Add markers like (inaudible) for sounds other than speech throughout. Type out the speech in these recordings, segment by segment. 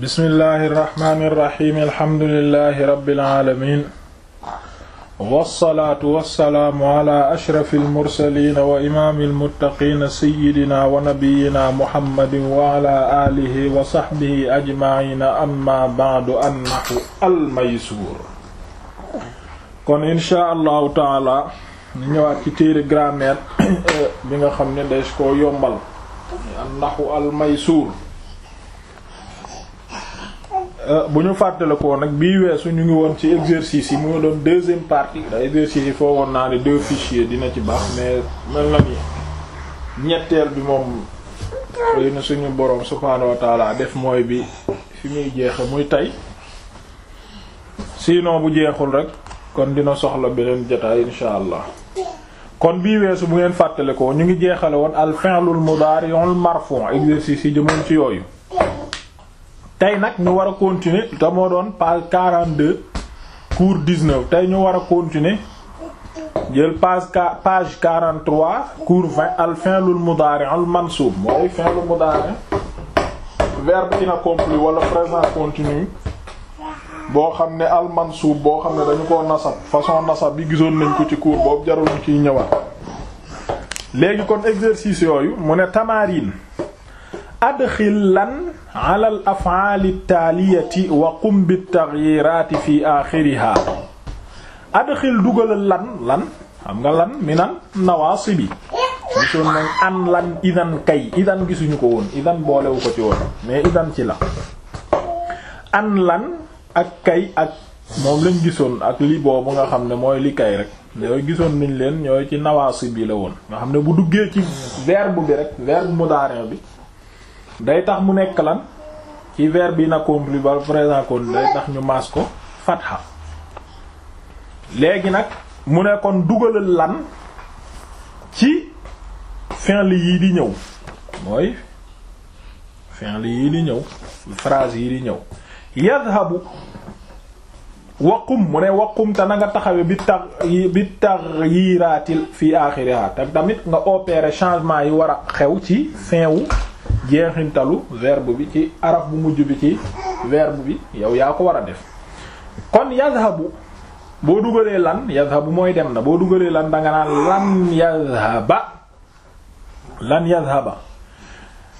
bismillahi irrahmani irrahim alhamdulilahi rabbil alamin wassalaatu wassalaamu ala ashrafi almursalina wa imaami almuttaqina sayidina wa nabiyina muhammadin wa ala alihi wa sahbihi ajmaina amma baadu annahu almaysuur kon inshaa allahu taala ñu ñëwaat ci téere grammaire (coughs) bi nga xam ne dees koo yombal annahu almaysuur Euh, bu ñu fàttalikoo nag bii weesu ñu ngi woon ci exercice yi mu doon deuxième partie da exercice yi foo woon naa ne deux fichiers dina ci baax mais mel na ni ñetteel bi moom xëy na suñu boroom subhaanahu wa taala def mooy bi fi muy jeexe muy tey sinon bu jeexul rek kon dina soxla beneen jotaay insha allah kon bii weesu bu ngeen fàttalikoo ñu ngi jeexale woon al baar mudaari'ul marfu' exercice yi jëmoon ci yooyu tey nag ñu war a continuer te moo doon page 42 cours 19 tey ñu war a continuer jël page page 43 cours 20 al fi'lul mudari' al mansub mooy fi'lul mudari' verbe inaccompli walla présent continu boo xam ne al mansub boo xam ne dañu ko nasab façon nasab bi gisoon nañ ko ci cours boobu jarul ñu ciy ñëwaat léegi kon exercice yooyu mu ne tamarin adxil lan ala al af'aal at-taaliyati wa qum bit-taghyiiraati fi aaxiriha adxil dugalal lan lan xam nga lan minan nawaasibi gisoon nañ an lan idan kay idan gisuñu ko woon idan boolewu ko ci woon mais idan ci la an lan ak kay ak moom lañ gisoon ak li boobu nga xam ne mooy li kay rek yooyu gisoon nañ leen ñooy ci nawaasib bi la woon nga xam ne bu duggee ci verbe bi rek verbe mudari bi day tax mu nekk lan ci verbe inaccompli ba présent kon day tax ñu maas ko fatha léegi nag mu ne kon dugalal lan ci fi'l yi di ñëw mooy fi'l yi di ñëw phrase yii di ñëw yadhabu waqum mu ne waqum te na nga taxawe bi tax bi taxyiraatil fii aaxiriha te tamit nga opérer changement yi war a xew ci fin wu jeexintalu verbe bi ci arab bu mujj bi ci verbe bi yow yaa ko war a def kon yazhabu boo dugalee lan yazhabu mooy dem na boo dugalee lan danga naan lan yazhaba lan yazhaba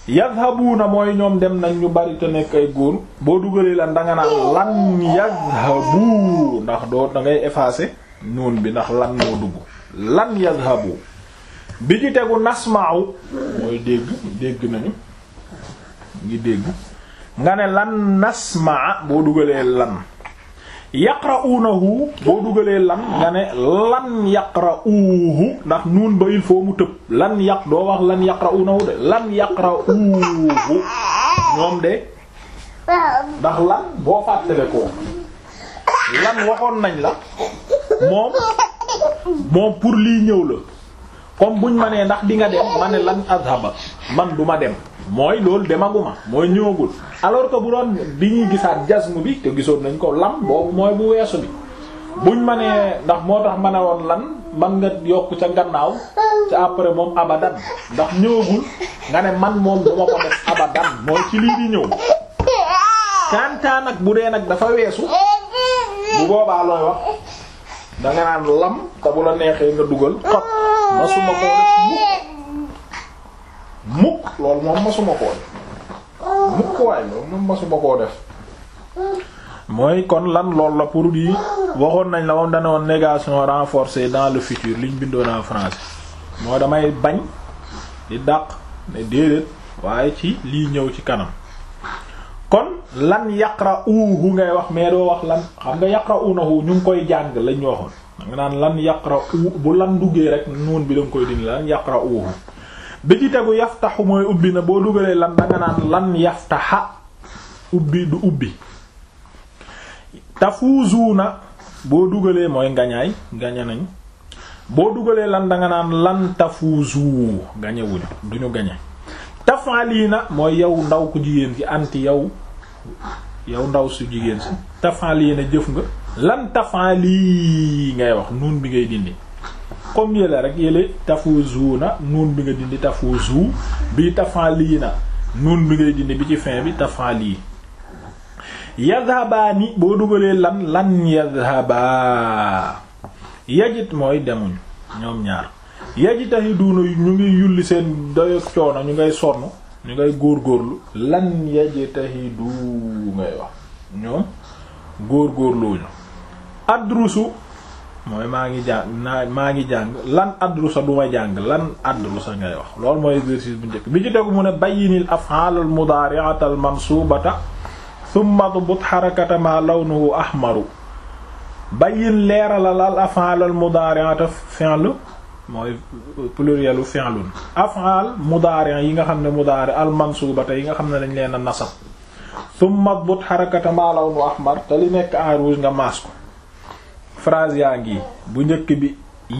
yazhabuna mooy ñoom dem nañ ñu bari te nekk ay góor boo dugalee lan danga naan lan ndax doo dangay ngay effacer bi ndax lan moo dugg lan yazhabu bi ci tegu nasma'u mooy dégg dégg nañu ngi nga ne lan nasmaa boo dugalee lan yaqra'uunahu boo dugalee lan nga ne lan yaqra'uuhu ndax nuun ba il faut mu tëb lan yaq doo wax lan yaqra'uunahu de lan yaqra'uuhu ñoom de ndax lan boo fàttale ko lan waxoon nañ la moom moom pour lii ñëw la comme buñ ma nee ndax di nga dem ma ne lan azhaba man du ma dem mooy loolu demaguma mooy ñëwagul alors que bu doon bi ñuy gisaat jasmu bi te gisoon nañ ko lam boobu mooy bu weesu bi buñ ma nee ndax moo tax ma ne woon lan man nga yokk ca gannaaw ca après moom abadan ndax ñëwagul nga ne man moom dama ko def abadan mooy ci lii di ñëw kantaa nag bu dee nag dafa weesu bu boobaa looy wax danga naan lam te bu la neexee nga dugal xot ma suma ko mukk loolu moom masuma koo def mukk waay mooy kon lan loolu la pour di waxoon nañ la moom dana woon négation renforcée dans le li ñu bindoon en français moo damay bañ di dàq ne déedéet waaye ci lii ñëw ci kanam kon lan yaqra'uhu ngay wax mais doo wax lan xam nga yaqra'unahu ñu ngi koy jàng lañ waxoon da naan lan yaqra'u bu lan duggee rek noon bi da nga koy dindi lan yaqra'uhu bi ci tegu yaftaxu mooy ubbi na boo dugalee lan danga naan lan yaftaxa ubbi du ubbi tafuzuuna boo dugalee mooy ngañaay ngañe nañ boo dugalee lan danga naan lan tafuzu gañewuñu duñu gañe tafaliina mooy yow ndaw ku jigéen ci anti yow yow ndaw su jigéen si na jëf nga lan lii ngay wax nuun bi ngay dindi comme yéla rek yële na nuun bi nga dindi tafuzu bi na nuun bi ngay dindi bi ci fin bi tafali yadhabaani boo dugalee lan lan yadhabaa yajit mooy demuñ ñoom ñaar yajtahiduuna ñu ngi yulli seen doyo coono ñu ngay sonn ñu ngay góor góorgóorlu lan yajtahidu ngay wax ñoom góorgóorluuñu adrusu mooy maa ngi jàng naa maa ngi jàng lan adrusa du ma jàng lan adrusa ngay wax loolu mooy exercice bu njëkk bi ci tegu mu ne bayyinil af'al al mudari'ata al mansubata thumma dbut harakata ma lawnuhu ahmaru bayyin leeralal al af'al al mudari'ata fi'l mooy plurielu fi'lun af'al mudari' yi nga xam ne mudari' al mansubata yi nga xam ne dañ leen a nasab thumma dbut harakata ma lawnuhu ahmar te li nekk en rouge nga maas phrase yaa ngi bu njëkk bi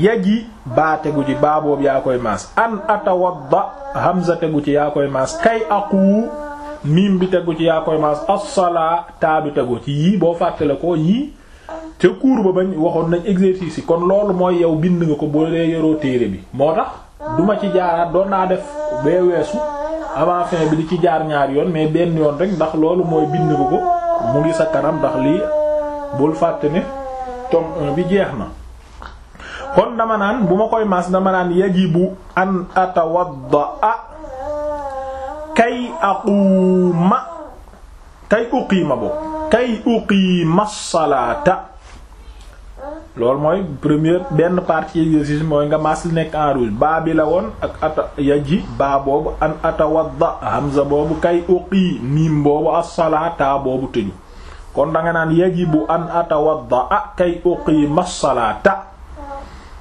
yi baa tegu ci baa boobu yaa koy maas an atawadda hamza tegu ci yaa koy maas kay aqu miim bi tegu ci yaa koy maas as-salaa tegu ci yii boo fàttale ko yii ca cours ba bañ waxoon nañ exercice yi kon loolu mooy yow bind nga ko boo dee yoroo téere bi moo tax duma ci jaaraat doon naa def bee weesu avant bi di ci jaar ñaar yoon mais benn yoon rek ndax loolu mooy bind nga ko mu ngi sa kanam ndax lii bul fàtte ne tome bi jeex na kon dama naan bu ma koy maas dama naan yajibu an atawaddaa kay aquma kay uqiima bo kay uqiima salaata loolu mooy premier benn partie exercice mooy nga maas li nekk en baa bi la woon ak ata yaji baa boobu an atawadda hamza boobu kay uqii miim boobu as-salaata boobu tëju kon da nga naan yajibu an atawadda a kay uqima salaata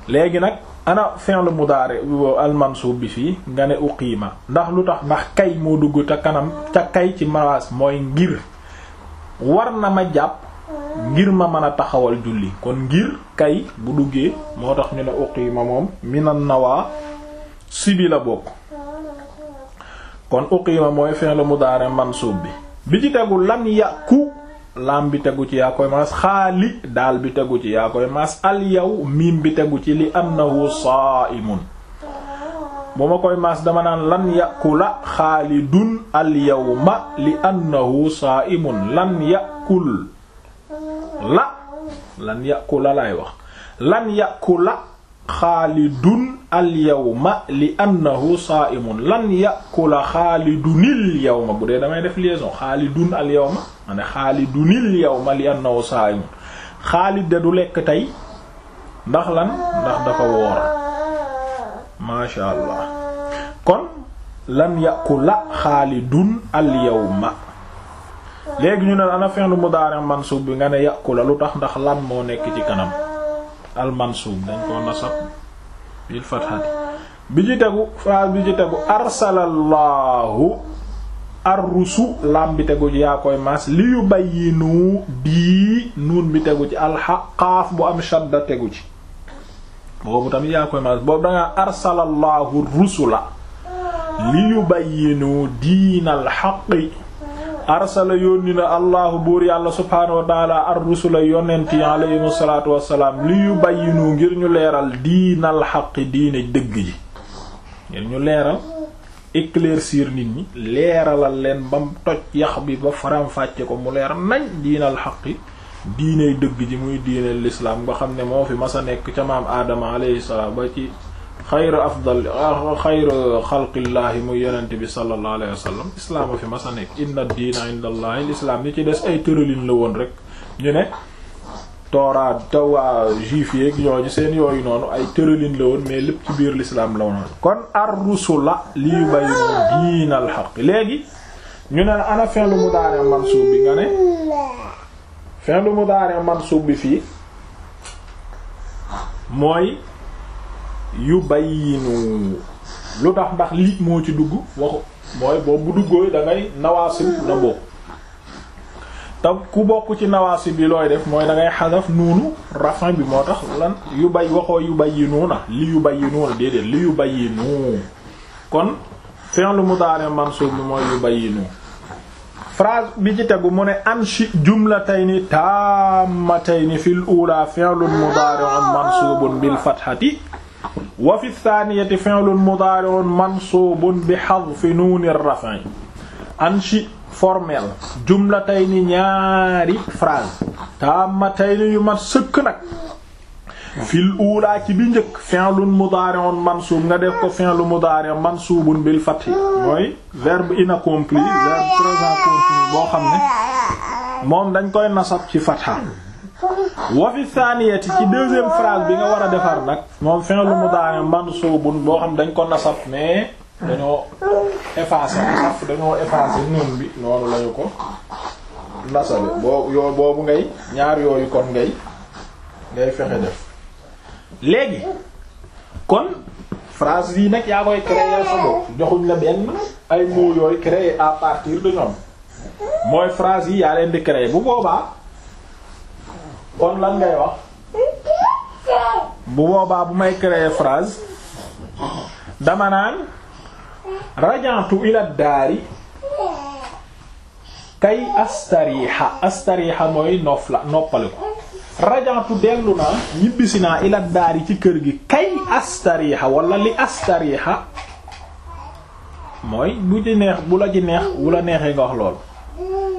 léegi nag ana fi'l mudaari al bi fii nga ne ma ndax lu tax ndax kay moo dugg ca kanam ca kay ci malaas mooy ngir war na ma jàpp ngir ma mën a taxawal julli kon ngir kay bu duggee moo tax ñu ne uqima moom minan nawaa sibi la bokk kon uqima mooy fi'l mudaari mansuub bi bi ci tegu lam yàqu laam bi tegu ci yaa koy maas xaali daal bi tegu ci yaa koy maas al miim bi tegu ci li annahu saa'imun bu ma koy maas dama naan lan yakula xaalidun al ma li annahu saa'imun lan yàqu la lan yakula laay wax lan la xaalidun alyawma li annahu saa'imun lan yakula xaalidunil yawma bu dee damay def liaison xaalidun alyawma ma ne xaalidunil yawma li annahu saa'imun xaalid da du lekk tey ndax lan ndax dafa woor masha allah kon lan yakula xaalidun alyawma léegi ñu ne ana fi'lu mudaari' mansub bi nga ne yakula lu tax ndax lan moo nekk ci kanam almansuub dañ koo nasab bil bi ci tegu phrase bi ci tegu arsalallaahu arrusu lam bi tegu ci yaa koy maas li yu bayyinu dii nuun bi tegu ci alxaqaaf bu am shadda tegu ci boobu tamit yaa koy maas boobu dangaa arsalallaahu rusula li yu bayyinu diinal xaqi arsala yónni allahu buur yàlla subhaanahu wa taala ar rusula yonent yi aleyhim asalatu wasalaam li yu bayyinu ngir ñu leeral diinal xaqi diine dëgg ji ngir ñu leeral éclaircir nit ñi leeralal leen bam toj yax bi ba faram fàccee ko mu leeral nañ diinal xaqi diiney dëgg ji muy diine lislaam nga xam ne moo fi mas nekk ca maam aadama alayhi salaam ba ci xayra afdal ah, xayra xalqillaahi muy yonent bi sallallahu alayhi bi sallam islaam a fi mas a nekk inna diina inda ci des ay tëralin la woon rek ñu ne tooraa tawaa juif yeeg ñooñu seen yooyu noonu ay tëralin la woon mais lépp ci biir lislaam la kon ar li yubayyinu diina al-haqq léegi ñu ne ana fi'lu mudaari mansuub bi nga mansuub bi fii mooy yubayyinu lu tax ndax li moo ci dugg waxu mooy boobu bu duggooy da ngay na bokk te ku bokk ci nawaasi bi looy def mooy da ngay xasaf nuunu rafan bi moo tax lan yu bay waxoo yu bayyinuu na li yu bayyinuu na déedéet li yu bayyinuu kon fi'l mudari mansub bi mooy yu bayyinuu phrase bi ci tegu mu ne anshi jumlatayni taamatayni fil ula fi'l mudari mansubun bil fathati wa fi thaniyati fi'lun mudari'un mansubun bi hadfi nuuni raf'i anshi formel jumlatayni ñaari phrase taamatayni yu mat sëkk nag fil ci bi njëkk fi'lun mudari'un mansub nga def ko fi'lun mudari'un mansubun bil fath mooy inaccompli verbe présent continu boo xam ne moom dañ koy nasab ci fatha wa fi thaniyati ci deuxième phrase bi nga war a defar nag moom lu fi'lu mudari mansubun boo xam dañ ko nasab mais dañoo effacer nasab dañoo effacer nun bi noonu lañu ko nasabe boo yoo boobu ngay ñaar yooyu kon ngay ngay fexe def léegi kon phrase yi nag yaa koy créer sa bopp joxuñ la benn ay mots yooyu créer à partir de ñoom mooy phrase yi yaa leen di créer bu boobaa kon lan ngay wax bu boobaa bu may créer phrase dama naan rajantu ila kay astariha astariha mooy nof la rajantu dellu naa ñibbisi naa ila ci kër gi kay astariha wala li astariha mooy bu ci bu la ci neex bu la neexee nga wax lool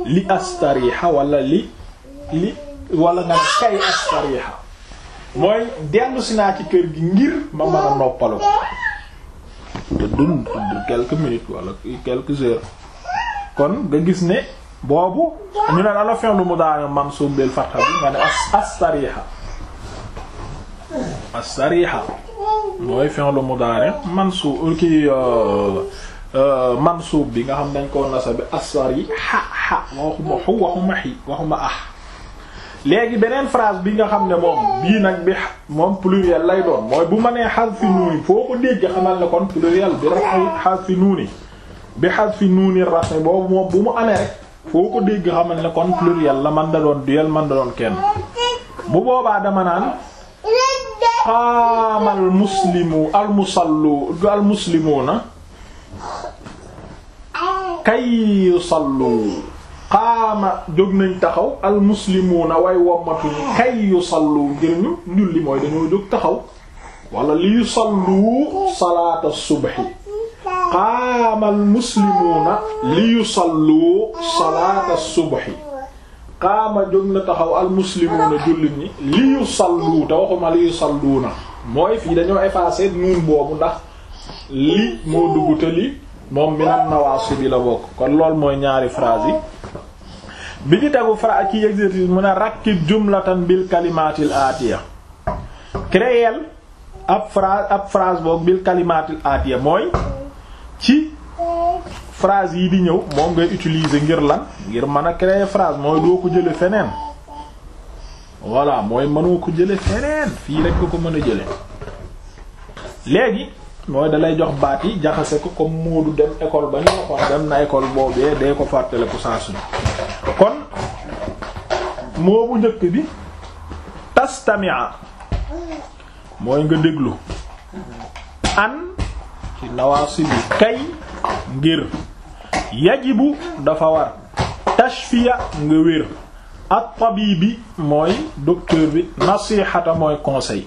li astariha wala li li wala nga ne kay as mooy dellu si naa ci kër gi ngir ma mën a noppalu te dund quelques minutes wala quelques heures kon nga gis ne boobu ñu ne ala fi'lu mudari mansub bil fatha bi nga ne as-sariha as-sariha mooy fi'lu mudari mansub ki euh, euh, bi nga xam dañ ko nasa bi as-sariha ha waxuma xu waxuma xi waxuma ah léegi beneen frase bi nga xam ne moom bii nag bi moom pluriel lay doon mooy bu ma nee hadfi nuuni foo ko dégg xamal ne kon pluriel bi rek hadfi nuuni bi hadfi nuuni rasmi boobu moom bu mu amee rek foo ko dégg xamal ne kon pluriel la man da doon duel man da doon kenn bu boobaa dama naan qaama al muslimu al musallu al muslimuuna kay yusallu xaama jóg nañ taxaw almuslimuuna way wommatuñu kay yu sallu ngir ñu julli mooy dañoo jóg taxaw wala liyu sallu salaata subhi qaama almuslimuuna salaata subhi qaama jóg na taxaw almuslimuuna jullit ñi liyu sallu te waxuma liyu salluuna mooy fii dañoo effacer nuun boobu ndax li moo dugg te li moom mi nan nawaasi bi la bokk kon lool mooy ñaari phrase bi ci tegu fra ci exercice mu ne rakkib jumlatan bil kalimaatil aatiya créer ab phrase ab phrase boog bil kalimaatil aatiya mooy ci frase yi di ñëw moom ngay utiliser ngir lan ngir mën a créer phrase mooy doo ko jële feneen voilà mooy mënoo ko jële feneen fii rek ko ko mën a jële léegi mooy dalay jox baat yi jaxase ko comme Moodu dem école ba ñu waxoon dem na école boobee dee ko fàttale ku saa kon moo bu njëkk bi tastamia mooy nga déglu an ci nawaasi bi kay ngir yajibu dafa war tashfiya nga wér ak tabibi mooy docteur bi nasihata mooy conseil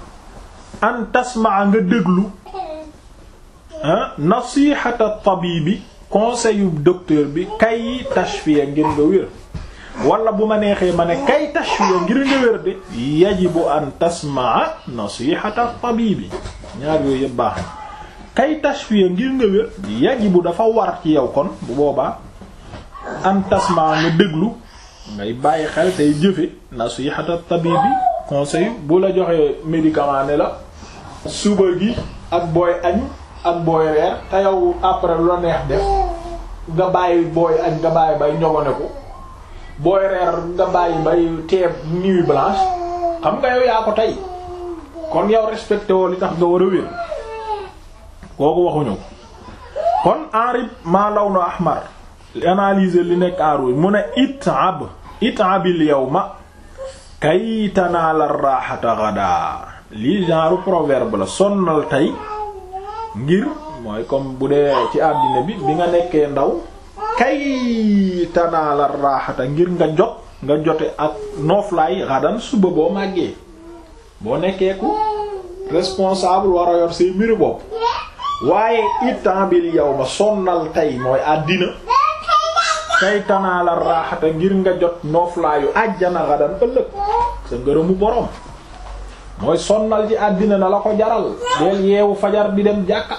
an tasmaa nga déglu ah, nasihata tabibi conseil yu docteur bi kay tashfiya ngir nga wér wala bu ma neexee ma ne kay tashfiya ngir nga wér de yajibu an tasmaa nasihata tabibi ñaar yooyu yëpp baax kay tashfiya ngir nga wér yajibu dafa war ci yow kon bu boobaa an tasmaa nga déglu ngay bàyyi xel tey jëfe nasihata tabibi conseil bu la joxee médicament ne la suba gi ak booy añ ak booy reer te yow après lu la neex def nga bàyyi booy añ nga bàyyi bay ñogone ko booy reer nga bàyyi bay teeb nuit blanche xam nga yow yaa ko tey kon yow respecté woo li tax nga war a wér kooku waxuñu ko kon enrib maa law na ahmar analyser li nekk enrouge mu ne itab itabil yawma kay tanaala raxata gadaa li genre proverbe la sonnal tey ngir mooy comme bu dee ci àddina bi bi nga nekkee ndaw kay tanaala raaxata ngir nga jot nga jote ak nooflaay xadan suba boo màggee boo nekkeeku ku responsable war a yor say mbiru bopp waaye itambil yow ma sonnal tey mooy àddina kay tanaala raaxata ngir nga jot nooflaayu àjjana xadan ëllëg sa ngërëmu borom mooy sonnal ji àddina na la ko jaral deel yeewu fajar di dem jàkka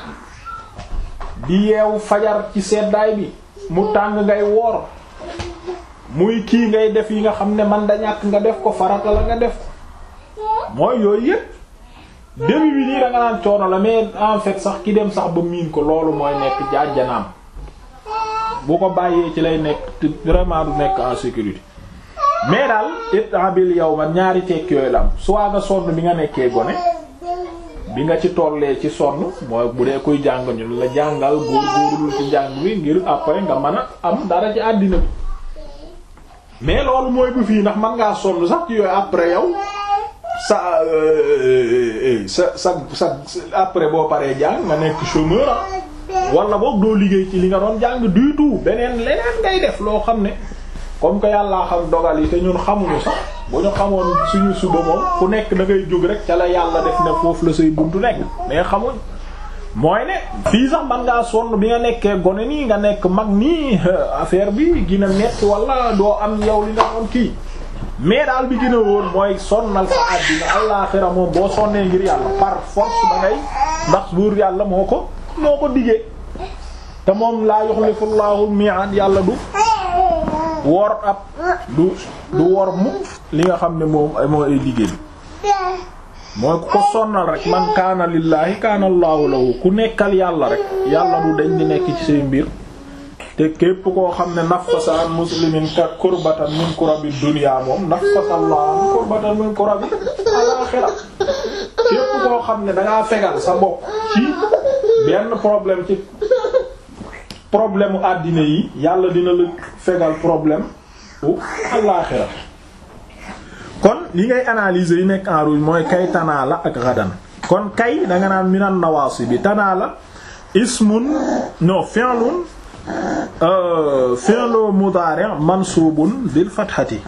di yeewu fajar ci seddaay bi mu tàng ngay woor muy kii ngay def yi nga xam ne man da ñàkk nga def ko farata la nga def mooy yooyu yépp début bi nii da naan coono la mais en sax ki dem sax ba miin ko loolu mooy nekk jàjjanaam bu ko bàyyee ci lay nekk vraiment du nekk en sécurité mais daal yow man ñaari tekk yooyu la am soit nga sonn bi nga nekkee gone bi nga ci tollee ci sonn mooy bu dee kuy jàng ñu la jàngal góorgóorlu ci jàng bi ngir après nga mën a am dara ci àddina bi mais loolu mooy fii ndax mën ngaa sonn sax ci après yow sa euh, euh, sa boo paree jàng nga nekk chômeur wala boog doo liggéey ci li nga doon jàng du tout beneen leneen ngay def loo xam ne comme que yàllaa xam dogal yi te ñun xamuñu sax bu ñu xamoon suñu suba moom ku nekk da ngay jóg rek ca la yàlla def ne foofu la say buntu nekk mais xamuñ mooy ne fii sax man sonn bi nga nekkee gone nii nga nekk mag nii (laughs) affaire bi gina metti wala doo am yow li nga doon kii mais daal bi gën a wóor mooy sonnal sa àddina àllaaxira moom boo sonnee ngir yàlla par force ba ndax buur yàlla moo ko moo ko diggee te moom laa yuxlifullaahu mi'ad yàlla du wor ab du wor mu li nga xam ne moom moo ay liggéey mooy ku ko sonnal rek man kaana lillaahi kaana allaahu lahu ku nekkal yàlla rek yàlla du dañ di nekk ci say mbir te képp koo xam ne nafasa an muslimin ka kurbatan min kurabi dunya moom nafasa allah an kurbatan min kurabi alaaxira képp koo xam ne dangaa fegal sa bopp ci benn problème ci problème àddina yi yàlla dina la fegal problème u àllaaxira kon li ngay analyser yi nekk en rouge mooy kay tanaa la ak xadan kon kay danga naan minan nawaasi bi tanaa la ismun no fi'lun euh, fi'lu mudari' mansubun bil fathati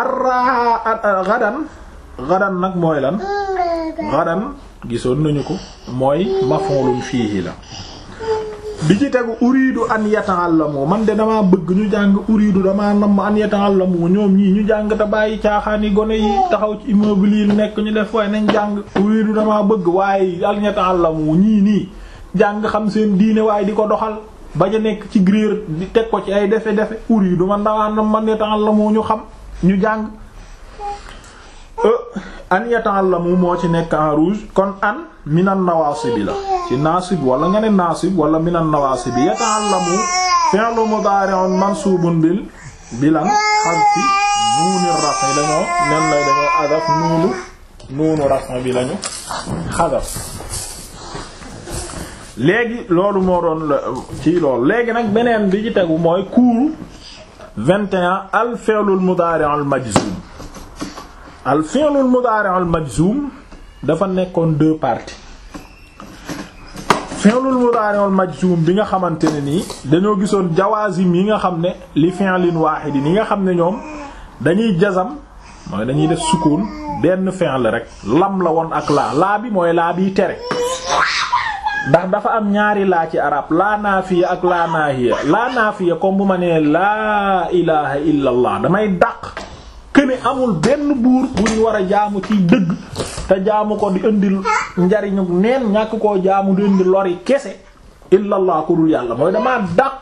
arraa euh, gadan gadan nag mooy lan gadan gisoon nañu ko mooy maf'ulun fiihi la bi ci tegu uridu an yata'allamu man de damaa bëgg ñu jàng uridu damaa namm an yata'allamu ñoom ñii ñu jàng te bàyyi caaxaani gone yi taxaw ci immeuble yi nekk ñu def waaye nañ jàng uridu damaa bëgg waaye an yata'allamu ñii nii jàng xam seen diine waaye di ko doxal bañ a nekk ci gréer di teg ko ci ay defe-defe uridu man damaa namm an yata'allamu ñu xam ñu jàng euh, an yata'allamu moo ci nekk en rouge kon an minan bi la ci naasib wala nga ne naasib wala minan nawaasibi yata'allamu fi'lu mudari'un mansubun bil bilan xarfi nuuni rafa dañoo nen lay dañoo adaf nuunu nuunu bi lañu xadaf léegi loolu moo doon ci loolu léegi nag beneen bi ci tegu mooy kuuru 21 al fi'lul mudaari'ul majzuum al dafa nekkoon deux parties fi'lul mudari' wal majzum bi nga xamante ne nii dañoo gisoon jawaazim yi nga xam ne li fi'lin waahidin yi nga xam ne ñoom dañuy jasam mooy dañuy def sukun benn fi'l rek lam la woon ak laa laa bi mooy laa biy tere ndax dafa am ñaari laa ci arab laa naafiya ak laa naahiya laa naafiya comme bu ma nee laa ilaha illa damay dàq këne amul benn buur bu ñu war a jaamu ci dëgg te jaamu ko di indil njariñu neen ñàkk koo jaamu di indi lori kese illallah ku dul yàlla mooy damaa dàq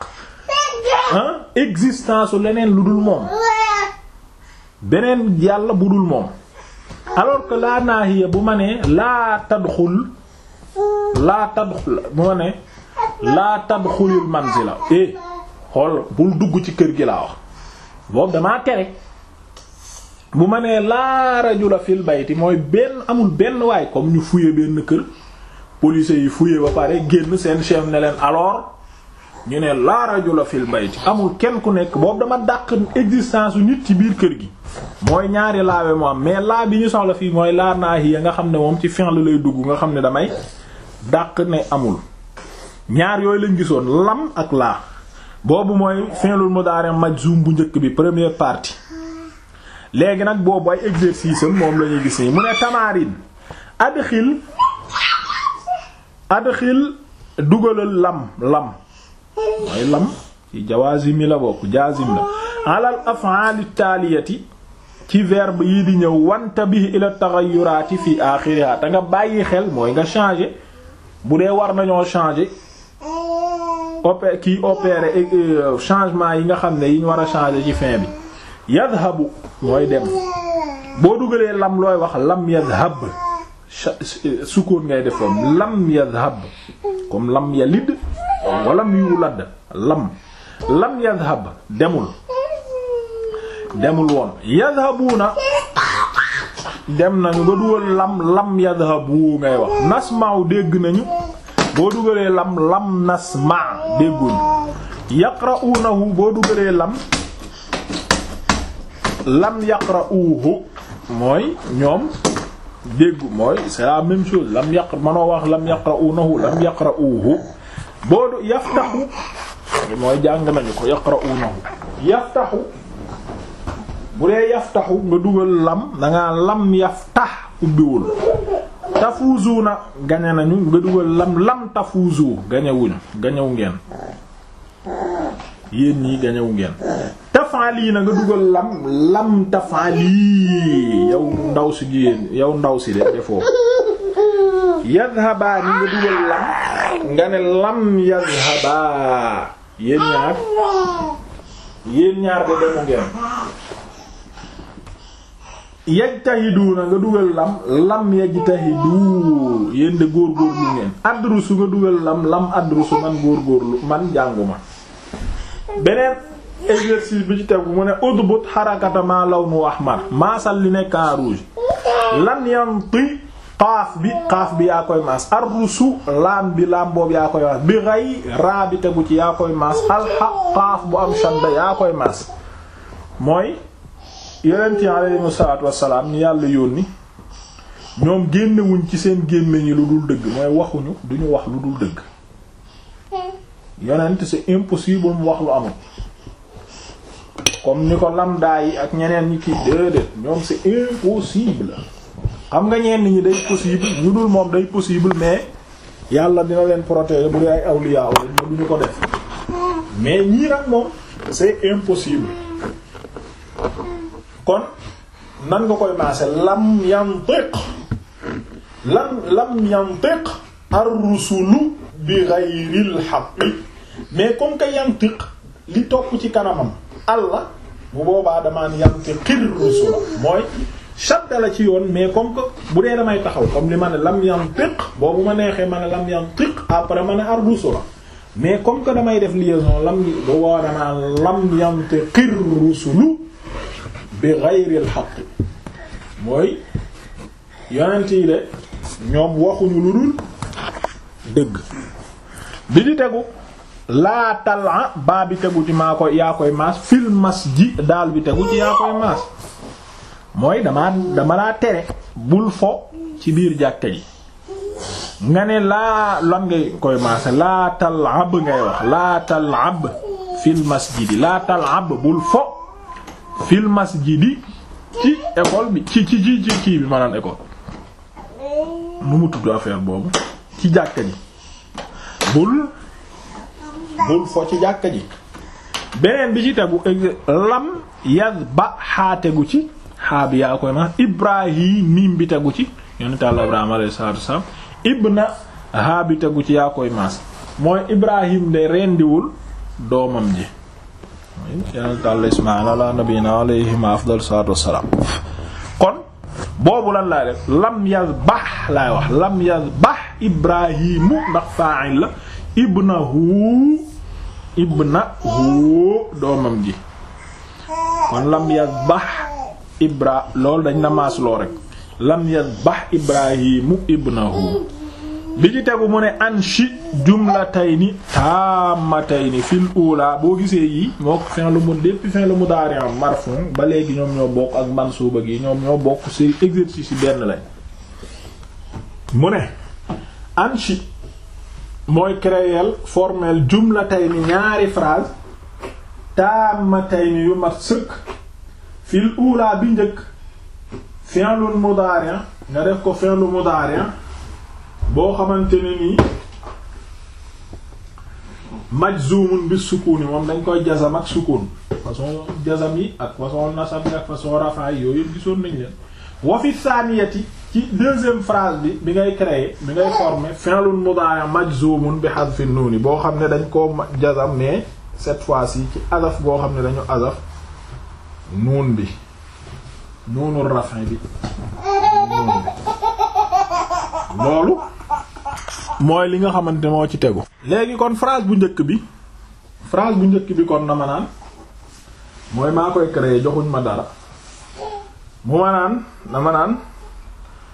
existence leneen lu dul moom beneen yàlla bu dul moom alors que laa naahiya bu ma nee laa tadxul laa tadxul bu ma nee laa tadxulil manzila eh xool bul dugg ci kër gi laa wax boobu damaa tere. bu ma nee laa rajula fil bayti mooy benn amul benn waay comme ñu fuye benn kër police yi fuye ba pare génn seen chef ne leen alors ñu ne laa rajula fil amul kenn ku nekk boobu dama dàq existence yu nit ci biir kër gi mooy ñaari laawe moo am mais laa bi ñu soxla fii mooy laa naahi ya nga xam ne moom ci fin la lay dugg nga xam ne damay dàq ne amul ñaar yooyu lañ gisoon lam ak laa boobu mooy fi'lul mudari majzum bu njëkk bi premier partie léegi nag boobu ay exercice moom la ñuy gis nii mu ne tamarin adxil adxil dugalal lam lam mooy lam ci jawaazim yi la bokk jaazim la alal af'al taaliyati ci verbe yi di ñëw wanta bi ila taghayyurati fi akhiriha te nga bàyyi xel mooy nga changer bu dee war nañoo changer opé kii opérer eh, eh, changement yi nga xam ne yi ñu war a changer ci fin bi yadhabu mooy dem boo dugalee lam looy wax lam yadhab sukkoon ngay def lam yadhab comme lam yalid walam yulad lam lam yadhab demul demul woon yadhabuna dem nañu ba dugal lam lam yadhabu ngay wax nasmaaw dégg nañu boo dugalee lam lam nasmaa dégguñu yaqra'unahu boo dugalee lam lam yaqra'uhu mooy ñoom déggu mooy c'est la même chose lam yaq manoo wax lam yaqra'unahu lam yaqra'uhu boodu yaftaxu mooy jàng nañu ko yaqra'unahu yaftaxu bu dee yaftaxu nga dugal lam da ngaa lam yaftax ubbiwul tafuzuuna gañe nañu nga dugal lam lam tafuzu gañewuñu gañewu ngeen yéen ñii gañewu ngeen tafaali na nga dugal lam lam tafaali yow ndaw si yow ndaw si de defoo yadhabaa ni nga dugal lam nga ne lam yadhabaa yéen ñaar yéen ñaar de demu ngeen yajtahiduuna nga dugal lam lam yajtahidu yéen de góorgóorlu ngeen adrusu nga dugal lam lam adrusu man góorgóorlu man jànguma beneen exercice bi ci tegu mu ne udbut xarakata ma lawnu ahmar maasal li nekk rouge lan xaaf bi xaaf bi yaa koy maas arrusu laam bi laam yaa koy maas bi ray raa bi tegu ci yaa koy maas alxa xaaf bu am shadda yaa koy maas mooy yonent yi yàlla yónni ñoom génnewuñ ci seen gémmiñ yi lu dul dëgg mooy waxuñu duñu wax lu dul dëgg yonent c'est impossible mu wax lu amul comme ni ko lamda daay ak ñeneen ñi kii déedéet ñoom c'est impossible xam nga ñenn ñi day possible ñu dul moom day possible mais yàlla dina leen protéger bu dee ay awliya wala du ko def mais ñii nag moom c'est impossible kon nan nga koy maase lam yantiq lam lam yantiq ar-rusulu bi ghayril haqqi mais comme que yantiq li topp ci kanamam allah bu boobaa damaa ne yantiqir rusula mooy shadda la ci yoon mais comme que bu dee damay taxaw comme li ma ne lam yantiq boobu ma neexee ma ne lam yantiq après ma ne ar rusula mais comme que damay def liaison lam bu boobaa damaa lam yantiqir rusulu bi ghayril haqq mooy yonent yi de ñoom waxuñu lu dul dëgg bi di tegu laa tala baa bi tegu ci maa koy yaa koy maas fil mas ji daal bi tegu ci yaa koy maas mooy dama dama laa tere bul fo ci biir jàkka ji nga ne laa lan ngay koy maase laa talab ngay wax laa talab fil masjidi laa talab bul fo fil masjidi ci école bi ci ci ci ci kii bi maanaam école nu mu tudd affaire boobu ci jàkka ji bul bul fo ci jàkka ji beneen bi ci tegu lam yaz ba xaa tegu ci xaa bi yaa koy ma ibrahim miim bi tegu ci yonent Yàlla Ibrahima yaa koy maas mooy ibrahim de rendiwul doomam ji yonent Yàlla Ismaayil la nabiyina alayhim afdal salaatu wasalaam kon boobu lan laay wax lam yaz bax ibrahimu ndax fa'il la ibnahu ibnahu doomam ji kon lam yadbax ibra loolu dañ na maasloo rek lam yadbax ibrahimu ibnahu bi ci tegu mu ne anshi jumlatayni taamatayni fil ula boo gisee yi moo fin lu mu depuis fin lu mu daariam marfon ba léegi ñoom ñoo bokk ak mansuuba gi ñoom ñoo bokk ci exercice yi benn lañ mu ne anshi mooy créel formel jumlatayni ñaari phrase taamatayni yu mat sëkk fil ula bi njëkk fi'lun mudari' nga def ko fi'lu mudari' boo xamante ne nii majzumun bi sukun yi moom dañ koy jazam ak sukun façon jazam yi ak façon nasab yi ak façon rafa yooyu yëpp gisoon nañ leen wa fi ci deuxième phrase bi bi ngay créer bi ngay former fi'lun mudari' majzumun bi hadfi nuuni boo xam ne dañ koo ko jazam ne set fois-ci ci azaf boo xam ne dañu azaf nuun bi nuunul rafin bi loolu mooy li nga xamante moo ci tegu léegi kon phrase bu njëkk bi phrase bu njëkk bi kon na ma naan mooy maa koy créer joxuñ ma dara mu ma naan na ma naan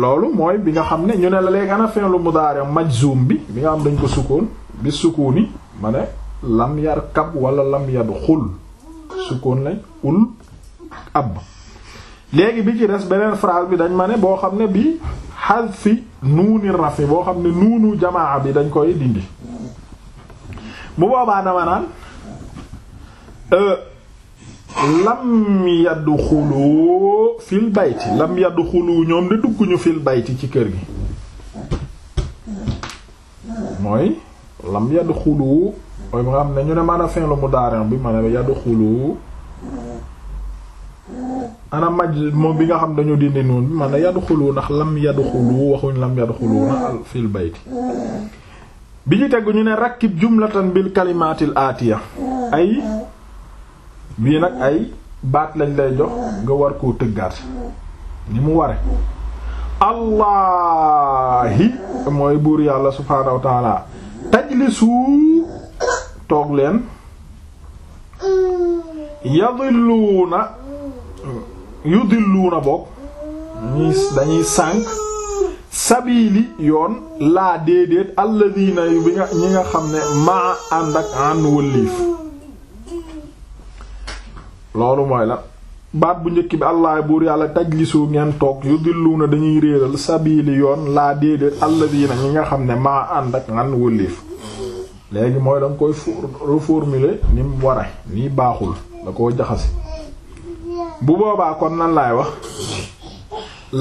loolu mooy bi nga xam ne ñu ne la léegi ana fi'lu mudaari majzum bi bi nga xam dañ ko sukkoon bi sukkooni ma ne lam yar kab wala lam yadu xul sukkoon lañ ul ab léegi bi ci des beneen phrase bi dañ ma ne boo xam ne bi fi nuuni rafi boo xam ne nuunu jamaa bi dañ koy dindi bu boobaa dama naan euh, lam yadxulu fil bayti lam yadxulu ñoom de dugguñu fil bayti ci kër gi mooy lam yadxulu mooy mu xam ne ñu ne man a fin lu mu daarin bi man a yadxulu ana maj moom bi nga xam dañu dindi noonu bi man a yadxulu ndax lam yadxulu waxuñ lam yadxulu na fil bayti bi ñu tegg ñu ne rakkib jumlatan bil kalimaatil aatiya ay bii nag ay baat lañ lay jox nga war koo tëggaat ni mu ware allahi mooy buur yàlla subhaanahu wa taala tajlisu toog leen yadilluuna yudilluuna bokk ñuy dañuy sànk sabili yoon laa déedéet alladina yu ñi nga xam ne maa ànd ak an wëlliif loolu mooy la baat bu njëkk bi allah buur yàlla tajlisu ngeen toog na dañuy réeral sabili yoon laa déedéet alladina ñi nga xam ne ma ànd ak ngan wëlliif léegi mooy danga koy reformuler ni mu ware nii baaxul da koo jaxasi bu boobaa kon nan laay wax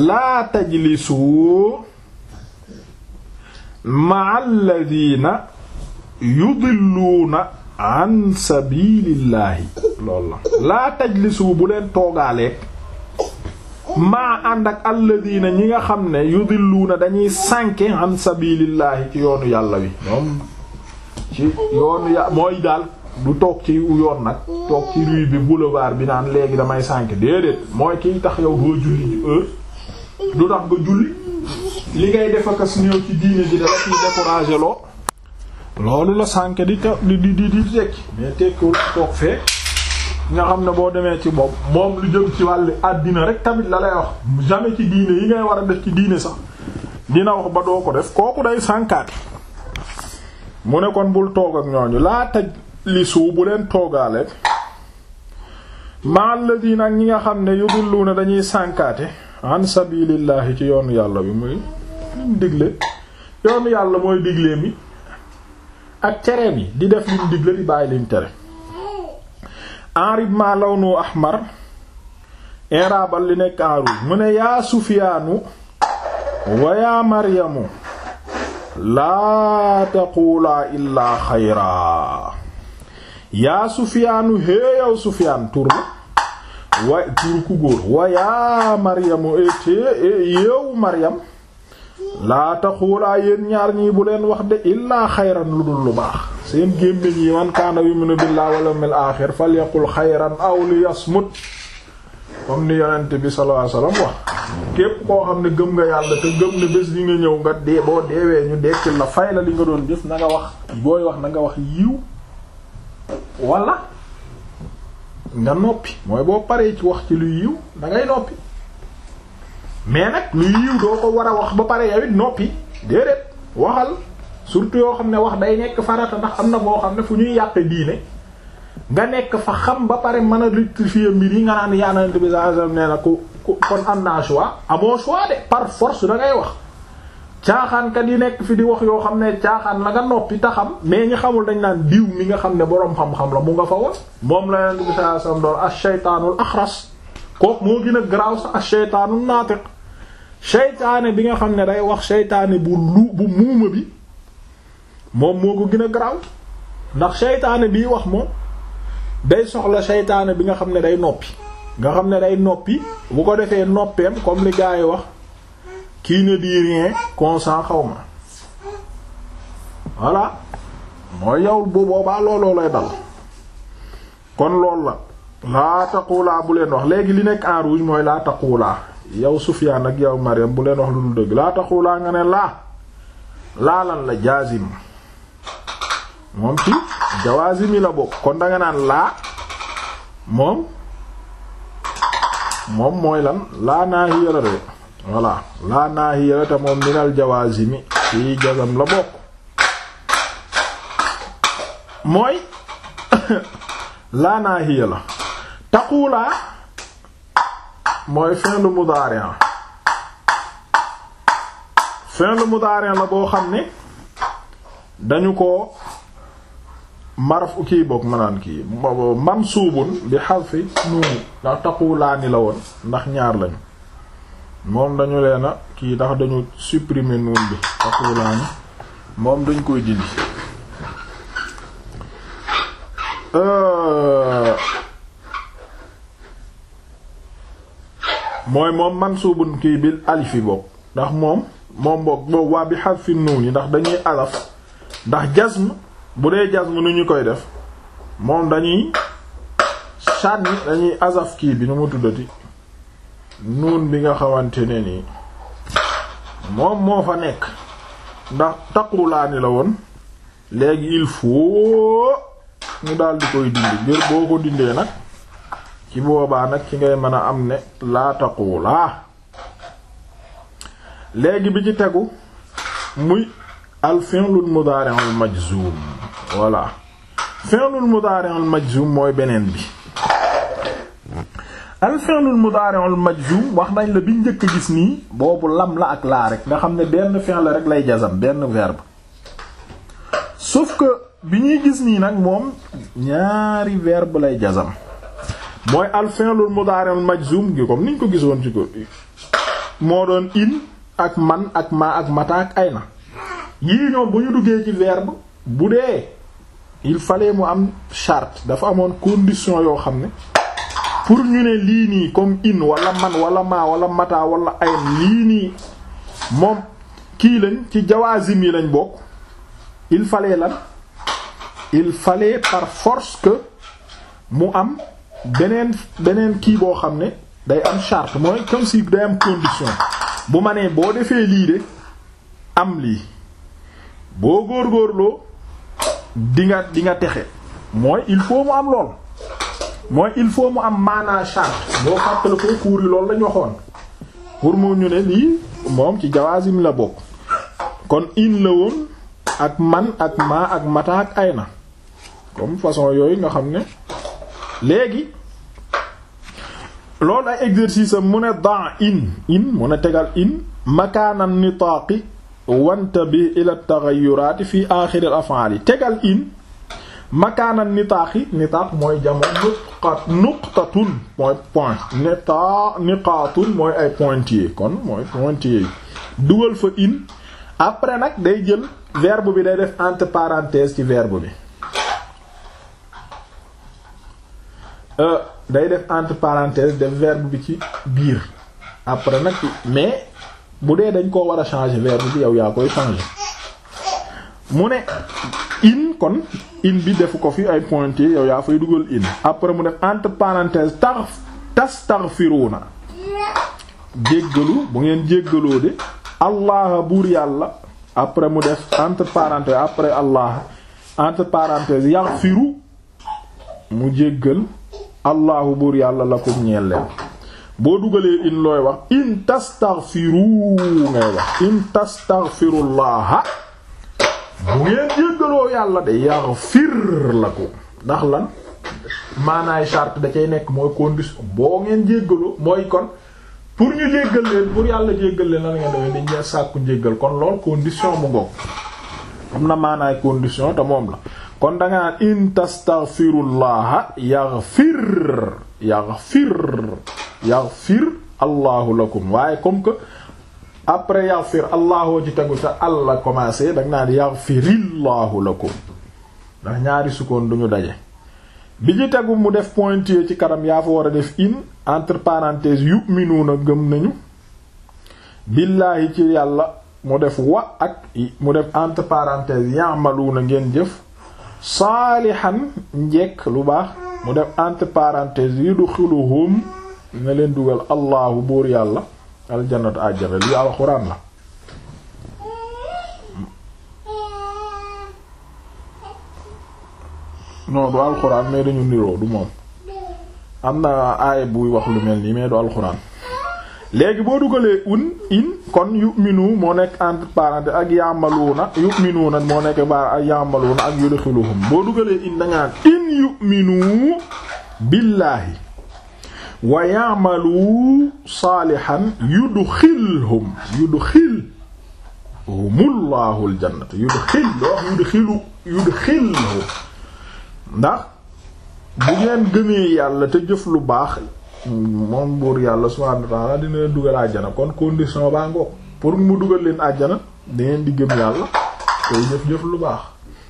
laa tajlisu maa alladina yudilluuna an sabilillahi loolu la laa tajlisu bu leen toogaaleeg maa ànd ak alladina ñi nga xam ne na dañuy sànke an sabilillahi ci yoonu yàlla wi ñoom ci yoonu yà mooy daal du toog ci yoon nag toog ci rue bi boulevard bi naan léegi damay sànk déedéet mooy kiy tax yow doo julli heure du tax nga julli li ngay def ak a néew ci diine ji dara ciy découragé loo loolu la sànk di te di di di tekki mais tekkiwul toog fee nga xam ne boo demee ci bopp moom lu jëm ci wàllu àddina rek tamit la lay wax jamais ci diine yi ngay war a def ci diine sax dina wax ba doo ko def kooku day sànkaat mu ne kon bul toog ak ñooñu laa taj li suu bu leen toogaale ma alladina ak ñi nga xam ne yudulluuna dañuy sànkaate an sabilillahi ci yoonu yàlla bi muy digle yoonu yàlla mooy digle mi ak tereem yi di def lim digle di bàyyi lim tere enrib ma law nu ahmar eraabal li nekk en mu ne yaa sufiyaanu wa yaa maryamu laa taquulaa illaa xayraa yaa sufiyaanu héeyaw sufiyaan tur la wa tur ku góor wa yaa maryamu et eh, eh, yow maryam laa taxuulaa yéen ñaar ñii bu leen wax de illaa xayran lu dul lu baax seen gémmiñ yi man kaana yuminu billaa wal yawmil aaxir falyaqul xayran aw liyasmut comme ni yonent bi sallallahu alayhi wasallam wax képp koo xam ne gëm nga yàlla te gëm ne bés li nga ñëw nga dee boo deewee ñu dekkil la fay la li nga doon jëf na wax booy wax na nga wax yiw wala nga noppi mooy boo paree ci wax ci lu yiw da ngay noppi mais nag lu yiw doo ko war a wax ba pare yow noppi déedéet waxal surtout yoo xam ne wax day nekk farata ndax am na boo xam ne fu ñuy yàq diine nga nekk fa xam ba pare mën a rectifier mbir yi nga naan yaanante nee na ku ku kon amoo choix de par force da ngay wax caaxaankat yi nekk fi di wax yoo xam ne caaxaan la nga noppi ta xam mais ñi xamul dañ naan diw mi nga xam ne boroom xam-xam la mu nga fa woon moom la yonent bi sallallahu alayhi wasallam doon ash moo gën a garaaw sax shaytaanul naatiq seytaane bi nga xam ne day wax seytaane bu bu muuma bi moom moo ko gën a garaaw ndax seytaane biy wax moom day soxla seytaane bi nga xam ne day noppi nga xam ne day noppi bu ko defee noppeem comme li gars wax kii ne dit rien consent xaw ma voilà mooy yow bu boobaa looloo lay dal kon lool la laa taquulaa bu leen wax léegi li nekk en mooy laa taquulaa yow Sufyaan ak yow Maryam bu leen wax lu dul dëgg laa taxulaa nga ne laa laalan la jaazim moom ci jawaazim la bokk kon danga naan laa moom moom mooy lan laa naahiya la de voilà laa naahiya la te moom minal jawaazimi ci jazam la bokk mooy (coughs) laa naahiya la taxulaa mooy fi'lu mudaari fi'lu mudaari la boo xam ne dañu ko maraf kii boog manaan kii mansuubun bi xarfi nuunu ndax taqulaani la woon ndax ñaar lañu moom dañu leen kii ndax dañu supprimer nuun bi taqulaani moom dañ koy dindi euh, mooy moom man mansuubun kii bi alifi bokk ndax moom moom bokk boobu waa bi xarfi yi ndax dañuy alaf ndax jazm bu dee jazm nu ñu koy def moom dañuy sànni dañuy azaf kii bi nu mu tuddati nuun bi nga xamante ne nii moom moo fa nekk ndax taqulaani la woon léegi il faut ñu daal di koy dindi ngir boo ko dindee nag ci boobaa nag ci ngay mën a am ne laa taquulaa léegi bi ci tegu muy al fi'lul mudaari'ul majzuum voilà fi'lul mudaari'ul majzuum mooy beneen bi al fi'lul mudaari'ul majzuum wax nañ la bi njëkk a gis nii boobu lam la ak laa rek nga xam ne benn fi'l rek lay jasam benn verbe sauf que bi ñuy gis nii nag moom ñaari verbe lay jazam mooy al fi'lul mudari' al majzum gi niñ ko gisoon ci ko moo doon in ak man ak ma ak mata ak na yii ñoom bu ñu duggee ci verbe bu dee il fallait mu am chart dafa amoon condition yoo xam ne pour ñu ne lii nii comme in wala man wala ma wala mata wala lii nii moom kii lañ ci jawaazim yi lañ bokk il fallait lan il fallait par force que mu am beneen beneen kii boo xam ne day am charte mooy comme si bu ma nee boo defee lii de am lii boo góorgóorloo di dinga di texe mooy il faut mu am lool mooy il faut mu am maanaa charte boo fàttale ko cours yi lañu waxoon pour mu ñu ne lii moom ci jawaasim la bokk kon in la woon ak man ak ma ak mata ak ay na comme façon yooyu nga xam ne léegi loolu ay exercice am mu ne dan in in mu ne tegal in makaanan nitaaqi wanta bi ila taxayuraati fi aaxiril afaal yi tegal in makaanan nitaaqi nitaaq mooy jamono nuqat nuqtatun mooy point nita niqaatun mooy ay pointier kon mooy pointier yi dugal fa in après nag day jël verbe bi day def entre parenthèse ci verbe bi Euh, day def entre parenthèses def verbe bi ci biir après nag mais bu dee dañ koo war a changer verbe bi yow yaa koy changer mu ne in kon in bi defu ko fi ay pointé yow yaa fay dugal in après mu def entre parenthèses tax na jéggalu bu ngeen jéggaloo de allah buur yàlla après mu def entre parenthèses après allah entre parenthèses yaghfiru mu jéggal allahu buur yàlla lakum ñeel leen boo dugalee in looy wax in tastaghfiru ngay wax in tastaghfirullaha bu ngeen jéggaloo yàlla de yaghfir lakum ndax lan maanaay charte da cay nekk mooy condition boo ngeen jéggaloo mooy kon pour ñu jéggal leen pour yàlla jéggal leen lan nga demee dañ ñee sàkku njéggal kon lool condition bu ngoog am na maanaay condition te moom la kon da nga naan in tastaghfirullaha yaghfir yaghfir allahu lakum waaye comme que après yaghfir allahu ci tegu te allah commencé da nga naan yaghfirillahu lakum ndax ñaari sukkoon duñu daje bi ci tegu mu def pointier ci kanam yaa fa war a def in entre parenthèses yu'minuuna gëm nañu billaahi ci yàlla mu def wa ak mu def entre parenthèses ya'maluuna ngeen jëf saalihan njekk lu baax mu def entre parenthèses yudxiluhum na leen dugal allahu buur yàlla aljannatu àjjana li alxuraan la non du alxuraan mais dañu niroo du moom am na aaya buy wax lu mel nii mais du alxuraan léegi boo dugalee un in kon yu'minu moo nekk entre parenthèses ak ya'maluna yu'minuna moo nekk baar ak ya'maluna ak yudkhiluhum boo dugalee in da nga in yu'minu billaahi wa ya'malu saalihan yudkhilhum yudkhilhumullahu aljannata yudkhil loo yudkhilu ndax bu ngeen gëmee yàlla te jëf lu baax moom buur yàlla subhaanahu wa ta'aala dina leen dugal àjjana kon condition baa ngoog pour mu dugal leen àjjana dangeen di gëm yàlla tey jëf-jëf lu baax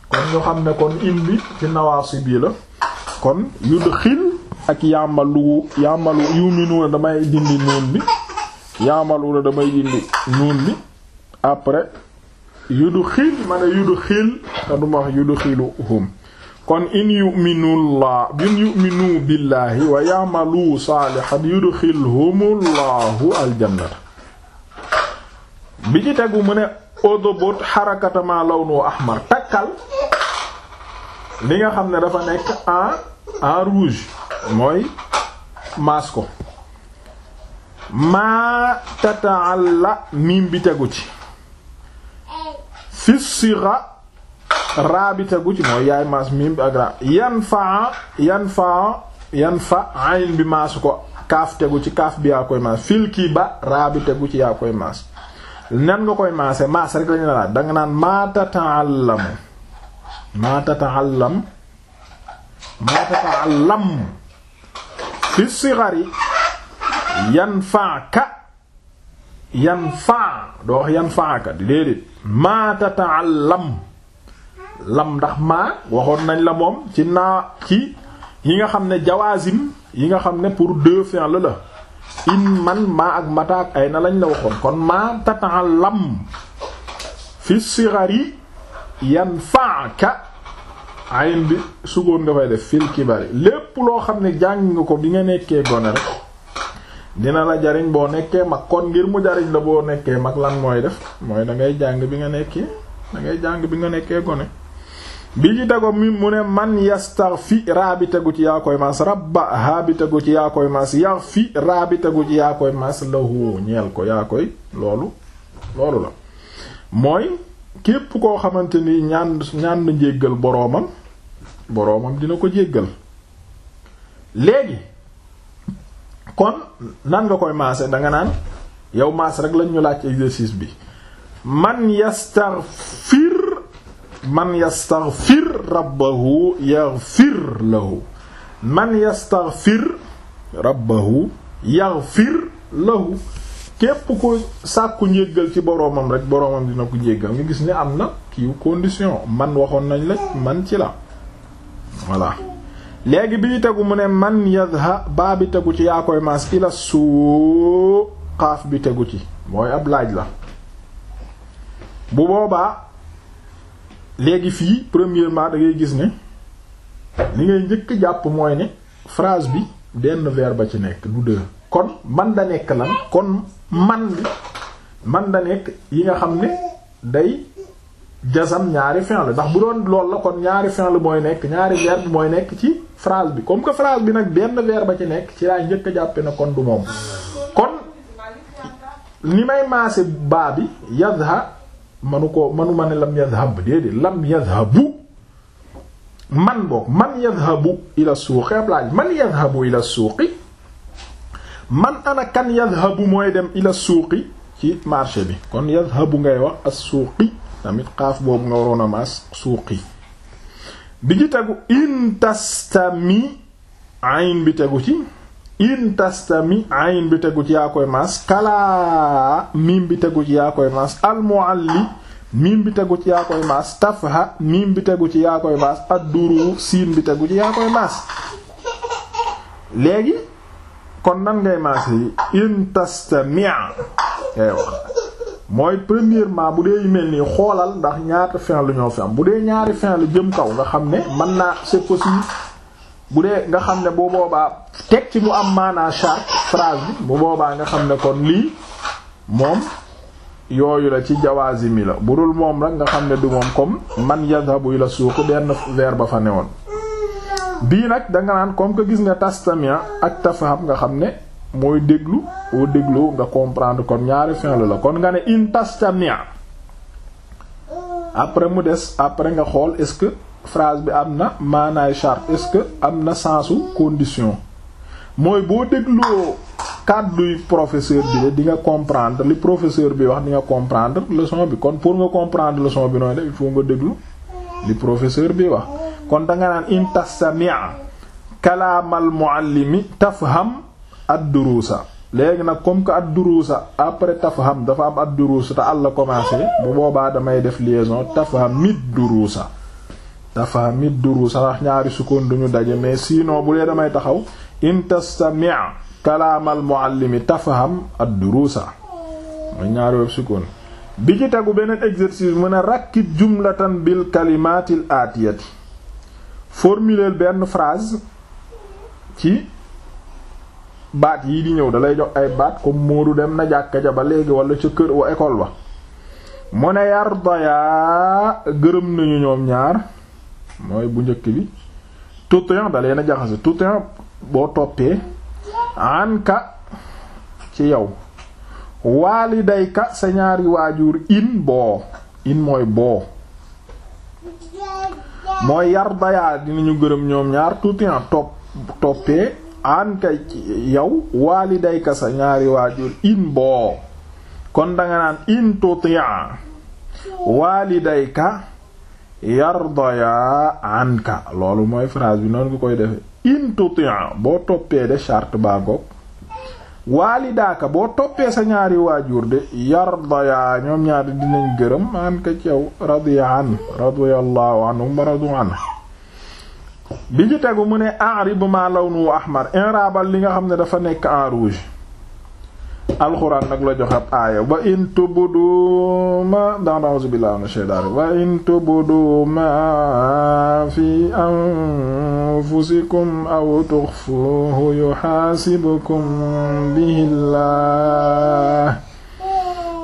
kon ñu xam ne kon in bi ci nawaasi bii la kon yudxil ak yàmmalu yàmmalu yuminu la damay dindi nuun bi yàmmalu la damay dindi nuun bi après yudxil ma ne yudxil te duma wax yudxiluhum kon in yu'minullah in yu'minu billahi wa ya'malu salihan yudxilhumullahu aljannata bi ci tegu mu ne odobot xarakatama lawnu ahmar takkal li nga xam ne dafa nekk en rouge mooy maas ko maa tataalla miim bi tegu ci raabita gu ci mooy yaay maas mim bi ak ra yan faa yan yan fa ayin bi maas ko kaaf tegu ba raabi tegu ci yaa koy koy maase maas rek naan maa tata'allamu maa tata'allam maa yan faaka yan faa doo wax yan faaka déedéet lam ndax maa waxoon nañ la moom ci naa ci yi nga xam ne jawaasim yi nga xam ne pour deux fins la la in man maa ak mata ak ay na lañ la waxoon kon maa lam fi sigari yanfa'ka ayn bi sugoon nga fay def fil kibari lépp loo xam ne jàng nga ko bi nga nekkee gone rek dina la jariñ boo nekkee mag kon ngir mu jariñ la boo nekkee mag lan mooy def mooy da ngay jàng bi nga nekkee da jàng bi nga nekkee gone bi ci dago mi mu ne man yastaghfi raabi tegu ci yaa koy maas rabba haabi tegu ci yaa koy maas yaghfi raabi tegu ci yaa koy la lahu ñeel ko yaa koy loolu loolu la mooy képp koo xamante ni ñaan ñaan na njéggal boroomam boroomam dina ko jéggal léegi kon nan nga koy maase danga naan yow mas rek lañ ñu laaj exercice bi man yastaghfir man yastaghfir rabbahu yaghfir lahu man yastaghfir rabbahu yaghfir lahu képp ku sàkku njéggal ci boroomam rek boroomam dina ko njéggal nga gis ni am na kii condition man waxoon nañ la man ci la voilà léegi bi ñu tegu mu ne man yadha baa bi tegu ci yaa koy maas ila bi tegu mooy ab laaj la bu léegi fii premièrement da ngay gis ne li ngay njëkk jàpp mooy ne phrase bi benn verbe ba ci nekk du dër kon man da nekk lan kon man bi man da nekk yi nga xam ne day jasam ñaari fi'l ndax bu doon lool la kon ñaari fi'l mooy nekk ñaari verbe mooy nekk ci phrase bi comme que phrase bi nag benn verbe ba ci nekk ci laay njëkk jàppe na kon du moom kon ni may maase baa bi yadha manu ko manuma ne lam yadhab déedéet lam yadhabu man boog man yadhabu ila suuqi ab laaj man yadhabu ila suuqi man ana kan mooy dem ila suuqi ci marché bi kon yadhabu ngay wax as suuqi tamit xaaf boobu nga waroon a maas suuqi bi ci tegu in tastami bi tegu ci in tastami bi tegu ci yaa koy maas kalaa miim bi tegu ci yaa koy maas almualli miim bi tegu ci yaa koy maas tafha miim bi tegu ci yaa koy maas adduru siin bi tegu ci yaa koy maas léegi kon nan ngay maas yi in tastami mooy premièrement bu dee yu nii xoolal ndax ñaata fin lu ñoo fi bu dee ñaari fin lu jëm kaw nga xam ne mën naa c'est possible bu dee nga xam ne bu boobaa teg ci mu am maanaa charte phrase bi bu boobaa nga xam ne kon lii moom yooyu la ci jawaazimi la bu dul moom rek nga xam ne du moom comme man yadhabu ila suuq benn verbe ba fa newoon bii nag danga naan comme que gis nga tastamia ak tafaham nga xam ne mooy déglu oo déglu nga comprendre kon ñaari fin la la kon nga ne in tastamia après mu des après nga xool est-ce que phrase bi am na maanaay charte est-ce que am na sensu condition mooy boo dégloo kàdduy professeur bi di nga comprendre li professeur bi wax di nga comprendre leçon bi kon pour nga comprendre leçon bi nooy def il faut nga déglu li professeur bi wax kon danga naan in tastamia kalaamal muallimi tafham ad-durusa léegi nag comme que ad-durusa après tafham dafa am ad-durusa te àll commencé mu boobaa damay def liaison tafham mid-durusa dafa mit duru ñaari sukkoon duñu daje mais sinon bu dee damay taxaw in tastami' kalaamal muallimi tafham ad at mooy ñaari web bi ci tegu beneen exercice mu ne rakkib jumlatan bil kalimatil aatiyati formuler benn phrase ci baat yi di ñëw dalay jox ay baat comme Moodu dem na jàkka ja ba léegi wala ca kër wa école ba mu ne yarda yaa gërëm nañu ñoom ñaar mooy bu njëkk bi tutin da leen a jaxase tutin boo toppee anka ci yow waalidayka sa ñaari waajur in boo in mooy boo mooy yar dayaa dinañu gërëm ñoom ñaar tutin topp toppee anka ci yow waalidayka sa ñaari waajur in boo kon danga naan in tutin waalidayka yardoya anka loolu mooy phrase bi noonu nga koy defee intutia boo toppee de charte baa ngoog waalidaaka boo toppee sa ñaari waajur de yardoya ñoom ñaari dinañ gërëm anka ci yow radiya an radiyallahu bi ci tegu mu ne arib ma nu ahmar inraabal li nga xam ne dafa nekk en rouge alxuraan nag la jox ab aaya wa in tubdu ma daan a'uuzu billahi minash shaytaani wa in tubdu ma fi anfusikum aw tuxfuuhu yuhaasibukum bihi llah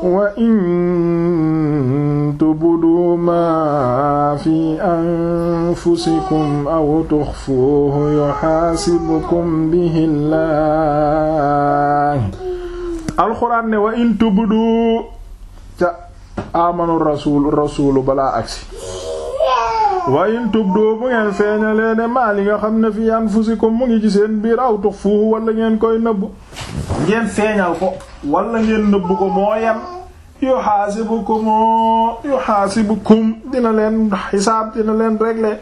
wa in tubdu ma fi anfusikum aw tuxfuuhu yuhaasibukum bihi llah alxuraan ne wa in tubdu ca amanu rasul rasulu balaa agsi wa in tubdu bu ngeen feeñalee ne maa nga xam ne fi anfusikum mu ngi ci seen biir aw tuxfuhu wala ngeen koy nëbb ngeen feeñal ko wala ngeen nëbb ko moo yem yuhaasibukum yuhaasibukum dina leen xisaab dina leen régler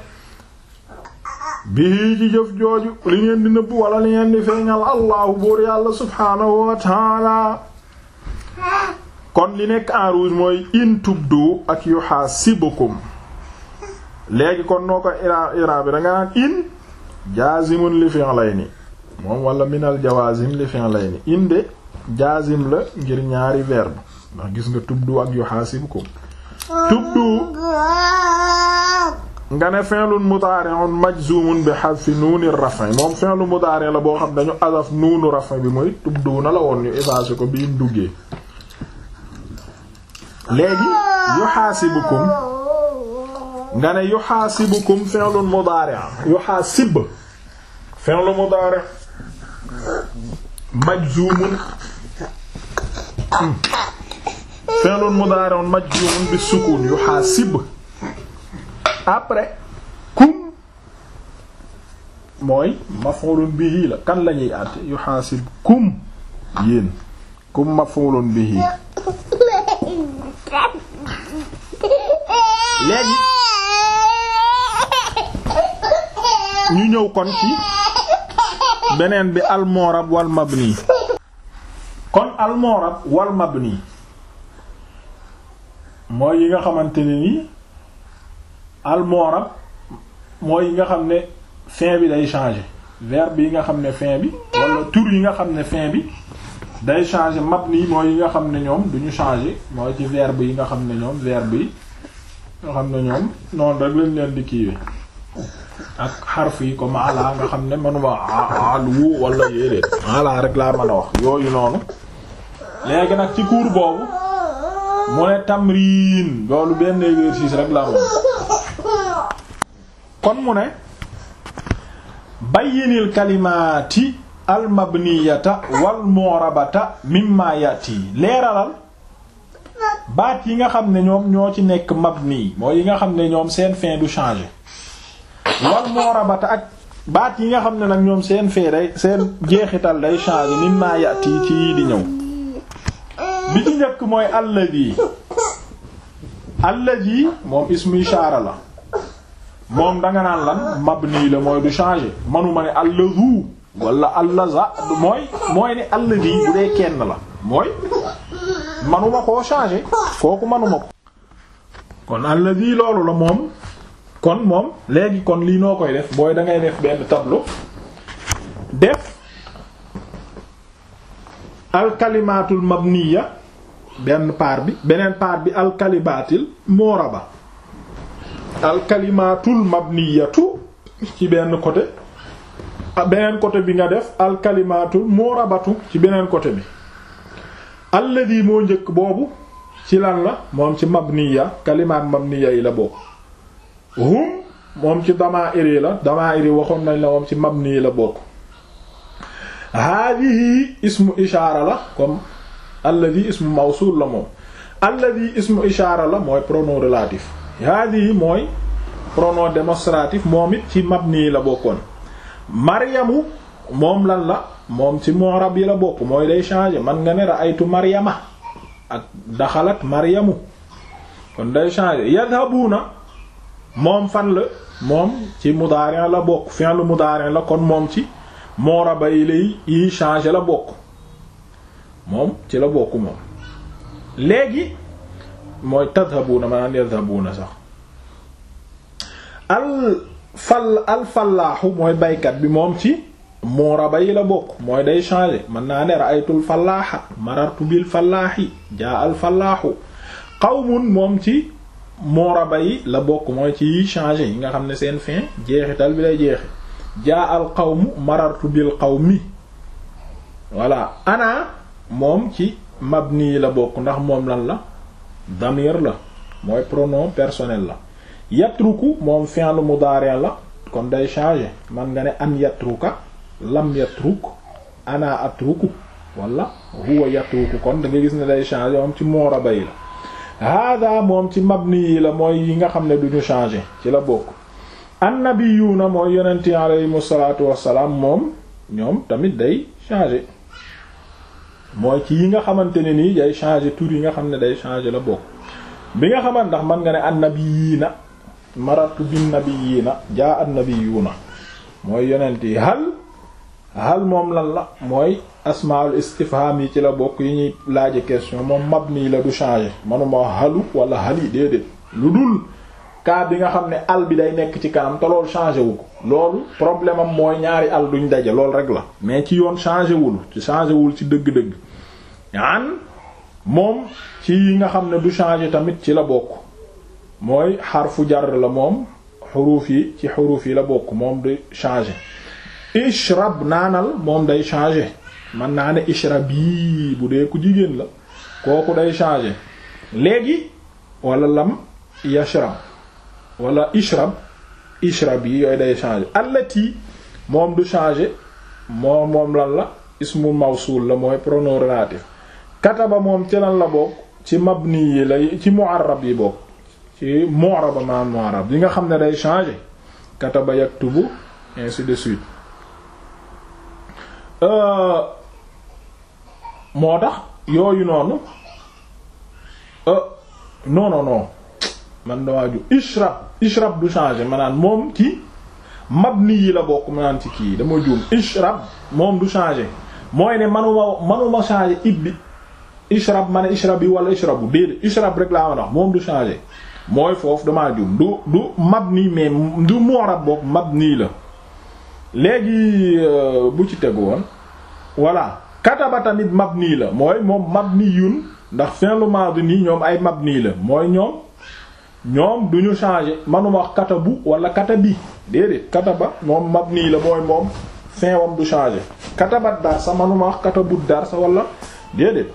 bii ci jëf jooju li ngeen di nëbb wala li ngeen di feeñal allahu buur yàlla subhaanahu wa taala kon li nekk en mooy in tubdu ak yuhaasibukum léegi kon noo ko iraab bi da nga naan in jaazimun li fi'layni moom wala minal jawaazim li fi'layni inde jaazim la ngir ñaari verbe ndax gis nga tubdu ak yuhaasibukum tubdu nga ne fi'lun mudari'un majzumun bi hadfi nuuni raf'i moom fi'lu mudari' la boo xam dañu adaf nuunu raf'i bi mooy tubduuna la woon ñu effacé ko bi mu duggee léegi yuhaasibukum nga ne yuhaasibukum fi'lun mudari' yuhaasib fi'lu mudari' majzumun fi'lun mudari'un majzumun bi sukuun après kum mooy maf'ulun bihi la kan la ñuy àtte yu xaasib kum yéen kum maf'ulun bihi léegi ñu ñëw kon ci beneen bi almorab wal mabni kon almorab wal mabni mooy yi nga xamante ne ni almoorab mooy yi nga xam ne fin bi day changer verbe yi nga xam ne fin bi wala tur yi nga xam ne fin bi day changer mabni mooy yi nga xam ne ñoom duñu changer mooy ci verbe yi nga xam ne ñoom verbe yi nga xam ne ñoom noonu rek di kiiwee ak xarf yi comme ala nga xam wala yéedéet ala rek laa mën a wax yooyu noonu léegi nag ci cours boobu mu ne tamrin loolu benn exercice rek laa moom kon mu ne bayyinil kalimaati almabniyata wal mu'rabata mimma yati leeralal baat yi nga xam ne ñoom ñoo ci nekk mabni mooy yi nga xam ne ñoom seen fin du changer wal mu'rabata ak baat yi nga xam ne nag ñoom seen fin day seen jeexital day changer mimma yati ci yii di ñëw bi ci njëkk mooy alladhi alladhi moom ismu ishaara la moom danga naan lan mabni la mooy du changer manuma ne allazu wala allaza mooy mooy ne allazi bu dee kenn la mooy manuma koo changer kooku manuma ko kon allazi loolu la moom kon moom léegi kon lii noo koy def booy dangay def benn tableau def alkalimaatul mabniya benn part bi beneen paar bi alkalimaatil ba al kalimaatul mabniyatu ci benn côté ah, beneen côté bi nga def al kalimaatul murabatu ci beneen côté bi alladi moo njëkk boobu ci lan la moom ci mabniya kalimaat mabniya yi la bokk hum moom ci damaa'iri la damaa'iri waxoon nañ la moom ci mabni la bokk haadihi ismu ishaara la kon alladi ismu mawsuul la moom alladi ismu ishaara la mooy pronom relatif haadihi mooy pronom démonstratif moom it ci mabni la bokkoon maryamu moom lan la moom ci mu'rab yi la bokk mooy day changer man nga ne ra'aytu maryama ak daxalat maryamu kon day changer yadhabuna moom fan la moom ci mudaari' la bokk fi'lu mudaari' la kon moom ci mu'raba yi lay yi changer la bokk moom ci la bokk moom léegi mooy ma tadhabuuna maanaam yadhabuuna sax al fal al fallaaxu mooy baykat bi moom ci muuraba yi la bokk mooy day changer mën naa ne ra'aytul fallaaxa marartu bil fallaaxi jaa al fallaaxu qawmun moom ci muuraba yi la bokk mooy ci changer yi nga xam ne seen fin jeexital bi lay jeexi jaa al qawmu marartu bil qawmi voilà ana moom ci mabni yi la bokk ndax moom lan la damir la mooy pronom personnel la yatruku moom mu mudari' la kon day changer man nga ne an yatruka lam yatruk ana atruku wala huwa yatruku kon dangay gis ne day changer moom ci mooraba yi la hada moom ci mabni yi la mooy yi nga xam ne duñu changer ci la bokk na mooy yonent yi aleyhimu salaatu wassalaam moom ñoom tamit day changer mooy ci yi nga xamante ne nii day changer tur yi nga xam ne day changer la bokk bi nga xamant ndax man nga ne annabiyina maratu bin nabiyina jaa na mooy yonent yi hal hal moom lan la mooy asmaul istifham yi ci la bokk yi ñuy laaje question moom mabni la du changer manuma halu wala hali déedéet lu dul kaa bi nga xam ne al bi day nekk ci kanam te loolu changé wu ko loolu problème am mooy ñaari al duñ daje loolu rek la mais ci yoon changé wul ci changé wul ci dëgg-dëgg an moom ci yi nga xam ne du changé tamit ci la bokk mooy xarfu jar la moom xuruuf yi ci xuruuf yi la bokk moom du changé ishrab naanal moom day changé man naa ne ishrab yii bu dee ku jigéen la kooku day changé léegi wala lam yashrab wala ishrab ishrab yi yooyu day changer allati moom du changer moom moom lan la ismu mawsul la mooy pronom relatif kataba moom ci lan la bokk ci mabni yi la ci mu'arrab yi bokk ci mu'rab ma mu'rab yi nga xam ne day changer kataba yaktubu ainsi de suite euh, moo tax yooyu noonu euh, non non non man dawaaju ishrab ishrab du changé maanaam moom ci mabni yi la bokk maanaam ci kii dama juum ishrab moom du changé mooy ne manuma manuma changé ibbi ishrab ma ne ishrab yi wala ishrabu déedéet ishrab rek laa mën a moom du changé mooy foofu dama juum du du mabni mais du mu'rab bokk mabni la léegi euh, bu ci tegu woon voilà kataba tamit mabni la mooy moom mabniyun ndax fin lu maadi nii ñoom ay mabni la mooy ñoom ñoom duñu changer manuma wax katabu wala katabi déedéet kataba moom mabni la mooy moom fin wam du changer katabat darsa manuma wax katabu darsa wala déedéet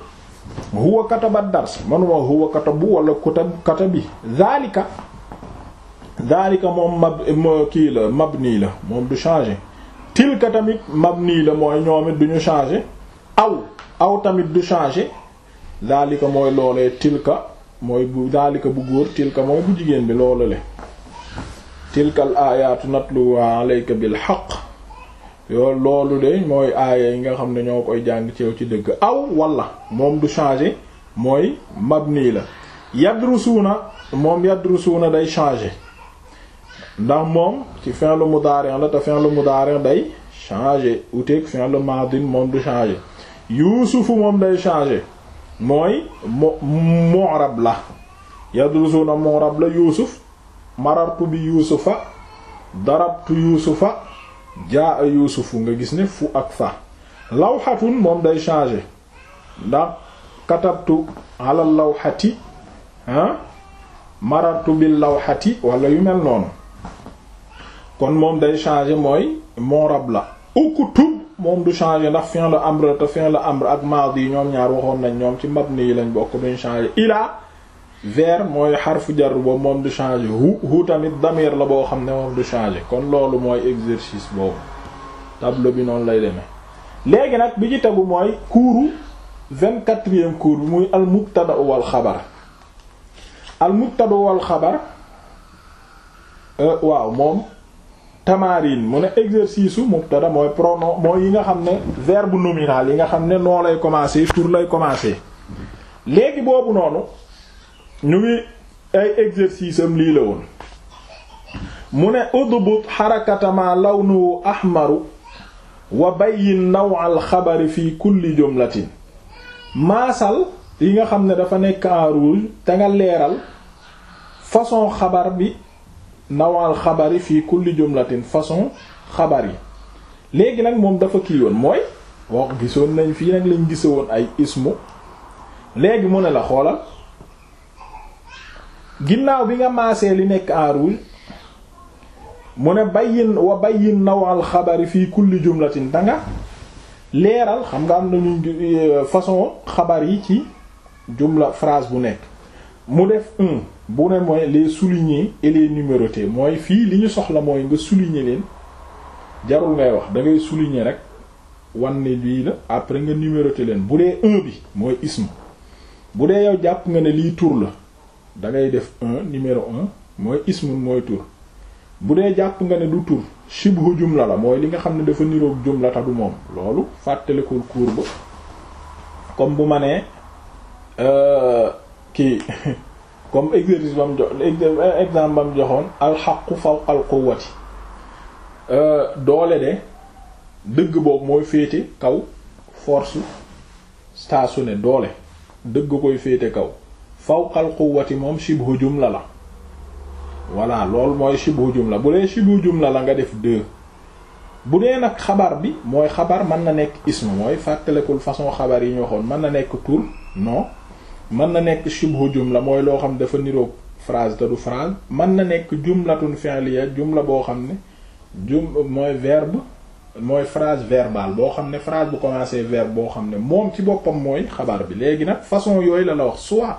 huwa katabat darsa manuma wax huwa katabu wala katab katabi zalika zalika moom mab kii la mabni la moom du changer tilka tamit mabni la mooy ñoom it duñu changer aw aw tamit du changer zalika mooy loolee tilka mooy bu daalika bu góor tilka mooy bu jigéen bi loolu le tilkal aayaatu natluwa alayka bil xaq yoo loolu de mooy aaya yi nga xam ne ñoo koy jàng ci ci dëgg aw wala moom du changé mooy mabni la yadrusuuna moom na day changer ndax moom ci fi'lu mudaari' la te fi'lu mudaari' day changé uteeg fi'lu maadin moom du changer yuusufu moom day changé mooy mo moorab la yadrusuuna moorab la yuusuf marartu bi yuusufa darabtu yuusufa jaa a yuusufu nga gis ne fu ak fa lawxatun moom day changer ndax katabtu ala lawxati ah bi lawxati wala yu mel noonu kon moom day changer mooy moorab la ukutub moom du changer ndax fin la amr te fin la amr ak maadi yi ñoom ñaar waxoon nañ ñoom ci mabni yi lañ bokk duñ changer ilaa vers mooy xarfu jar boobu moom du changer hu hu tamit damir la boo xam ne moom du changer kon loolu mooy exercice boobu tableau bi noonu lay deme léegi nag bi ci tegu mooy kuuru vingt-quatrième cours bi muy al mubtada wal xabar al mubtada xabar euh, waaw moom tamarin mu ne exercice u mooy pronom mooy yi nga xam ne verbe nominal yi nga xam ne noo lay commencer tur lay commencer léegi boobu noonu ñu ngi ay exercice lii la woon mu ne udbut xarakatama nu ahmaru wa bayyin naw'al xabari fi kulli jumlatin maasal yi nga xam ne dafa nekk en rouge te nga leeral façon xabar bi nawal xabari fii kulli jumlatin façon xabar yi léegi nag moom dafa kii woon mooy wax gisoon nañ fii nag lañ gise woon ay ismu léegi mu ne la xoolal ginnaaw bi nga maasee li nekk en rouge mu ne bayyin wa bayyin nawal xabari fii kulli jumlatin danga leeral xam nga am nañu euh, façon xabar yi ci jumla phrase bu nekk mu def un bu ne mooy les souligner et les numéroter mooy fii li ñu soxla mooy nga souligner leen jarul ngay wax da ngay souligner rek wan ne lii la après nga numéroter leen bu dee un bi mooy ism bu dee yow jàpp nga ne lii tur la dangay def un numéro un mooy ism mooy tur bu dee jàpp nga ne du tur shibhu jumla la mooy li nga xam ne dafa niroog jumla ta moom loolu fàttalikul cours ba comme bu ma nee euh, kii. (laughs) comme exercice ba mu jox exemple joxoon alxaqu fawqa alquwati euh, doole de dëgg boobu mooy féete kaw force staasu doole dëgg koy féete kaw fawqa alquwati moom shibhu jumla la la voilà loolu mooy shibhu jumla bu dee shibhu jumla la la nga def deux bu dee nag xabar bi mooy xabar mën na nekk ism mooy fàttalikul façon xabar yi ñu waxoon mën na nekk tur non man na nekk shibhu la mooy loo xam dafa niroog phrase te du phrase mën na nekk jumlatun fi'liya la boo xam ne jum mooy verbe mooy phrase verbale boo xam ne phrase bu commencé verbe boo xam ne moom ci boppam mooy xabaar bi léegi nag façon yooyu la la wax soit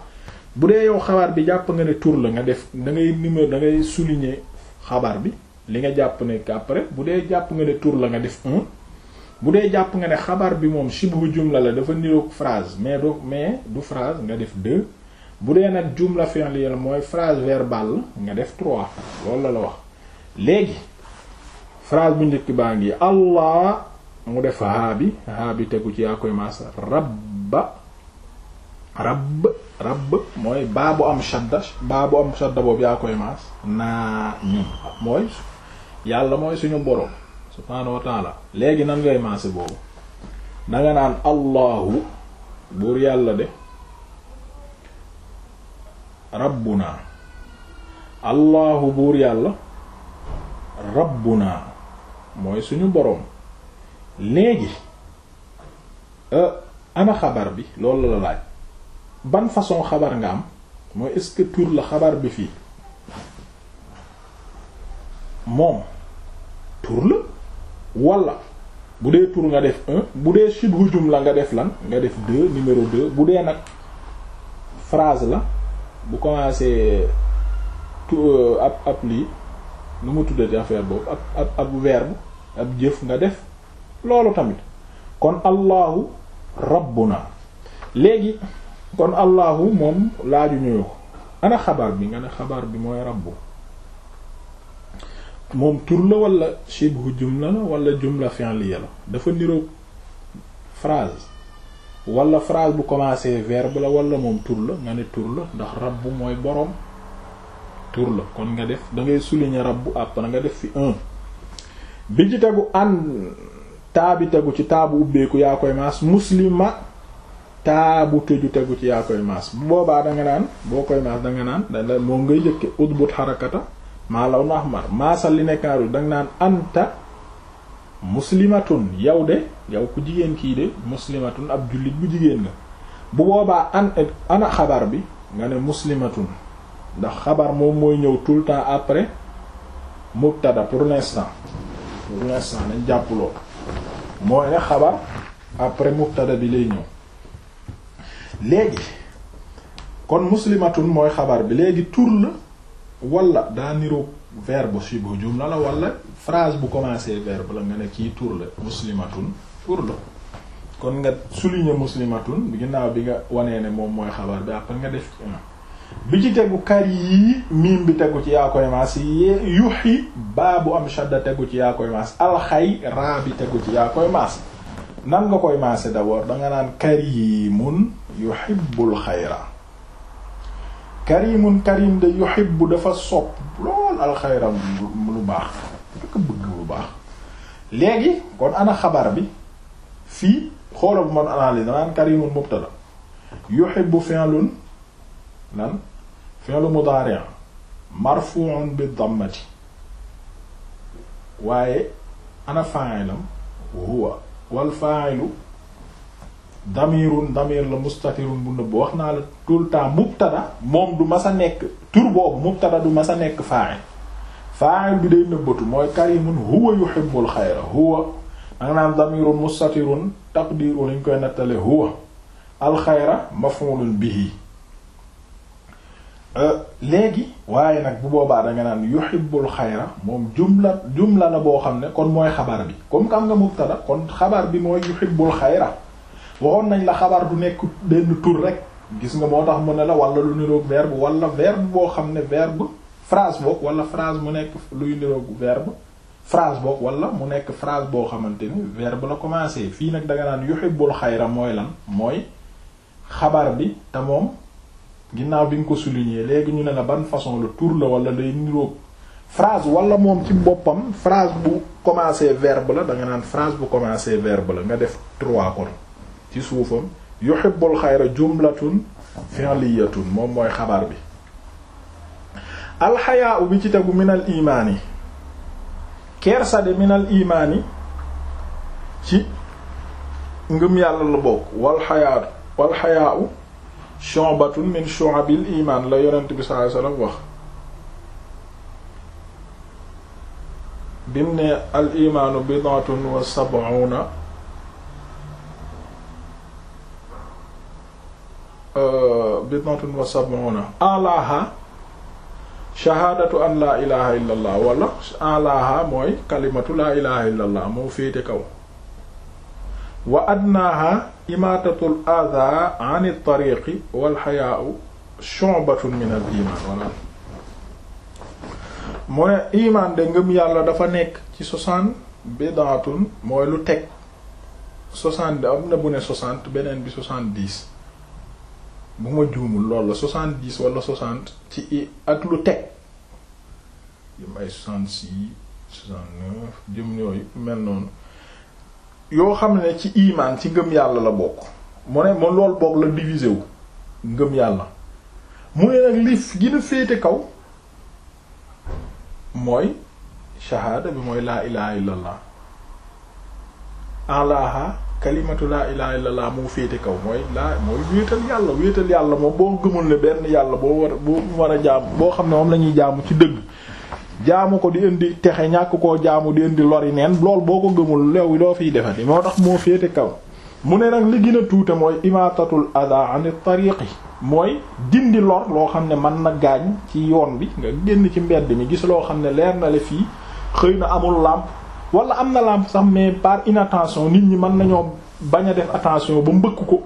bu dee yow xabaar bi jàpp nga ne tour la nga def da ngay numéro da ngay souligner xabaar bi li nga jàpp ne après bu dee jàpp nga ne tour la nga def un bu dee jàpp nga ne xabar bi moom shibhu jumla la dafa niroog phrase mais du mais du phrase nga def deux bu dee nag jumla fi'liya la mooy phrase verbale nga def trois loolu la la wax léegi phrase bu njëkk baa ngi allah mu def haa bi haa bi tegu ci yaa koy maas rabba rabb rabb mooy baa bu am shadda baa bu am shadda boobu yaa koy maas naa ñun mooy yàlla mooy suñu boroom subhaanahu wa taala léegi nan ngay maase boobu danga naan allahu buur yàlla de rabbuna allahu buur yàlla rabbuna mooy suñu boroom léegi euh, a xabar bi loolu la laaj ban façon xabar nga am mooy est-ce la xabar bi fii moom tur la wala bu dee tur nga def un bu dee shibhu la nga def lan nga def deux numéro deux bu dee nag phrase la bu commencé tu euh, ab ab lii nu mu tuddati affaire boobu ab ab ab verbe ab jëf nga def loolu tamit kon allahu rabbuna léegi kon allahu moom laaju ñuy ko ana xabaar bi nga ne xabaar bi mooy rabbu moom tur la wala shibhu jumla la wala jumla fi'liya la dafa niroog phrase walla phrase bu commencé verbe la wala moom tur la nga ne tur la ndax bu mooy boroom tur la kon nga def da ngay souligner rabbu àpp na nga def fi un bi ci tegu an taabi tegu ci taabu ubbeeku yaa koy maas muslima taabu tëju tegu ci yaa koy maas boobaa da naan boo koy maas da nga naan da moom ngay jëkke udbut xarakata maa law na ahmar maasal li nekkaar yu danga naan anta muslimatun yow de yow ku jigéen kii de muslimatun ab jullit bu jigéen nga bu boobaa an ana xabar bi nga ne muslimatun ndax xabaar moom mooy ñëw tout le temps après mubtada pour l'instant pour l'instant nañ jàpp mooy ne xabar après mubtada bi lay ñëw léegi kon muslimatun mooy xabaar bi léegi tur wala daa niroog verbe shibhu jumla la wala phrase bu commencé verbe la nga ne kii tur la muslimatun tur kon nga souligner muslimatun bi ginnaaw bi nga wanee ne moom mooy xabar bi après nga def bi ci tegu kar yii miim bi tegu ci yaa koy maas yuxi baa bu am shadda tegu ci yaa koy maas alxay raa bi tegu ci yaa koy maas nan nga koy maase d'abord danga naan karimun yuhibbul xayra karimun karim de yuhibbu dafa sopp lool alxayra lu baax daka bëgg lu baax léegi kon ana xabar bi fii xoola bu man analyse naan karimun mubtada yuhibbu fi'lun lan fi'lu mudari' marfu'un bi dammati waaye ana fa'ilam huwa wal fa'ilu damirun damir la mustatirun bu nëbb wax naa la tout le temps mubtada moom du mas a nekk tur boobu mubtada du mas a nekk fa'il fa'il bi day nëbbatu mooy karimun huwa yuhibbul xayra huwa danga naan damirun mustatirun taqdiru lañ koy nettale huwa alxayra maf'ulun bihi euh, léegi waaye nag bu boobaa danga naan yuhibbul xayra moom jumla jumla la boo xam ne kon mooy xabar bi comme que am nga mubtada kon xabar bi mooy yuhibbul xayra waxoon nañ la xabaar du nekk benn tour rek gis nga moo tax mu ne la wala lu niroog verbe walla verbe boo xam ne verbe phrase boog wala phrase mu nekk luy niroog verbe phrase boog wala mu nekk phrase boo xamante ni verbe la commencé fii nag danga naan yuhibbul xayra mooy lan mooy xabaar bi te moom ginnaaw bi nga ko souligner léegi ñu ne la ban façon la tour la wala day niroog phrase wala moom ci boppam phrase bu commencé verbe la danga naan phrase bu commencé verbe la nga def trois kon ci suufam yuhibbul xayra jumlatun fi'liyatun moom mooy xabaar bi alxayaa bi ci tegu minal imaani kersa de minal imaani ci ngëm yàlla la bokk wal xayaatu wal min shu'abil imaan la yonent bi sallallahu alayhi wasallam wax bim ne al imaanu bid'atun wa sab'una bid'atun wa sab'una alaha shahaadatu an laa ilaha illa wala alaha mooy kalimatu laa ilaha illa allah féete kaw wa adnaaha imaatatul aadha an at-tariqi wal hayaa'u shu'batun min al-iman mu ne iman de ngëm yàlla dafa nekk ci soixante bid'atun mooy lu teg soixante am na beneen bi bu ma juumul loolu la soixante-dix wala soixante ci ak lu teg jëm ay soixante yooyu mel noonu yoo xam ne ci imaan ci ngëm yàlla la bokk mu ne ma lool bokk la divisé wu ngëm yàlla mu ne nag li gën féete kaw mooy shahaada bi mooy laa ilaha illallah alaha kalimatu laa ilaha illallah moo féete kaw mooy laa mooy wéetal yàlla wéetal yàlla moom boo gëmul ne benn yàlla boo war boo war a jaam boo xam ne moom lañuy ñuy jaamu ci dëgg jaamu ko di indi texe ñàkk koo jaamu di indi lori neen lool boo ko gëmul leew loo fiy defati moo tax moo féete kaw mu ne nag li gën a tuute mooy imaatatul ada an tariqi mooy dindi lor loo xam ne man na gaañ ci yoon bi nga génn ci mbedd mi gis loo xam ne leer na le fii xëy na amul làmp wala am na lampe sax par inattention nit ñi mën nañoo bañ a def attention ba mbëkk ko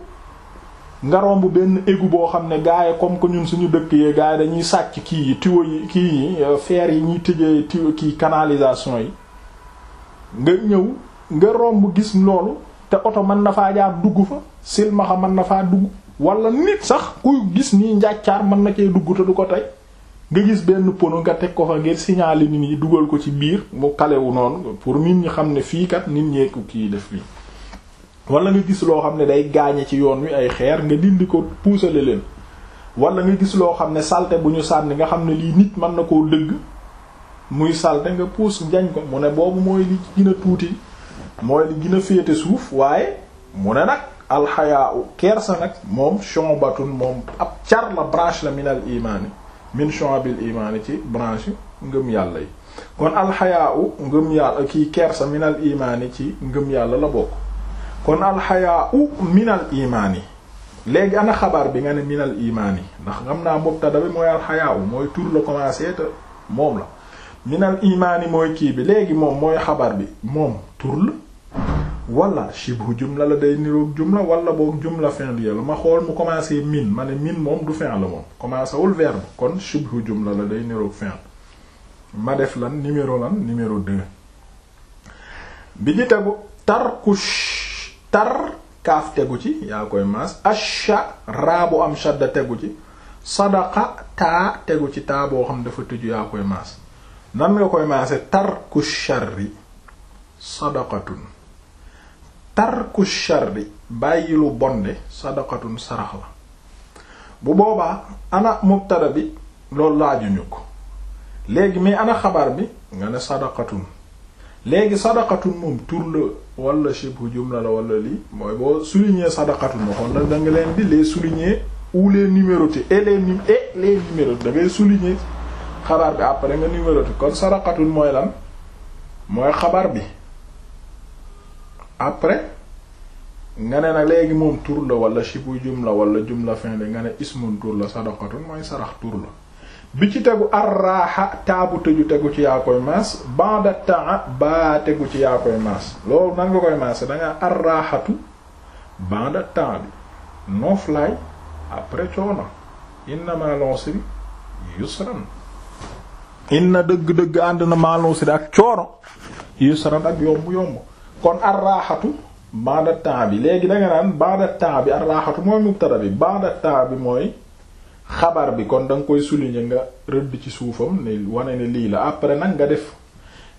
nga romb benn égout boo xam ne gars yi comme que ñun suñu dëkk yee gars dañuy sàcc kii yi tuyau yi kii yi euh, fer yi ñuy tëjee tuyau kii canalisation yi nga ñëw nga romb gis loolu te oto mën na faa jaar dugg fa silmaxa mën na faa dugg wala nit sax ku gis nii njàccaar mën na cee dugg te du ko tey nga gis benn pono nga teg ko fa ngir signaler nit ñi dugal ko ci biir mu kalewu noonu pour nit ñi xam ne fii kat nit ñee ko kii def bi wala nga gis loo xam ne day gaañe ci yoon wi ay xeer nga dindi ko puusale leen wala nga gis loo xam ne salte bu ñu sànni nga xam ne lii nit mën na koo dëgg muy salte nga puus jañ ko mu ne boobu mooy li gën tuuti mooy li gën a féete suuf waaye mu ne nag alxayaa u kersa nag moom shon batun moom ab car la branche la min shu'abil imaani ci branche ngëm yàlla yi kon alxayaa u ngëm yàlla kii kersa minal imaani ci ngëm yàlla la bokk kon alxayaa u minal imaani léegi ana xabaar bi nga ne minal imaani ndax xam naa mubtada bi mooy alxayaa u mooy tur la commencé te moom la minal imaani mooy kii bi léegi moom mooy xabaar bi moom tur wala shibhu jumla la day niroog jumla wala boo jumla fi'liya la ma xool mu commencé min ma ne min moom du fi'l moom commencé wul verbe kon shibhu jumla la day niroog fi'l ma def lan numéro lan numéro 2 bi ñu tegu tarkush tar kaaf tegu ci yaa koy maas asha raa bu am shadda tegu ci sadaqa taa tegu ci taa boo xam dafa tëju yaa koy maas nan nga koy maase tarku sharri sadaqatun tarku sharri bàyyi lu bonde sadaqatun sarax la bu boobaa ana mubtada bi loolu laajuñu ko léegi mais ana xabaar bi nga ne sadaqatun léegi sadaqatun moom tur la wala shibhu jumla la wala lii mooy boo souligner sadaqatun waxoon la da nga leen di les souligner ou les numéroter et les num et les numéroter da ngay souligner xabar bi après nga numéroter kon sadaqatun mooy lan mooy xabaar bi après nga ne nag léegi moom tur la wala shibu jumla wala jumla fin de nga ne ismun tur la sadaqatun mooy sarax tur la bi ci tegu arraaxa taabu tëju tegu ci yaa koy maas ba'da taa baa tegu ci yaa koy maas loolu nan nga koy maas danga arraaxatu ba'da taa bi nooflaay après coono inna ma'al usri yusran inna dëgg-dëgg ànd na ma'al usri ak coono yusran ak yomb yomb kon arraaxatu temps bi léegi da nga naan ba'da ta'bi arraaxatu mooy mubtada bi ba'da bi mooy xabar bi kon da nga koy souligner nga rëdd ci suufam ne wane ne lii la après nag nga def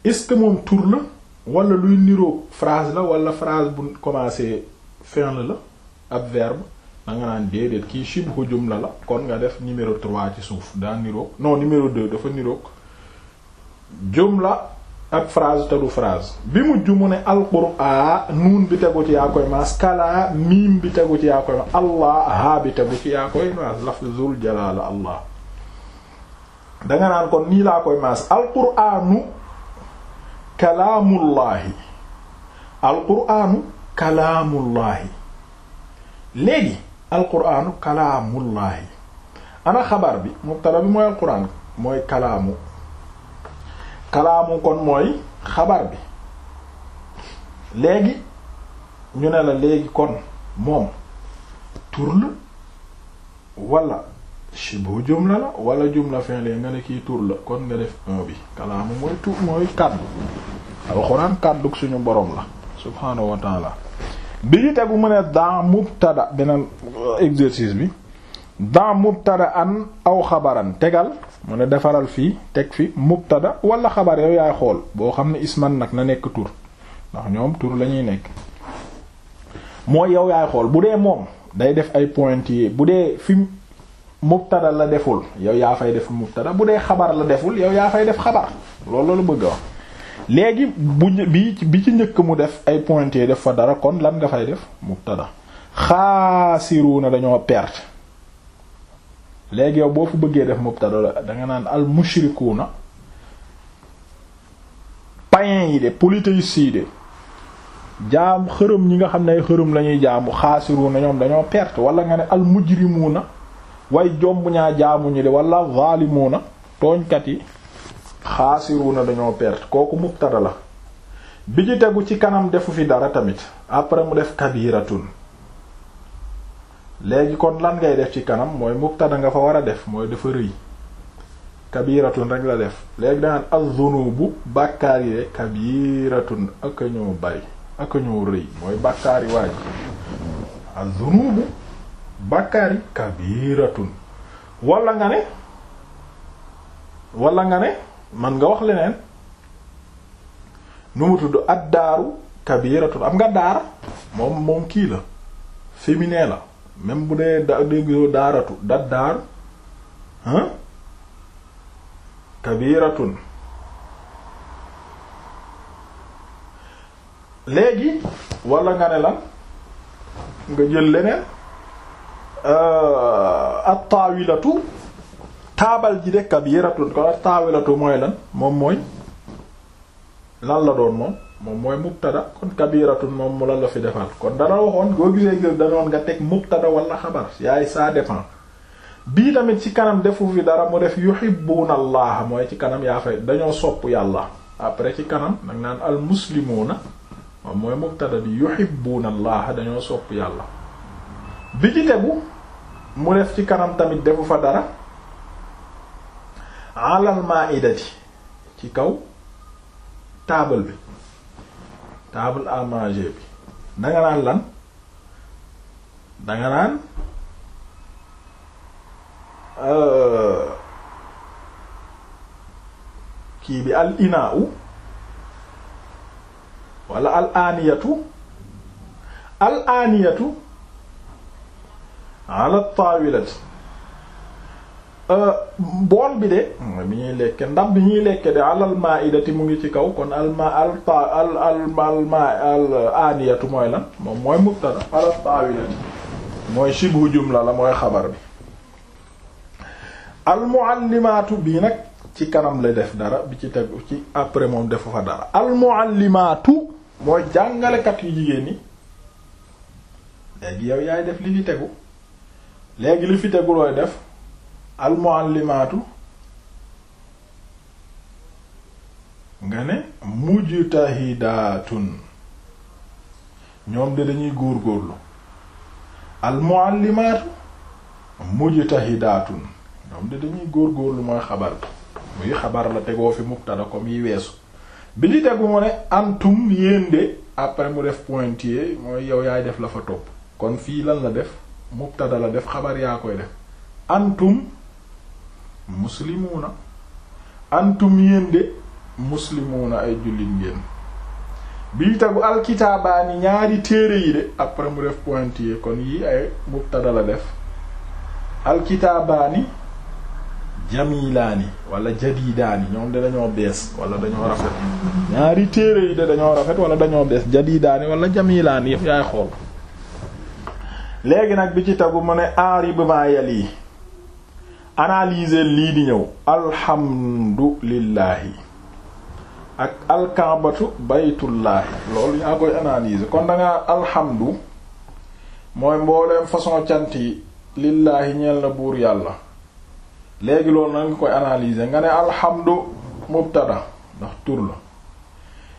est-ce que moom tur la wala luy niroog phrase la wala phrase bu commencé fi'l la ab verbe da nga naan déedéet kii shibhu jumla la kon nga def numéro 3 ci suuf daa niroog non numéro 2 dafa niroog jumla ak phrase te du phrase bi mujj mu ne alqur'aan nuun bi tegu ci yaa koy maas kalaa miim bi tegu ci yaa koy maas allah haa bi tegu ci yaa koy maas lafzul jalaala allah danga naan kon nii laa koy maas alqur'aanu kalaamullaahi alqur'aanu kalaamullaahi léegi alqur'aanu kalaamullaahi ana xabar bi mubtada bi mooy alqur'aan mooy kalaamu kalaamu kon mooy xabar bi léegi ñu ne la léegi kon moom tur la wala shibhu jumla la wala jumla fi'liya nga ne kii tur la kon nga def un bi kalaamu mooy tur mooy kàddu alxuraan kàddug suñu borom la subhaanahu wa taala bi ñu tegu mu ne dans mubtada beneen exercice bi dans mubtada an aw xabaran tegal mu ne defaral fii teg fi mubtada wala xabar yow yaay xool boo xam ne isman nag na nekk tur ndax ñoom tur la ñuy nekk mooy yow yaay xool bu dee moom day def ay point pointillés bu dee fi mubtada la deful yow yaa fay def mubtada bu dee xabar la deful yow yaa fay def xabar loolu la bëgg wax léegi bu bi bi ci njëkk mu def ay point def fa dara kon lan nga fay def mubtada na dañoo perte léegi yow boo fu bëggee def mubtada la danga naan al mushrikuuna païens yi de polythéistes yi de jaam xërëm ñi nga xam ne ay xërëm la jaamu xaasiruuna ñoom dañoo perte wala nga ne al mujrimuuna way jomb ñaa jaamu ñi de wala zaalimuuna tooñkat yi xaasiruuna dañoo perte kooku mubtada la bi ci tegu ci kanam defu fi dara tamit après mu def kabiratun léegi kon lan ngay def ci kanam mooy mubtada nga fa war a def mooy dafa rëy kabiratun rek la def léegi danaan az-zunubu bàkkaar yi rek kabiratun ak ñoo bari ak ñoo rëy mooy bàkkaar yi waaj az-zunubu bàkkaar kabiratun wala nga ne wala nga ne man nga wax leneen nu mu tudd ad-daaru kabiratun am nga daar moom moom kii la féminin la même bu dee da déggoo daaratu dat daar ah léegi wala nga ne lan nga jël leneen euh, at-taawilatu taabal ji de kabiratun kon at-taawilatu mooy lan moom mooy lan la doon moom moom mooy mubtada kon kabiratun moom mu la la fi defal kon dana waxoon boo gisee gis danoon nga teg mubtada wala xabar yaay ça dépend bii tamit ci kanam defu fi dara mu def yuhibbuna allah mooy ci kanam yaa fay dañoo sopp yàlla après ci kanam nag naan al muslimuna moom mooy mubtada bi yuhibbuna allah dañoo sopp yàlla bi ci tegu mu def ci kanam tamit defu fa dara alal maidati ci kaw taabal bi table à manger bi danga naan lan danga naan euh, kii bi al inaa u wala al aaniyatu al aaniyatu ala taawilati Euh, bool bi de mooy bi ñuy lekke ndax bi ñuy lekke de alal maidati mu ngi ci kaw kon alma al ta al al ma al aniyatu mooy lan moom mooy mubtada alal taawilati mooy shibhu jumla la mooy xabar bi al muallimaatu bii nag ci kanam la def dara bi ci tegu ci après moom defu fa dara al muallimaatu mooy jàngalekat yu jigéen ñi léegi yow yaay def li fi tegu léegi li fi tegulooy def al muallimaatu nga ne mujtahidaatun ñoom de dañuy góorgóorlu al muallimaatu mujtahidaatun ñoom de dañuy góorlu mooy xabar muy xabar la tegoo fi mubtada comme yi weesu bi li tegu mu ne antum yéen de après mu def pointier mooy yow yaay def la fa topp kon fii lan la def mubtada la def xabar yaa koy def antum muslimuuna antum yéen de muslimuuna ay jullit ngeen bii tagu alkitaabaani ñaari téere yi de après mu def pointillé kon yi ay mubtada la def alkitaabaani jamilaani wala jadidaani ñoom de dañoo bees wala dañoo rafet ñaari téere yi de dañoo rafet wala dañoo bees jadidaani wala jamilaani yëpp yaay xool léegi nag bi ci tagu mu ne aari bi maa yel yi analyser lii di ñëw alhamdulillahi ak alkaabatu baytullaahi loolu yaa koy analyser kon dangaa alhamdu mooy mbooleem façon cant yi lillaahi ñeel na buur yàlla léegi loolu na nga koy analyser nga ne alhamdu mubtada ndax tur la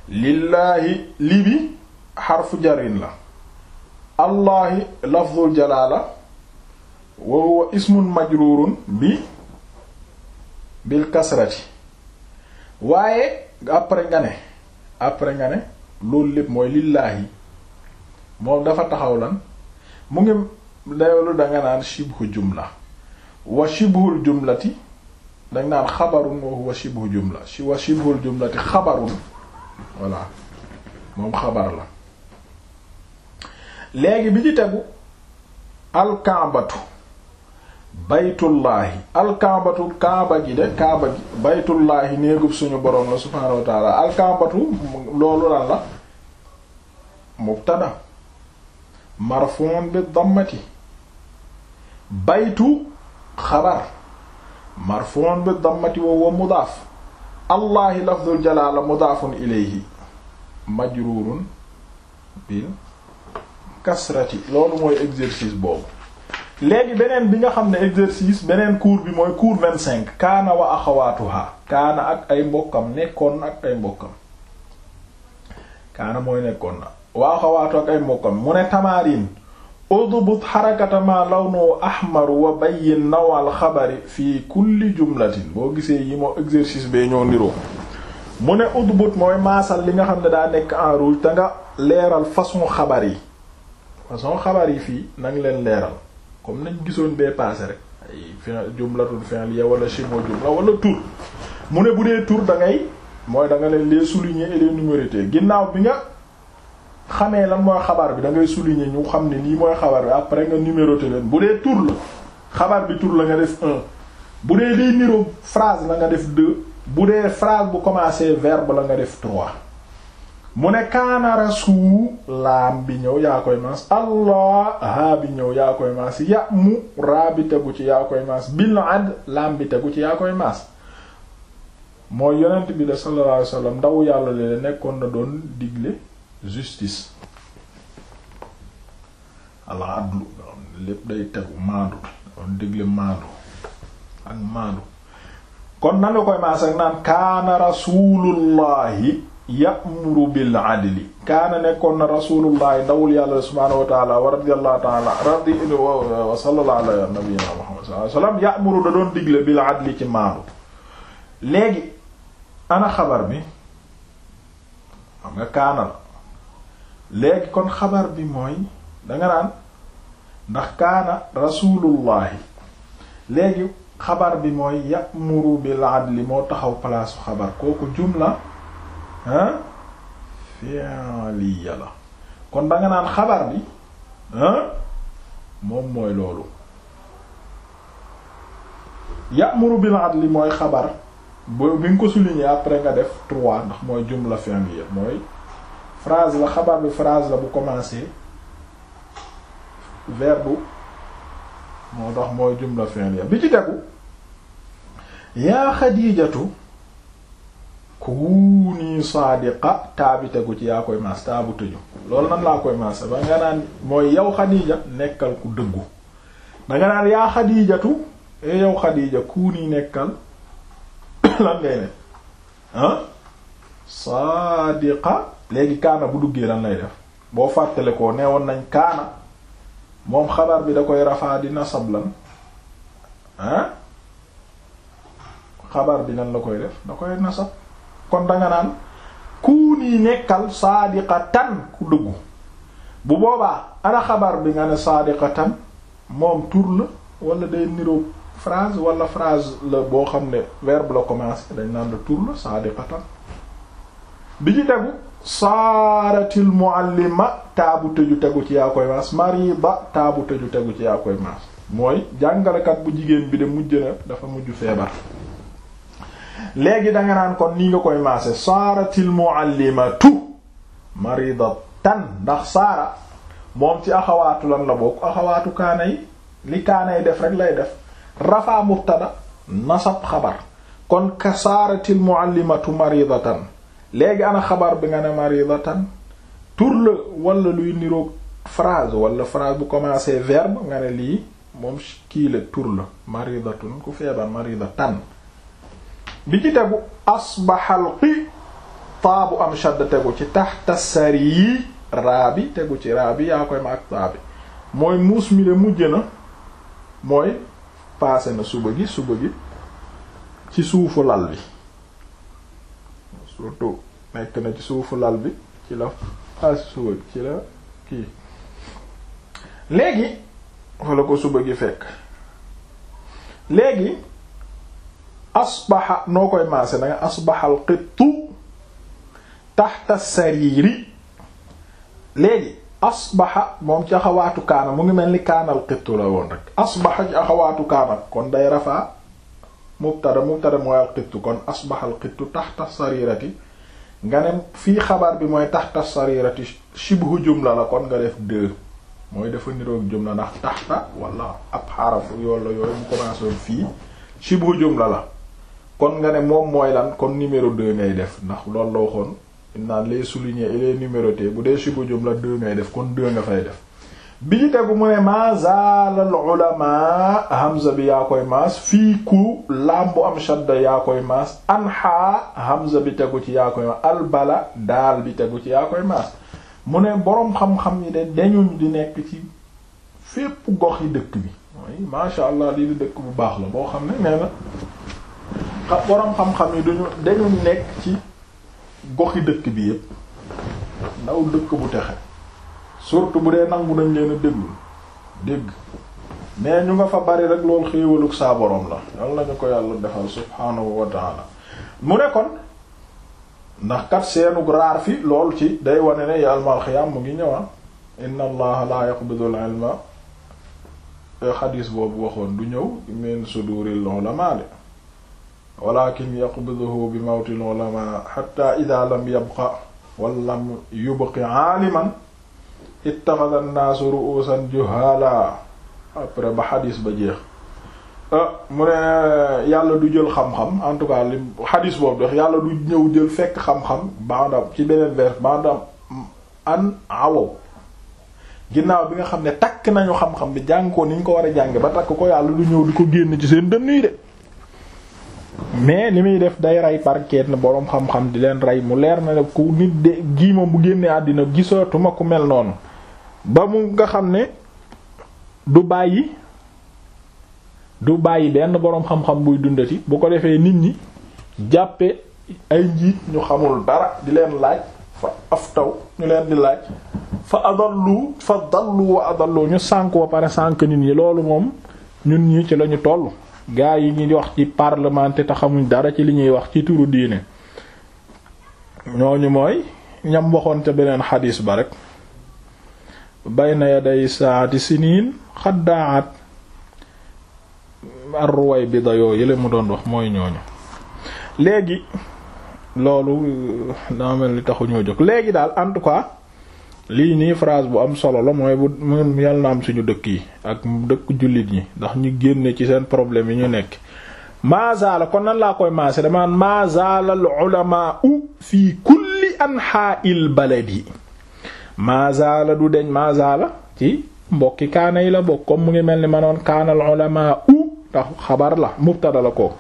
lillaahi li bi xarfu jarin la allaahi lafzul jalaala wa huwa majrurun bi bil kasrati waaye après nga ne après nga ne loolu lépp mooy lillaahi moom dafa taxaw lan mu ngi dayolu danga naan shibhu jumla wa shibhul jumlati danga naan xabarun wa huwa shibhu jumla wa shibhul jumlati xabarun voilà moom xabar la léegi bi ci tegu alkaabatu baytullaahi alkaabatu kaaba gi de kaaba gi baytullaahi néegub suñu boroom la subhaanahu wa taala alkaabatu loolu lan la mubtada marfuun bi dammati baytu xabar marfuun bi dammati wa mudaaf allaahi lafdul jalaala mudaafun ilayhi majruurun bil kasrati loolu mooy exercice boobu léegi beneen bi nga xam ne exercice beneen cours bi mooy cours vingt cinq kaana wa axawaatuha kaana ak ay mbokkam nekkoon na ak ay mbokkam kaana nekkoon na ay mbokkam mu ne tamarin udbut xarakata ma lawnu ahmar wa bayyin nawal xabari fii kulli jumlatin boo gisee yi moo exercice bee ñoo niroo mu ne udbut mooy maasal li nga xam ne daa nekk en rouge te nga leeral façon xabar yi façon xabar yi fii nang leen leeral comme nañ gisoon bee passé rek ay fin jumlatul fi'liya wala chimo jumla wala tur mu ne bu dee tur da ngay mooy da nga leen les souligner et les numéroter ginnaaw bi nga xamee lan mooy xabaar bi da ngay souligner ñu xam ne lii mooy xabaar bi après nga numéroter leen bu dee tur la xabaar bi tur la nga def un bu dee day niroo phrase la nga def deux bu dee phrase bu commencer verbe la nga def trois mu ne kaana rasu laam bi ñëw yaa koy maas allah haa bi ñëw yaa koy maas ya mu raa bi tegu ci yaa koy maas bil ad laam bi tegu ci yaa koy maas mooy yonent bi de sallallahu alayhi wasallam ndaw yàlla nekkoon doon digle lépp day tegu maandu doon digle maandu ak maandu kon nan koy maas ak naan kaana rasulullahi ya'muru bil adli kaana nekkoon na rasulullahi ndawul yàlla subhaanahu wa taala wa radiyallahu taala radi wa sallallahu ala nabiyyina muhammad sallallahu alayhi wasallam ya'muru da doon digle bil adli ci maandu léegi ana xabar bi xam nga kaana la léegi kon xabar bi mooy danga naan ndax kaana rasulullahi léegi xabar bi mooy ya'muru bil adli moo taxaw palaasu xabar kooku jumla ah fi'liya la kon da nga naan xabar bi ah moom mooy loolu ya'muru bil adli mooy xabar bo bi nga ko souligner après nga def trois ndax mooy jumla fi'liya mooy phrase la xabar bi phrase la bu commencer verbe moo tax mooy jumla fi'liya bi ci tegu yaa xadiijatu kuuni saadiqa taabi tegu ci yaa koy maas taabu tëju loolu nan laa koy maas ba nga naan mooy yow xadiija nekkal ku dëggu danga naan yaa xadiijatu e eh, yow xadiija kuuni nekkal (coughs) lan ngay ne ah saadiqa léegi kaana bu duggee lan lay def boo fàttale ko nee woon nañ kaana moom xabaar bi da koy rafaa di nasab lan ah xabar bi nan la koy def da koy nasab kon danga naan ku kuuni nekkal saadiqatan ku dëggu bu boobaa ana xabaar bi nga ne saadiqatan moom tur la wala day niroo france wala phrase la boo xam ne verbe la commencé dañ naan la tur la saadiqatan bi ci tegu saaratil muallima taabu tëju tegu ci yaa koy maas mariba taabu tëju tegu ci yaa koy maas mooy jàngalekat bu jigéen bi de mujj na dafa mujj feebar léegi danga naan kon nii nga koy maase saaratil muallimatu tan ndax saara moom ci axawaatu lan la bokk axawaatu kaana yi li kaana yi def rek lay def rafaa mubtada nasab xabar kon ka saaratil muallimatu maridatan léegi ana xabar bi nga ne maridatan tur la wala luy niroog phrase wala phrase bu commencer verbe nga ne lii moom kii la tur la maridatun ku feebar maridatan bi ci tegu asbaxal qi taabu am shadd tegu ci taxta sari raabi tegu ci raabi yaa koy ma ak taabi mooy muus mi de mujj na mooy paase na suba gi suba gi ci suufu lal bi surtout nekk na ci suufu lal bi ci la paase suba gi ci la kii léegi walla ko suba gi fekk léegi asbaxa noo koy maase da nga asbaxal qittu taxta sariiri léegi asbaxa moom ci axawaatu kaana mu ngi mel ni kaanal qittu la woon rek asbaxa ci axawaatu kaana kon day rafaa mubtada mubtada mooy al qittu kon asbaxal nga ne fii xabaar bi mooy taxta sariirati shibhu jumla la kon nga def deux mooy dafa niroog jumla ndax taxta wala ab xaraf yoolla yooyu mu commencé woon fii shibhu jumla la kon nga ne moom mooy lan kon numéro 2 ngay def ndax loolu la waxoon naan les souligner et les numéroter bu dee suba jumla 2 ngay def kon 2 nga fay def bi ñu tegu mu ne mazalal ulama hamza bi yaa fii ku lam bu am shadda yaa bi tegu ci yaa koy albala daal bi tegu ci yaa koy maas mu ne boroom xam-xam yi dañu dañuñ di nekk ci fépp gox yi dëkk bi mooy allah lii di dëkk bu baax la boo xam ne nee borom xam-xam yi duñu dañu nekk ci goxi dëkk bi yépp ndaw dëkk bu texe surtout bu dee nangu nañ leen a déglu dégg mais ñu nga fa bari rek loolu xéewaluk saa borom la yal nañu ko yàlla defal subhaanahu wa taala mu ne kon ndax kat seenug raar fi lool ci day wane ne yawmal xiyaam mu ngi ñëwa inna allaha la yaqbidul ilma xadiis boobu waxoon du ñëw min suduril ulama de walakin yaqbiduhu bi mawtil ulama xatta ida lam yabqa walam yubqi aaliman ittaxada annaasu ru'uusan juhaala après ba xadis ba jeex ah, mu ne yàlla du jël xam-xam en tout cas li boobu dox yàlla du ñëw jël fekk xam-xam bandam ci beneen vers bandam an awow ginnaaw bi nga xam ne takk nañu xam-xam bi jàng ko ni ñu ko war a jànge ba takk ko yàlla du ñëw di ko génn ci seen dënn yi de mais li muy def day rey par kenn boroom xam-xam di leen rey mu leer na ku nit de gii moom bu génnee àddina gisootuma ku mel noonu ba mu nga xam ne du bàyyi du bàyyi benn boroom xam-xam buy dundati bu ko defee nit ñi jàppe ay njiit ñu xamul dara di leen laaj fa aftaw ñu leen di laaj fa adallu fa dallu wa adallu ñu sànk wa pare sànk nit ñi loolu moom ñun ñi ci lañu tollu gaa yi ngi wax ci parlement te taxamuñ dara ci li ñuy wax ci turu diine ñooñu mooy ñam waxoon ca beneen xadiis ba rek bayna yaday saati niin xaddaat arruway bi dayoo yële mu doon wax mooy ñooñu léegi loolu daa mel ni taxu ñoo jóg léegi daal en tout cas lii nii phrase bu am solo la mooy bu mu yàlla na am suñu dëkk yi ak dëkk jullit ñi ndax ñu génne ci seen problème yi ñu nekk maazala kon nan laa koy maase dama maazala al ulamaa u fii kulli anhaa'il baladi deñ maazala ci mbokki kaana yi la bokk comme mu ngi mel ni ma kaana al mubtada la ko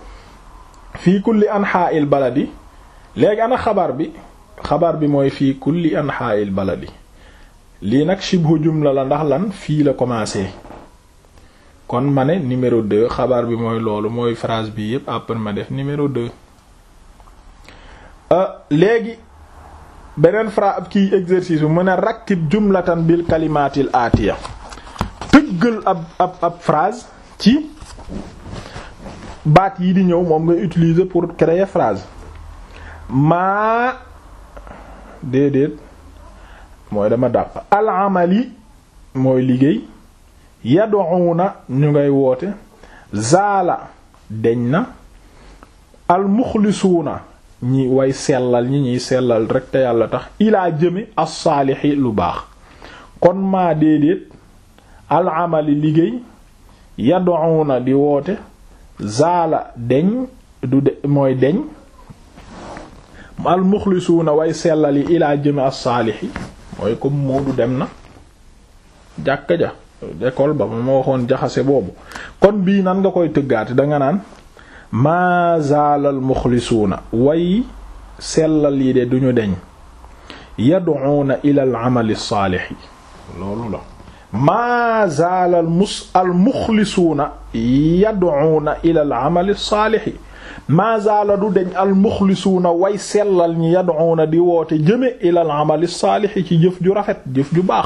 fii kulli anhaa'il baladi léegi ana xabar bi xabar bi mooy fii kulli anhaa'il baladi lii nag shibhu jumla la ndax lan fii la commencé kon ma ne numéro 2 xabaar bi mooy loolu mooy phrase bi yépp après ma def numéro 2 euh, léegi beneen phrase kiy exercice bi mu ne rakkib jumlatan bil kalimaatil aatiya tëggal ab ab ab phrase ci baat yi di ñëw moom ngay utiliser pour créer phrase maa déedéet mooy dama dàq al amali mooy liggéey na ñu ngay woote zaala deñ na al muxlisuuna ñi way sellal ñi ñuy sellal rek te yàlla tax ilaa jëme as-saalixi lu baax kon maa déedéet al amali liggéey yad'una di woote zaala deñ du de mooy deñ al muxlisuuna way sellal yi ilaa jëme as-saalixi mooy comme Moodu dem na jàkka ja école ba ma waxoon jaxase boobu kon bii nan nga koy tëggaate danga naan maa zaalal muxlisuuna way sellal yi de duñu deñ yad'uuna ila al amali saalih loolu maazaala du deñ almuxlisuuna way sellal ñi yad'uuna di woote jëme ilal amali saalixi ci jëf ju rafet jëf ju baax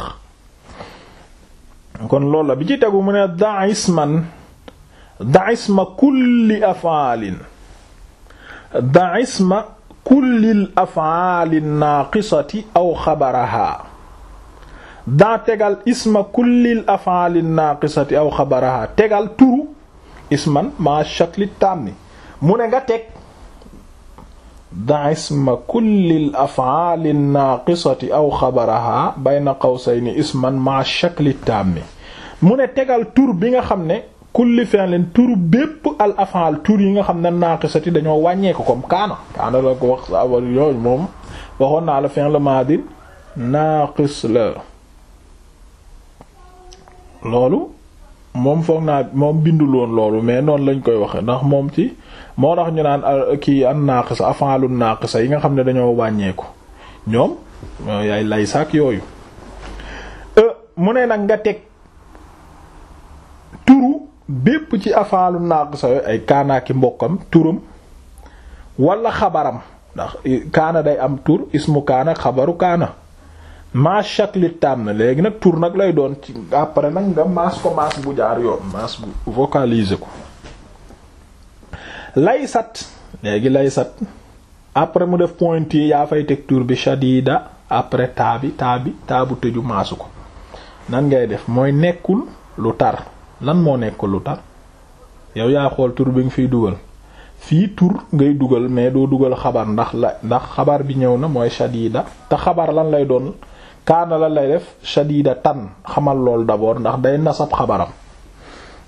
kon loolu la bi ci tegu mu ne daisman daisma kulli afaalin daisma kullil afaali naaqisati aw xabarahaa daa tegal isma kullil afaali naaqisati aw xabarahaa tegal turu isman maa shakli tàmmi mu ne nga teg da isma kulli al af'al an naqisati aw xabaraha bayna qawsayni isman ma'a shakli tammi mu ne tegal tur bi nga xam ne kulli fi'lin tur bépp al af'al tur yi nga xam ne naqisati dañoo wàññeeku comme kaana kaana la ko wax sa awal yooyu moom waxoon naa la fi'l madin naaqis la loolu moom foog naa moom bindul woon loolu mais noonu lañ koy waxe ndax moom ci moo tax ñu naan euh, kii an lu afaalu naaqisa yi nga xam ne dañoo wàññeeku ñoom yaay lay saak yooyu euh, mu ne nag nga teg turu bépp ci afaalu naaqisa yooyu ay kaanaaki mbokkam turam wala xabaram ndax kaana day am tur ismu kaana xabaru kaana maas shakli taam léegi nag tur nag lay doon ci après nag nga maas ko maas bu jaar yoon maas bu vocaliser ko sat léegi lay sat après mu def pointier yaa fay teg tur bi shadida après taa bi taa bi taa bu tëju maasu ko nan ngay def mooy nekkul lu tar lan moo nekkul lu tar yow yaa xool tur bi nga fiy dugal fii tur ngay dugal mais doo dugal xabar ndax la ndax xabar bi ñëw na mooy shadida te xabar lan lay doon kaana la lay def shadida tan xamal loolu d'abord ndax day nasab xabaram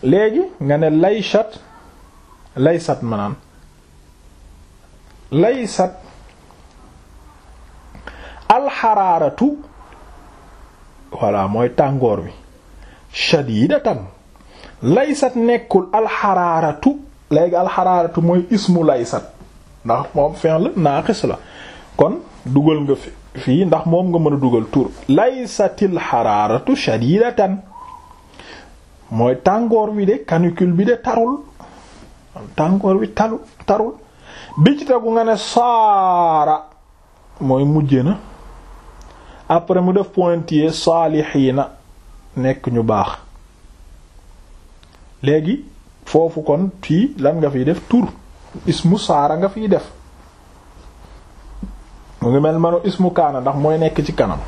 léegi nga ne laysat laysat maanaam laysat alxaraaratu voilà mooy tàngoor wi shadidatan laysat nekkul alxaraaratu léegi alxaraaratu mooy ismu laysat ndax moom fi'l naaqis la kon dugal nga fi fii ndax moom nga mën a dugal tur laysatil xaraaratu shadidatan mooy tàngoor wi de canicule bi de tarul tàngoor wi talu tarul bi ci tegu nga ne saara mooy mujje na après mu def pointillé saalixiina nekk ñu baax léegi foofu kon fii lan nga fi def tur ismu saara nga fiy def mu ngi mel manu ismu kaana ndax mooy nekk ci kanam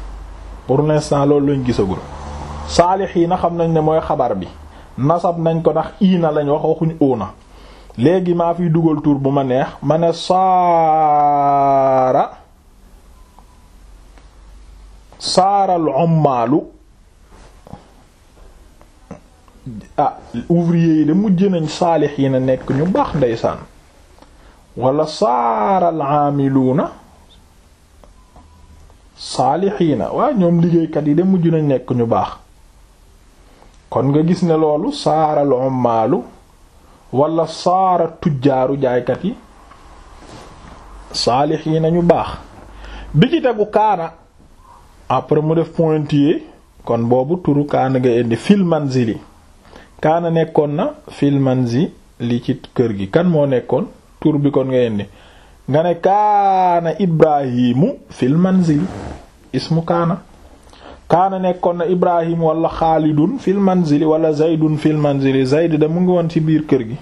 pour l'instant loolu lañ gisagul saalixiina xam nañ ne mooy xabar bi nasab nañ ko ndax iina lañ wax waxuñ uuna léegi maa fiy dugal tur bu ma neex ma ne saara saaral ummaalu ah ouvrier yi de mujj nañ saalix yi na nekk ñu baax ndeysaan wala saaral aamiluuna saalixiina waaw ñoom liggéeykat yi de mujj nañ nekk ñu baax kon nga gis ne loolu saaral ummaalu wala saara tujjaaru jaaykat yi saalix yi nañu baax bi ci tegu kaana après mu def pointillé kon boobu tur kaana nga indi fil manzili kaana nekkoon na fil manzili li ci kër gi kan moo nekkoon tur bi kon nga indi nga ne kaana ibrahimu fil manzili ismu kaana kaana nekkoon na ibrahim wala xaalidun fil manzili wala zaydun fil manzili zayd da mu ngi woon ci biir kër gi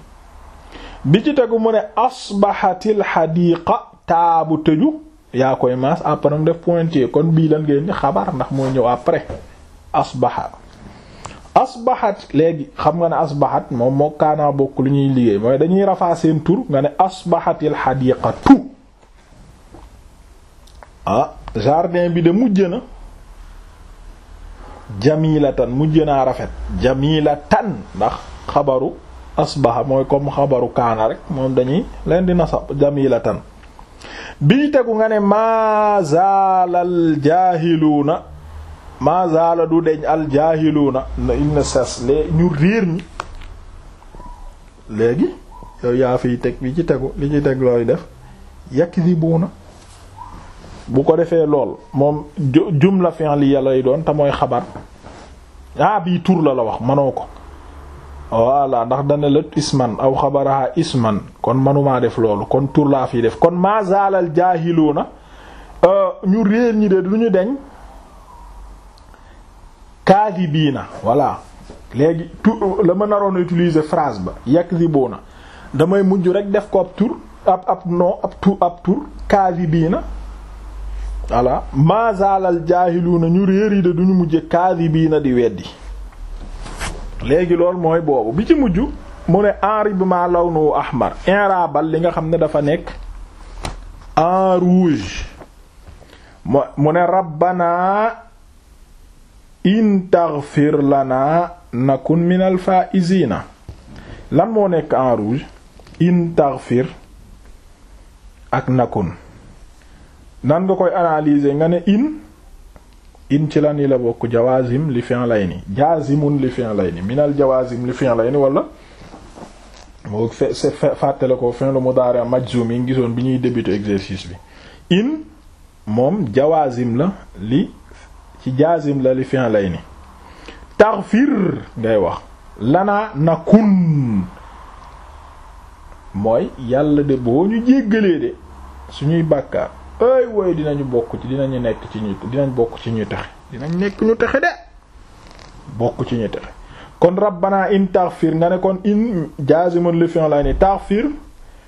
bi ci tegu mu ne asbahatil xadiqa taabu tëju yaa koy maas après mu def pointier kon bii lan ngeen ni ndax moo ñëw après asbaha asbahat léegi xam nga ne asbahat moom moo kaanaa bokk lu ñuy liggéey mooy dañuy rafaa seen tur nga ne asbahatil xadiqatu ah jardin bi de mujj na jamilatan mujj naa rafet jamilatan ndax xabaru asbaha mooy comme xabaru kaana rek moom dañuy leen di nasab jamilatan bii tegu nga ne mazaalal jaahiluuna mazaala du deñ al jaahiluuna inna sas le ñu réer mi léegi yow yaa yi teg li ci tegu li ci teg looy def yakdibuuna bu ko defee lool moom jumla fi'liya lay doon te mooy xabar ah bii tur la la wax manoo ko voilà ndax dana la isman aw xabara xabaraha isman kon manumaa def loolu kon tur laa fii def kon maa zaalal na euh, ñu réer ñi de du ñu deñ kaadibiina voilà léegi tur la ma naroon utiliser phrase ba yakdibuuna damay mujj rek def ko ab tur ab ab non ab tur ab tur kaadibiina voilà mazalal jaahiluuna ñu réer yi de duñu mujje kaadibiina di weddi léegi loolu mooy boobu bi ci mujj mu ne enrib ma lawnu ahmar inraabal li nga xam ne dafa nekk en rouge mu ne rabbana in taghfir lana nakun minal faa'izina lan moo nekk en rouge ak nakun nan nga koy analyser nga ne in in ci lan yi la bokk jawaazim li fi'layni jaazimun li fi'layni minal jawaazim li fi'layni wala moo fàttale ko fi'lu mudaari majzum yi gisoon bi ñuy débuter exercice bi in moom jawaazim la li ci jaazim la li fi'layni taghfir ngay wax lanaa nakun mooy yàlla de boo ñu jéggalee de suñuy bàkkaar ay wooy dinañu bokk ci dinañu nekk ci ñu dinañ bokk ci ñu texe dinañ nekk ñu texe de bokk ci ñuy texe kon rabbana in taghfir nga ne kon in jazimun li fi'l ni taghfir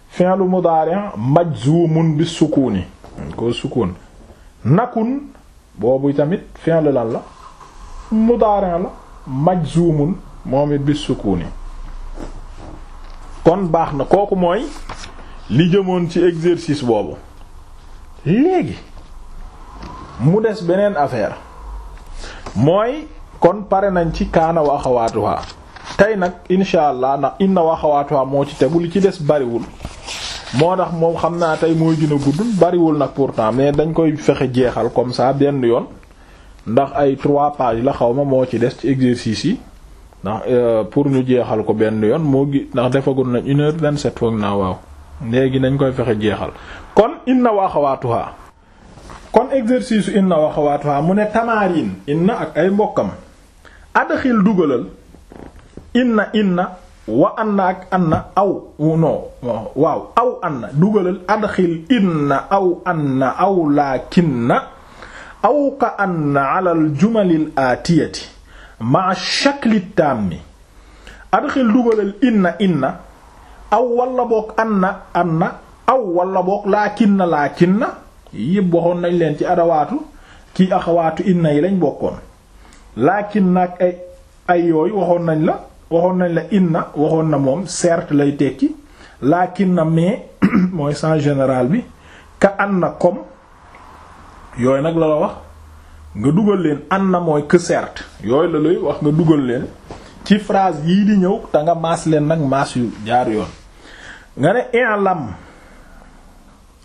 fiir mudari' majzumun bi sukuni ko sukun nakun tamit fi'l lan la la majzumun moom it bi sukuni kon baax na kooku mooy li jëmoon ci exercice boobu léegi mu des beneen affaire mooy kon pare nañ ci kaana wa tey nag incha allah ndax inna wa moo ci tegul li ci des bariwul moo tax moom xam naa tey mooy gën a gudd bariwul nag pour temps mais dañ koy fexe jeexal comme ça benn yoon ndax ay trois pages la xaw ma moo ci des ci exercice yi ndax euh, pour ñu jeexal ko benn yoon moo gi ndax defagoon nañ une heure vingt foog naa waaw léegi nañ koy fexe jeexal kon inna wa axawaatuha kon exercice u inna wa axawaatuha mu ne tamarin inna ak ay mbokkam adxil dugalal inna inna wa anna ak anna aw non waaw aw anna dugalal adxil inna aw anna aw laakinna aw ka anna ala jumalil aatiyati ma shakli tammi adxil dugalal inna inna aw walla boog anna anna aw walla boog laakinna na yëpp waxoon nañ leen ci adawaatu ci axawaatu ina yi lañ bokkoon laakinna ak ay ay waxoon nañ la waxoon nañ la inna waxoon na moom certes lay tekki na mais (clears throat) mooy sens général bi ka anna comme yooyu nag la la wax nga dugal leen anna mooy que certes yooyu la lay wax nga dugal leen ci phrase yii di ñëw te nga maas leen nag maas yu jaar yoon nga ne i'lam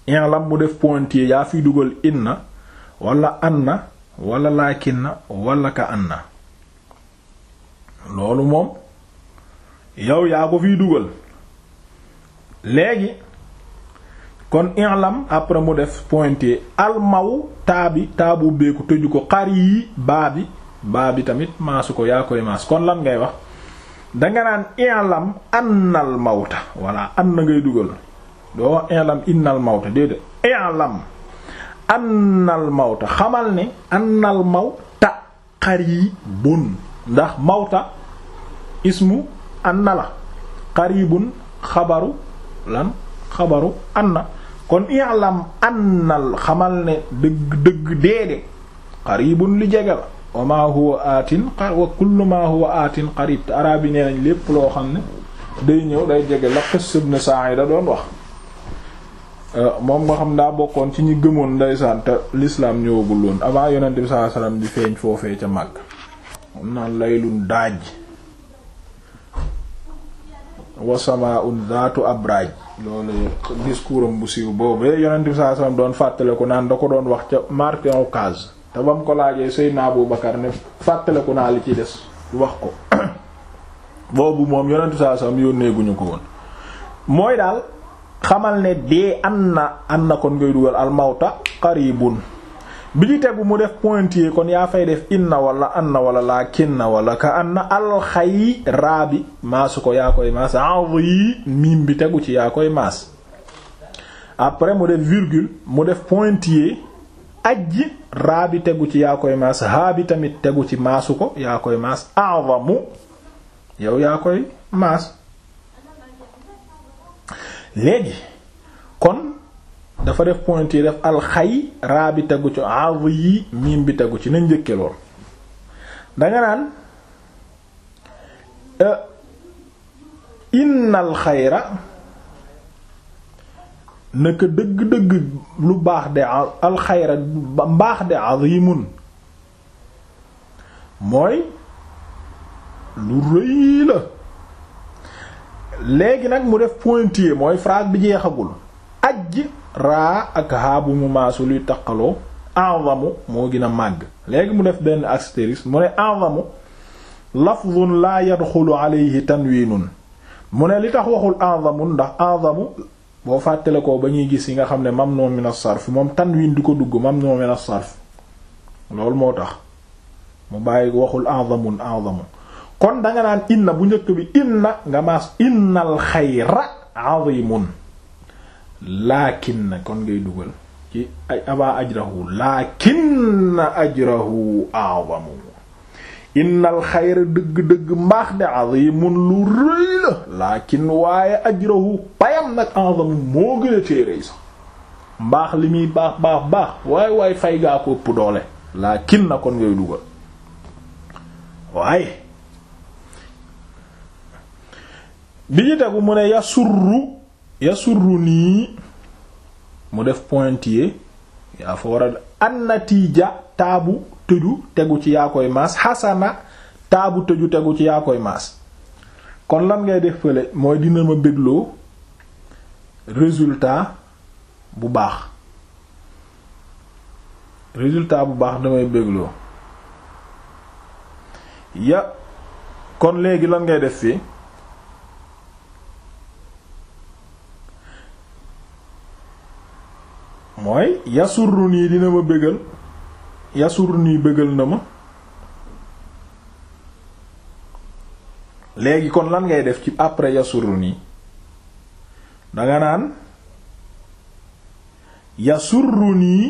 i'lam mu def pointier yaa fiy dugal inna wala anna wala laakinna wala ka na loolu moom yow yaa ko fiy dugal léegi kon i'lam après mu def pointier almaw taabi taabu beeku tëju ko xar yi baa bi tamit maasu ko yaa koy maas kon lan ngay wax danga naan i'lam annal mawta wala anna ngay dugal doo wax i'lam innal mawta déedéet i'lam mawta xamal ne annal mawta qaribun ndax mawta ismu anna la qaribun xabaru lan xabaru anna kon i'lam annal xamal ne dëgg dëgg déedéet qaribun li jege la wa ma huwa aatin wa kullu ma huwa aatin lépp loo xam ne day ñëw day jege la xis ibn Sa'id doon wax Euh, moom nga xam daa bokkoon ci ñi gëmoon ndeysaan te l'islam ñëwagul woon avant yonent bi sallallahu alayhi feeñ foofee ca Makka mun naan laylun daaj wa samaa'un zaatu abraaj loolu discours am bu siiw boobee yonent bi sallallahu alayhi doon fàttale ko naan da ko doon wax ca Martin Ocaze te ba mu ko laajee Seydina Abu Bakar ne fàttaleku naa li ci des wax ko (coughs) boobu moom yonent bi sallallahu alayhi wasallam ko woon mooy daal xamal ne dee an na kon ngay dugal almawta qaribun bi ci tegu mu def pointier kon yaa fay def inna wala anna wala lakinna wala ka anna alxayi raa bi maasu ko yaa koy maas yi tegu ci yaa koy maas après mu def virgule bi tegu ci yaa koy tamit tegu ci maasu ko yaa yaa koy maas léegi kon dafa def pointure def alxay raa bi tegu ci av yi miim bi tegu ci nañ njëkke lool danga naan e, innal xayra naka dëgg-dëgg lu baax de alxayra mbaax de azimun mooy lu rëy léegi nag mu def pointillé mooy phrase bi jeexagul ajj raa ak haa bu mu maasu luy taqaloo envamu moo gën a màgg léegi mu def benn astérisque mu ne envamu lafzun laa yi yadxulu alayhi nun mu ne li tax waxul envamun ndax envamu boo fàttale ko ba ñuy gis yi nga xam ne mamnu min as-sarf moom tanwiin di ko dugg mamnu min as-sarf loolu moo tax mu bàyyi waxul envamun envamu kon danga naan inna bu njëkk bi inna nga maas innal xayra azimun laakin kon ngay dugal ci ay aba ajrahu laakin ajrahu a'zamu innal xayra dëgg-dëgg mbaax de azimun lu rëy la laakin waaye ajrahu payam nag a'zamu moo gën a téerey sax mbaax li muy baax baax baax waay waay fay gaa ko ëpp doole laakin na kon ngay dugal waaye bi ci tegu mu ne yasurru yasurru nii mu def pointillé yaa fa war a annatiija taabu tëju tegu ci yaa koy maas xasana taabu tëju tegu ci yaa koy maas kon lan ngay def fële mooy dina ma bégloo résultat bu baax résultat bu baax damay bégloo ya kon léegi lan ngay def fii mooy yasuru nii dina ma bégal yasurru nii bégal na ma léegi kon lan ngay def ci après yasuru nii danga naan yasurru nii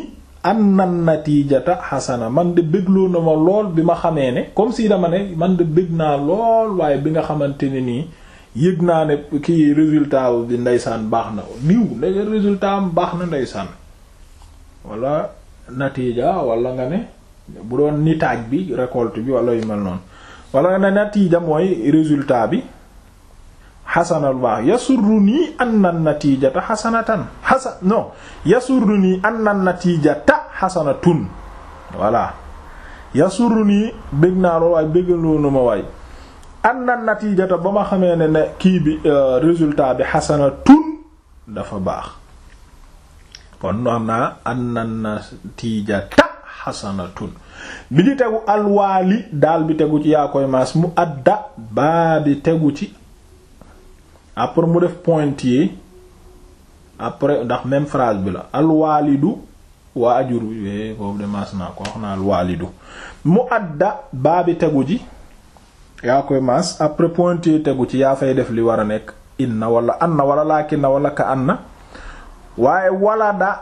anna natijata xasana man de bégloo na ma lool bi ma xamee ne comme si dama ne man de bég naa lool waaye bi nga xamante ne nii yëg naa ne kii résultat bi ndeysaan baax na diw nday résultat am baax na ndeysaan wala natiija wala nga ne bu doon nitaaj bi récolte bi wala yu mel noonu wala nga ne natiija mooy résultat bi xasanal baax yasurru nii anna natiijata xasanatan xasa non yasurru nii anna natiijata xasanatun voilà yasurru nii bég naa lool waaye bégaloo na ma waay anna natiijata ba ma xamee ne ne kii bi euh, résultat bi xasanatun dafa baax kon am naa anna natiijata xasanatun bi ci tegu alwaali daal bi tegu ci yaa koy maas mu adda baa bi tegu ci après mu def pointier après ndax même phrase bi la alwaalidu waa ajuru eh, boobu de maas naa ko wax naa alwaalidu mu adda baa bi tegu ci yaa koy maas après pointier tegu ci yaa fay def li war a nekk inna wala anna wala laakin na wala ka anna waaye wala da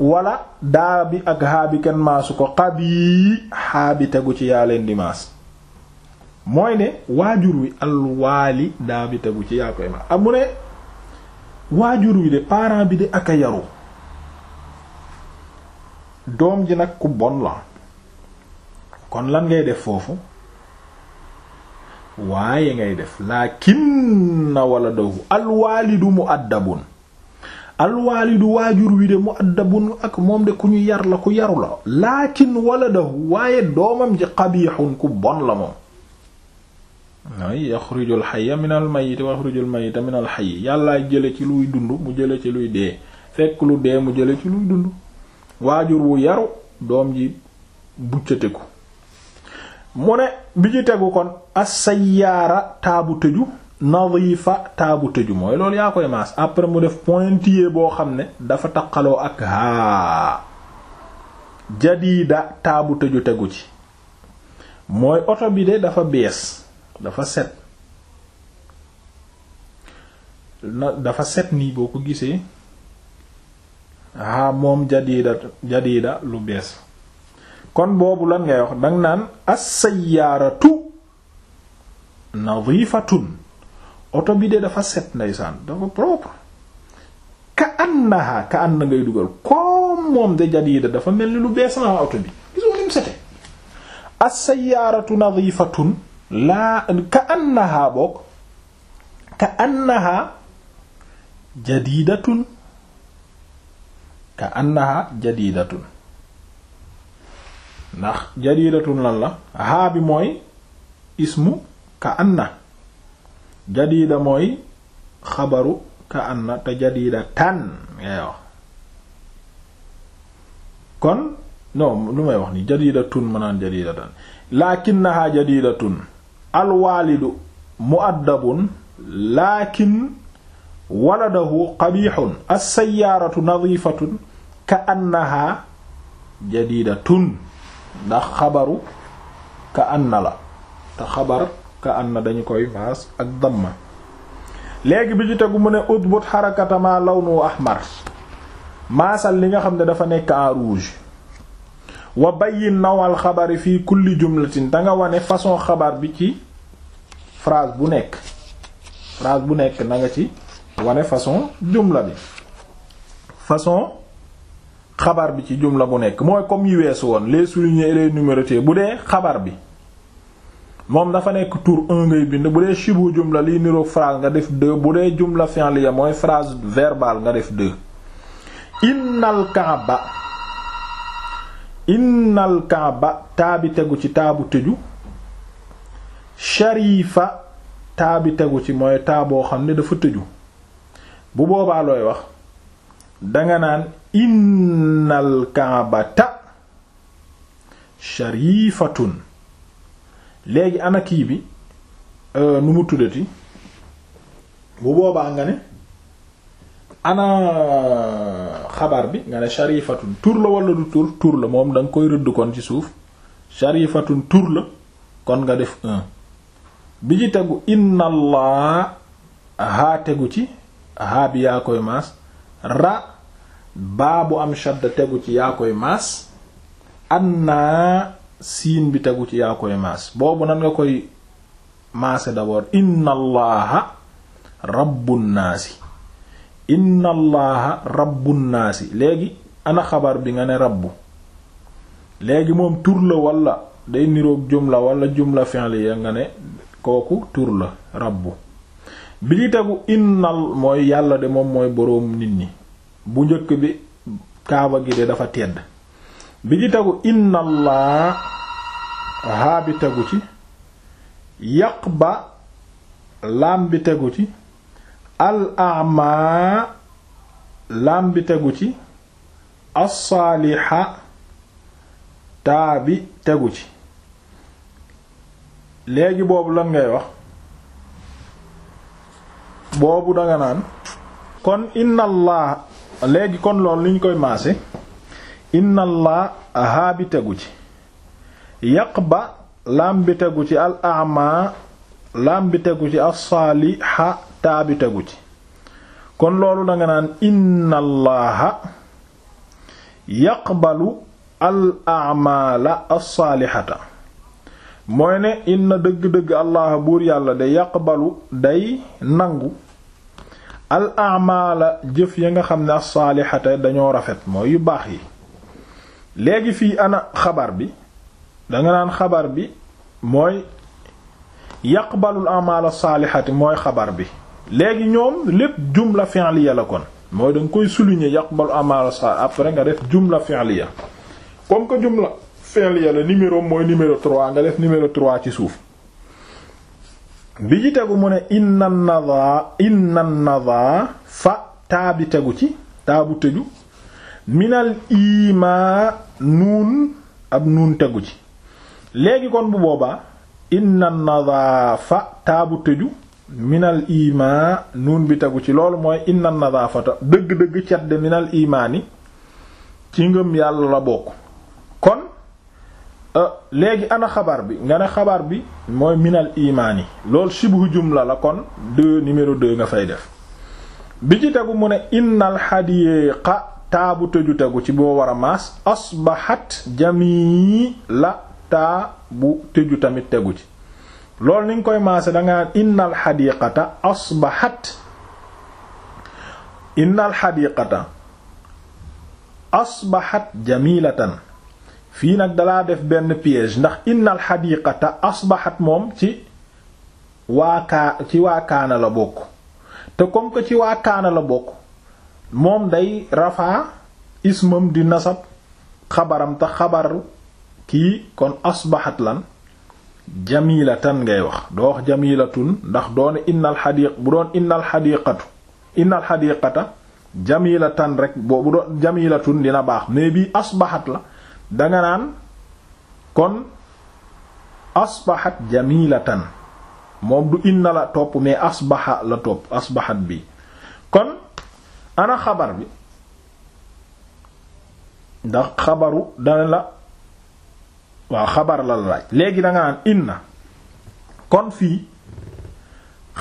wala daa bi ak haa kenn maasu ko xab yii tegu ci yaa leen di maas mooy ne waajur wi alwaali daa bi tegu ci yaa koy maas am ah, ne waajur wi de parent bi de ak a yaru doom ji nag ku bon la kon lan ngay def foofu waaye ngay def lakin na wala dogu alwaalidu mu àddabun alwaalidu waajur wi de mu addabun ak moom de ku ñu yar la ku yaru la walla waladahu waaye doomam ji xabiixun ku bon la moom ay yaxrijul xaya min al mayit wa yaxrijul mayita min al xay yàllaa jële ci luy dund mu jële ci luy dee fekk lu dee mu jële ci luy dund waajur wu yaru doom ji buccateku mu ne bi ci tegu kon as sayyaara taabu tëju nadifa taabu tëju mooy loolu yaa koy maas après mu def point pointillé boo xam ne dafa taqaloo ak haa jadiida taabu tëju tegu ci mooy oto bi de dafa bees dafa set na dafa set nii boo ko gisee haa moom jadiida jadiida lu bees kon boobu lan ngay wax danga naan as-sayyaratu nadifatun oto bi de dafa set ndeysaan dafa propre ka annaha ka anna ngay dugal comme moom de jadiida dafa mel ni lu bees na oto bi gisoo ni mu sete as-sayyaaratu nadifatun laa ka annaha boog ka annaha jadidatun ka annaha jadidatun ndax jadidatun lan la haa bi mooy ismu ka anna jadiida mooy xabaru ka anna kon lu may wax ni jadiida tun mënaan jadiida tan lakinnaha jadiida tun alwaalidu mu'addabun lakin waladahu qabixun alsayaaratu nadifatun ka annaha jadiida tun ndax xabaru ka anna la te xabar ka na dañu koy maas ak damma léegi bi ci tegu mu ne udbut xarakatama lawnu ahmar maasal li nga xam ne dafa nekk en rouge wa bayyin nawal xabari fii kulli jumlatin danga wane façon xabar bi ci phrase bu nekk phrase bu nekk na nga ci wane façon jumla bi façon xabar bi ci jumla bu nekk mooy comme yi weesu woon les soulignés et les numérotés bu dee xabar bi moom dafa nekk tour un bind bu dee shibu jumla liy niroog phrase nga def deux bu dee jumla fi'liya mooy phrase verbale nga def dë innal kaaba innal kaaba taabi tegu ci taabu tëju sharifa taabi tegu ci mooy taaboo xam ne dafa tëju bu boobaalooy looy wax danga naan innal kaabata sharifatun léegi ana kii bi euh, nu mu tuddati bu boobaa nga ne ana euh, xabar bi nga ne sharifatun tur la wala du tuur tur la moom danga koy rëdd kon ci suuf sharifatun tuur la kon nga def un bi ci tegu inna haa tegu ci haa bi yaa koy maas ra baa bu am shadda tegu ci yaa koy maas annaa siin bi tegu ci yaa koy maas boobu nan nga koy maase d'abord inna allaha rabbun naasi inna naasi léegi ana xabar bi nga ne rabbu léegi moom tur la day niroog jumla wala jumla fi'liya nga ne kooku tur la rabbu bi ci tegu innal mooy yàlla de moom mooy boroomu nit ñi bu njëkk bi kaaba gi de dafa tedd bi ci tegu inna allah bi tegu ci yaq ba laam bi tegu ci al lam bi tegu ci assaaliha taa bi tegu ci léegi boobu lan ngay wax boobu danga naan kon inna léegi kon loolu liñ koy maase inna allah bi tegu ci yaq ba laam bi tegu ci al ama laam bi tegu ci alsaaliha taa bi ci kon loolu danga naan inna allaha yaqbalu al amaala alsaalihata mooy ne inna dëgg-dëgg allah buur yàlla de yaqbalu day nangu al amaala jëf ya nga xam ne alsaalihata dañoo rafet mooy yu baax yi léegi fii ana xabar bi danga naan xabar bi mooy yaqbalul amaala saalihati mooy xabar bi léegi ñoom lépp jumla fi'liya la kon mooy danga koy souligner yaqbalul amaala saalih après nga def jumla fi'liya comme que jumla fi'liya la numéro mooy numéro 3 nga def numéro 3 ci suuf bi ji tegu mu ne inna nadaa inna nadaa fa taa bi tegu ci taa bu tëju minal imaa nuun ab nuun tegu ci léegi kon bu boobaa inna nadaafa taabu tëju minal imaa bi tegu ci loolu mooy dëgg-dëgg cadde minal imaani ci ngëm yàlla la bokk kon euh, léegi ana xabaar bi nga ne xabaar bi mooy minal imaani loolu shibhu jumla la kon deux numéro nga fay def bi ci tegu mu ne innal xadiqa taabu tëju tegu ci boo war a maas asbahat jamii la taa bu tëju tamit tegu ci loolu ni nga koy maase da nga naan innal xadiqata fii nag dalaa def benn piège ndax innal xadiqata asbahat moom ci waa kaana la bokk te comme ci waa kaana la bokk moom day rafaa ismam di nasab xabaram te xabaru kii kon asbaxat lan jamilatan ngay wax doo wax jamilatun ndax doon innal xadiq bu doon innal xadiqatu jamilatan rek boo doon jamilatun dina baax mais bii asbaxat la danga naan kon asbaxat jamilatan moom du inna la topp mais asbaxa la topp asbaxat bi kon ana xabar bi ndax xabaru dana la waaw xabar la laaj léegi da nga naan inna kon fii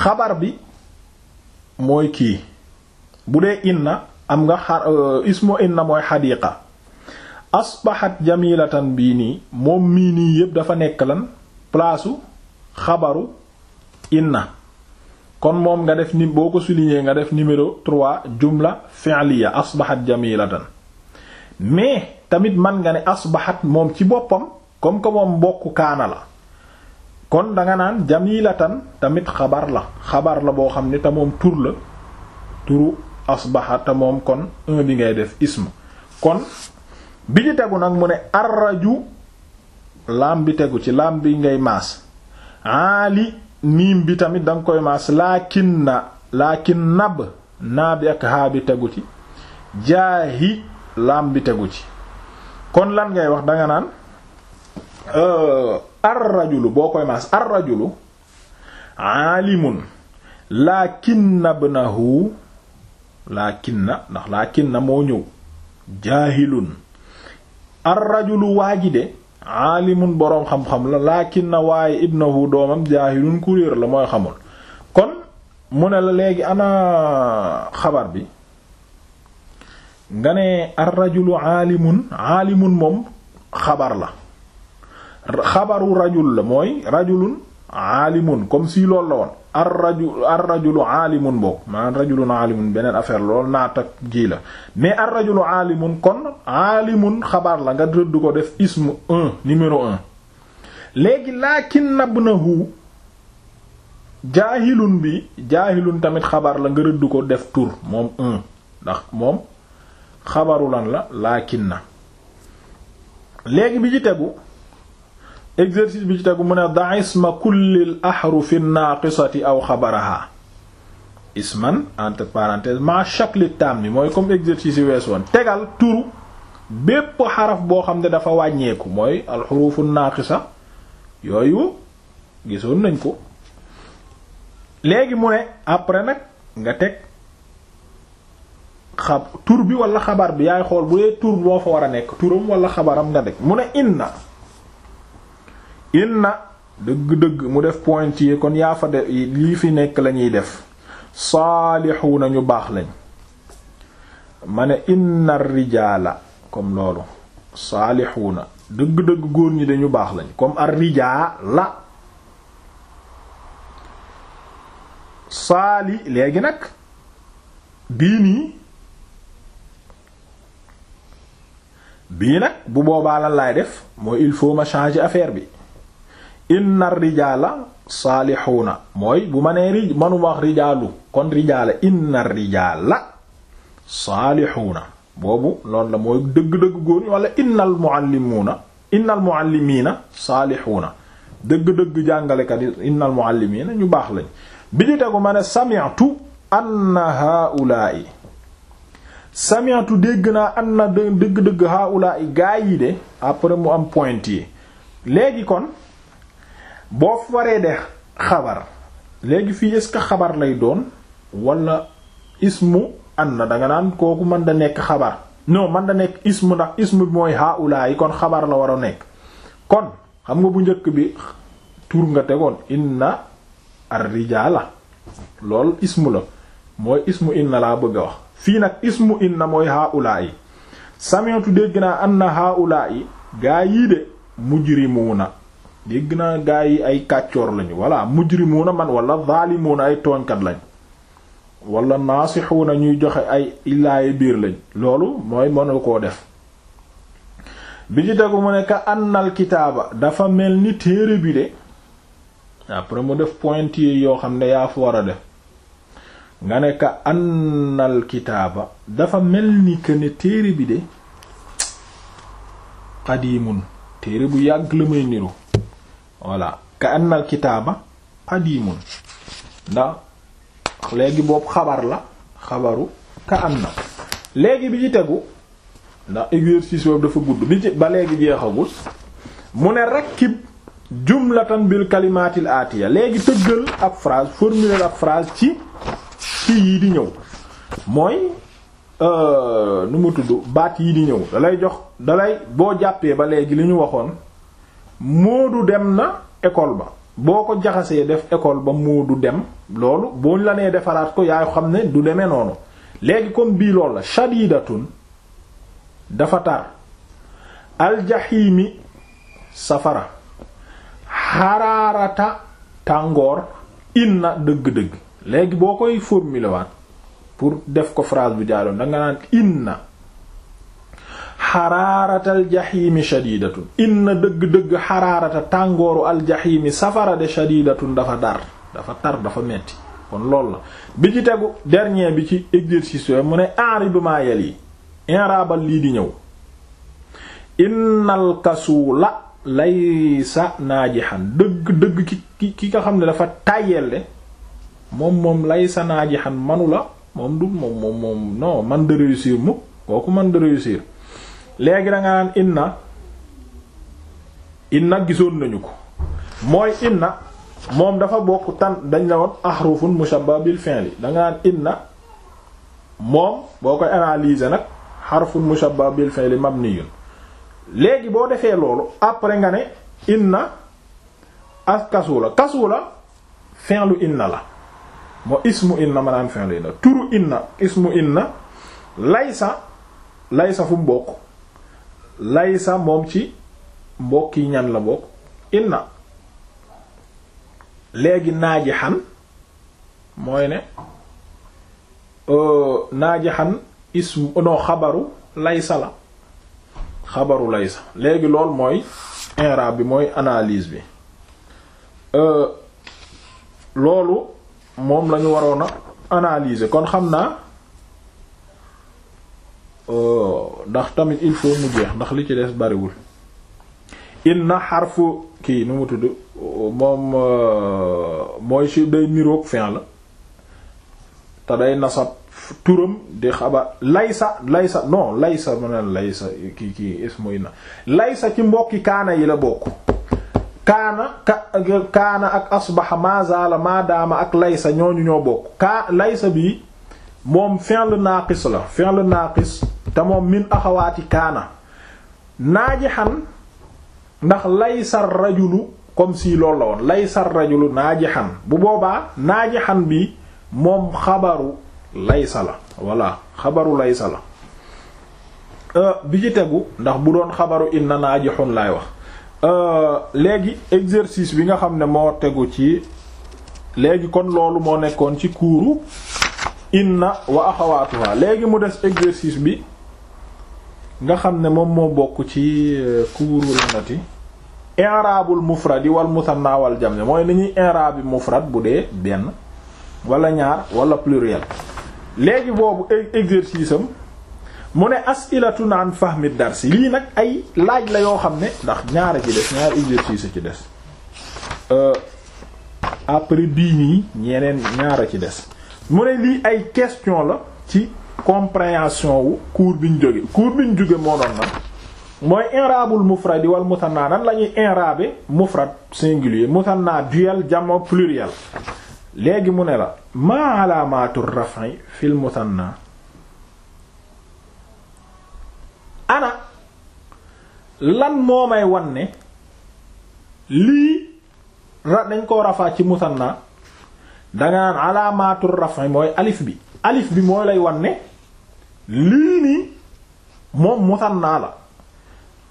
xabar bi mooy kii bu dee inna am nga xar euh, ismu inna mooy xadiqa asbaxat jamilatan bii nii moom mii nii yépp dafa nekk lan plaasu xabaru inna kon moom nga def ni boo ko souligner nga def numéro 3 jumla fi'liya asbahat jamilatan mais tamit man nga ne asbahat moom ci boppam comme que moom bokk kaana la kon danga naan jamilatan tamit xabar la xabar la boo xam ne te moom tur la turu asbaha te moom kon un bi ngay def ism kon bi ñu tegu nag mu ne arraju lam bi tegu ci lam bi ngay maas aali miim bi tamit da nga koy maas laakin na lakin nab naa bi ak haa bi tegu ci jaahi laam bi tegu ci kon lan ngay wax danga naan euh, ar rajulu boo koy maas ar rajulu aalimun laakinna ibnahu laakinna ndax laakinna moo ñëw jaahilun ar rajulu waaji de aalimun boroom xam-xam la laakin na waaye ibnahu doomam jaahilun kuréer la mooy xamul kon mu ne la léegi ana xabar bi nga ne ar rajulu aalimun aalimun moom xabar la xabaru rajul la mooy rajulun aalimun comme si loolu la woon ar rajul ar rajulu aalimun boobu rajulun aalimun beneen affaire lool naat ak gii la mais ar rajulu aalimun kon aalimun xabaar la nga rëdd ko def ismu un numéro un léegi laakin nabnahu jaahilun bi jaahilun tamit xabaar la nga rëdd ko def tur moom un ndax moom xabaru lan la laakin na léegi bi ci tegu exercice bi ci tegu mu ne da isma kullil ahrufi naaqisati aw xabaraha isman entre parenthèses ma shakli tam bi mooy comme exercice yi wees woon tegal turu bépp xaraf boo xam ne dafa wàññeeku mooy alxurufu naaqisa yooyu gisoon nañ ko léegi mu ne après nag nga teg xab tur bi wala xabar bi yaay xool bu dee tur moo fa war a nekk turam wala xabaram nga nekk mu ne inna inna dëgg-dëgg mu def point pointillé kon yaa fa def lii fi nekk lañuy def saalixu ñu baax lañ ma ne inna rijaala comme loolu saalixu na dëgg-dëgg góor ñi dañu baax lañ comme ar la saali léegi nag bii nii bii nag bu boobaa lan laay def mooy il faut ma changer affaire bi inna rijaala saalixuuna mooy bu ma nee rij manuma wax rijaalu kon rijaala inna rijaala saalixuuna boobu loolu la mooy dëgg-dëgg góor ñi wala innal muallimuuna innal muallimiina saalixuuna dëgg-dëgg jàngalekat yi innal muallimiina ñu baax lañ bi di tegu ma ne sami'tu anna haa'ulaa'i sami'tu dégg naa anna dëgg-dëgg haa'ulaa'i gaa de après mu am point yi léegi kon boo waree de xabar léegi fii est xabar lay doon wala ismu ànd na danga naan kooku mën da nekk xabar non man da nekk ismu ndax ismu bi mooy haula kon xabar la war a nekk kon xam nga bu njëkk bi tur nga tegoon inna ar la lool ismu la mooy ismu inna laa bëgg a wax fii nag ismu inna mooy haula yi sami'tu dégg naa anna haula yi gaa yii de mujrimuuna dégg naa gaa yi ay kàccoor lañu walla mujrimuuna man walla wala zaalimuuna ay tooñkat lañ wala na ñuy joxe ay illaaye biir lañ loolu mooy mënul koo def bi ci tegu mu ne ka kitaaba dafa mel ni téere bi de après mu def pointillés yoo xam ne yaa fu war a def nga ne ka dafa mel ni téere bi de qadiimun téere bu yàgg la may niru voilà ka annal kitaaba qadimun ndax léegi boobu xabar la xabaru ka anna léegi bi ci tegu ndax exercice boobu dafa gudd bi ci ba léegi jeexagul mu ne rakkib jumlatan bil kalimaatil aatiya léegi tëggal ab phrase formuler ab phrase ci ci yii di ñëw mooy euh, nu mu tudd baat yi di ñëw dalay jox dalay boo jàppee ba léegi li ñu waxoon moodu dem na école ba boo ko jaxasee def école ba du dem loolu boo la nee defaraat ko yaay xam ne du demee noonu léegi comme bii loolu la shadidatun dafa tar aljaxiimi safara xaraarata tàngoor inna dëgg-dëgg léegi boo koy formuler pour def ko phrase bu jaaroon danga naan inna xaraaratal jaxiimi shadiidatun inna dëgg-dëgg xaraarata tàngooru aljaxiimi safara de shadiidatun dafa dar dafa tar dafa metti kon loolu la bi ci tegu dernier bi ci exercice yooyu mu ne enri bi maa yi inraabal lii di ñëw innal kasuula laysa naajihan dëgg dëgg ki ki nga xam ne dafa tàyyelle moom moom laysa naajihan manu la moom du moom moom moom man de réussir mu kooku man de réussir léegi da nga naan inna inna gisoon nañu ko mooy inna moom dafa bokk tan dañ la woon ahrufun mushabba bil fi'li da nga naan inna moom boo koy analyser nag harfun mushabba bil fi'li mabniyun léegi boo defee loolu après nga ne inna ak kasu la kasu la fi'lu inna la moo ismu inna maanaam fi'lu inna turu inna ismu inna laysa laysa fu mu bokk laysa moom ci mbokk yi ñan la bokk inna léegi naaji xan mooy ne euh, naajixan ism non xabaru laysa la xabaru laysa léegi lool mooy inrab bi mooy analyse bi euh, loolu moom lañu waroon a analyser kon xam naa Euh, ndax tamit il faut mu jeex ndax li ci des bariwul inna xarfu kii nu mu tudd moom euh, mooy si day niroog fin la te day nasab turam di xaba laysa laysa non laysa mu ne laysa kii kii ismu inna laysa ci mbokki kaana yi la bokk kaana ka kaana ak asbaxa mazaala maadaama ak laysa ñooñu ñoo bokk kaa laysa bi moom fi'l naaqis la fi'l naaqis te moom min axawaati kaana xan ndax lay laysa rajulu comme si loolu la woon laysa rajulu naajihan bu boobaa xan bi moom xabaru laysa la walla xabaru laysa la euh, bi ci tegu ndax bu doon xabaru inna naajihun laay wax euh, léegi exercice bi nga xam ne moo tegu ci léegi kon loolu moo nekkoon ci kuuru inna wa axawaatuha léegi mu des exercice bi nga xam ne moom moo bokk ci euh, kuuru lanati i'raabul mufradi wal musanna jam ne mooy nañuy ñuy i'raabi mufrad bu dee benn wala ñaar wala pluriel léegi boobu e-, exercice am mu ne as'ilatun an fahmi darsi lii nag ay laaj la yoo xam ne ndax ñaara ci des ñaar exercice ci des euh, après bii nii ñeneen ñaara ci des mu ne lii ay question la ci compréhension wu cours bi ñu jóge cours bi ñu jóge moo doon na mooy i'rabul mufrad wal muthanna nan la ñuy mufrad singulier muthanna duel jamo pluriel léegi mu ne la maa alaamatu raf'i fil muthanna ana lan moo may wan lii ra dañ koo rafaa ci muthanna danga naan alaamatu raf'i mooy alif bi alif bi mooy lay wan lii nii moom musanna la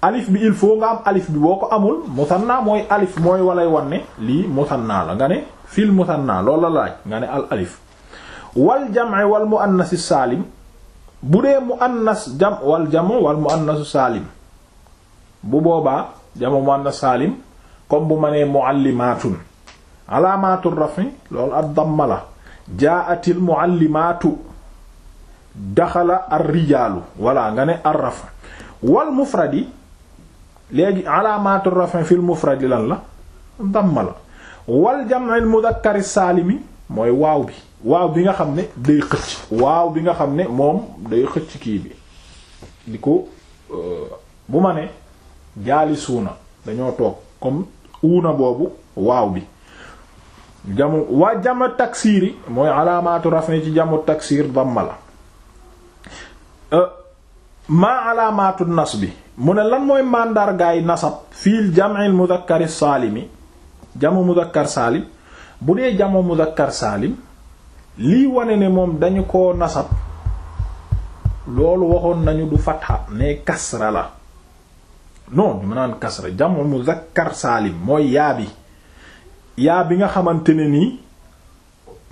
alif bi il faut nga am alif bi boo ko amul musanna mooy alif mooy walay wanne lii musanna la nga ne fil musanna loolu la laaj nga ne al alif wal jam'i wal muannasi saalim bu dee muannas jam wal jam'u wal muannasu saalim bu boobaa jam'u muannas saalim comme bu ma nee muallimaatun alaamaatul rafi loolu ad damma la jaatil muallimaatu daxala ar rijaalu walla nga ne ar rafa wal mufradi léegi alaamaatu rafa fil mufradi lan la damma la wal jam'il mudakkari saalimi mooy waaw bi waaw bi nga xam ne day xëcc waaw bi nga xam ne moom day xëcc kii bi di ko euh, bu ma ne jaalisuuna dañoo toog comme uuna boobu waaw bi jamu waa jama taksiir mooy alaamaatu rafa ci jamu taksiir damma la Euh, maa alaamaatu nas bi mu ne lan mooy màndargaay nasab fii jam'il mudakkari saalimi jamu mudakkar saalim bu dee jamu mudakkar saalim lii wane ne moom dañu ko nasab loolu waxoon nañu du fatha mais kasra la non ñu mënaan kasra jamu mudakkar saalim mooy yaa bi nga xamante ne nii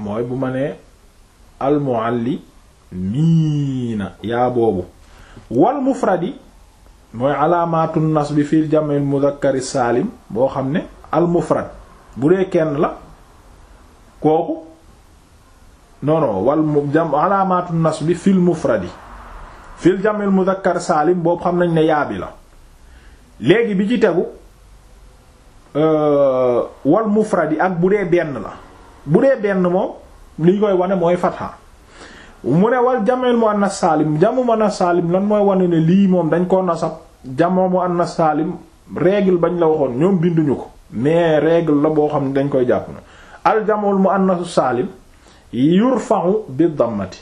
mooy bu ma nee almualli miina yaa boobu wal mufradi mooy alaamaatu nasbi fil jam'il muzakkari saalim boo xam ne al mufrad bu dee kenn la kooku non non wal jam alaamaatu nasbi fil mufradi fil jam'il muzakkar saalim boobu xam nañ ne yaabi la léegi bi ci tegu euh, wal mufradi ak bu dee benn la bu dee benn moom li ñu koy wane mooy fatha mu ne wal jamel mu annas saalim jamu mu annas saalim lan mooy wane ne lii moom dañ ko nasab jamoo mu annas saalim règle bañ la waxoon ñoom binduñu ko mais règle la boo xam ne dañ koy jàpp na al jamul mu annasu saalim yurfa'u bi dammati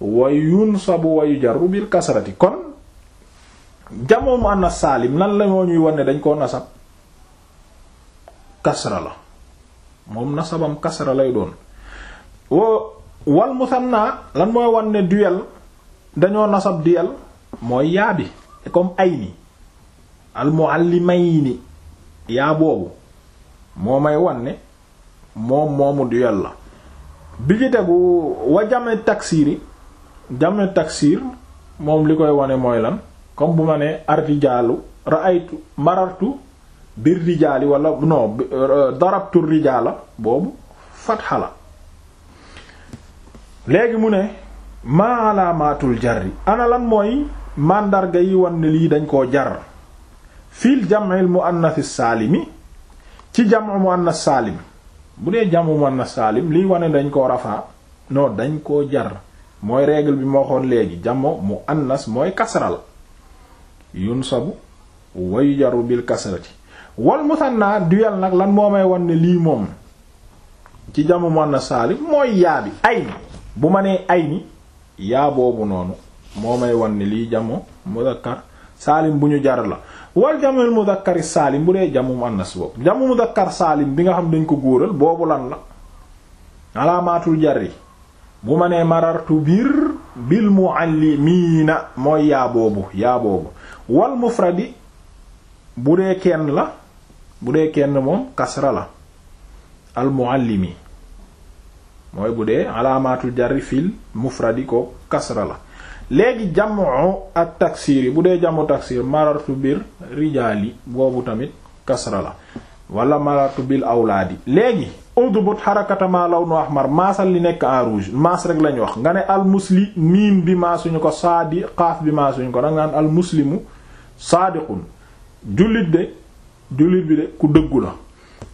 wa yunsabu wa yujarru bil kasrati kon jamoo mu annas saalim lan la moo ñuy wane dañ ko nasab kasra la moom nasabam kasra lay doon wal musanna lan mooy wan ne duel dañoo nasab duyel mooy yaa bi comme ay ni al muallimayni yaa boobu moo may wan ne moom moomu duel la bi ci tegu wa jame taksiiri jame taksiir moom li koy wane mooy lan comme bu ma ne arrijaalu ra'aytu marartu bir rijaali wala non darabtu rijaala boobu fatxa la léegi mu ne maa alaamaatul jarri ana lan mooy màndarga yi wan ne lii dañ koo jar fii jam'il muannas saalimi ci jam'u muannas saalim bu dee jam'u muannas saalim lii wane dañ koo rafaa non dañ koo jar mooy règle bi ma waxoon léegi jam'u muannas mooy kasra la yunsabu wa yujaru bil kasrati wal musanna duel nag lan moo may wan ne lii moom ci jam'u muannas saalim mooy yaabi ay bu ma nee ay ni yaa boobu noonu moo may wan ni lii jamu mudakkar saalim bu ñu jar la wal jamul mudakkari saalim bu dee jamu annas boobu jamu mudakkar saalim bi nga xam dañ ko góoral boobu lan la alaamaatul jar yi bu ma nee marartu biir bil muallimiina mooy yaa boobu yaa boobu wal mufradi bu dee kenn la bu dee kenn moom kasra la al muallimi mooy bu dee alaamaatul jarri fil mufradi ko kasra la léegi jamu ak taksir yi bu dee jamu taksir marartu bir rijaali boobu tamit kasra la wala marartu bil awlaadi léegi udbut xarakatama law nu ahmar maasal li nekk en rouge maas rek lañu wax nga ne almusli miim bi maasuñu ko saadi xaaf bi maasuñu ko danga naan almuslimu saadiqun jullit de jullit bi de ku dëggu la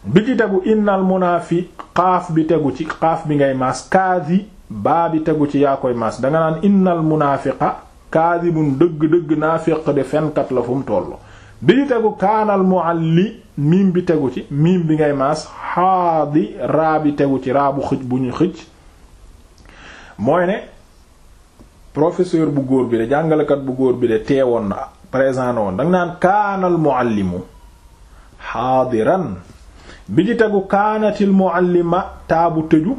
bi ci tegu innal munaafiq xaaf bi tegu ci xaaf bi ngay maas kaasi baa bi tegu ci yaa koy maas danga naan innal munaafiqa kaasibun dëgg dëgg naafiq de fenkat la fu mu toll bi ci tegu kaanal mualli miim bi tegu ci miim bi ngay maas xaadi raa bi tegu ci raa bu xëj bu ñu xëj mooy ne professeur bu góor bi de jàngalekat bu góor bi de teewoon na présent na woon danga naan kaanal muallimu xaadiran bi ci tegu kaanatil muallima taabu tëju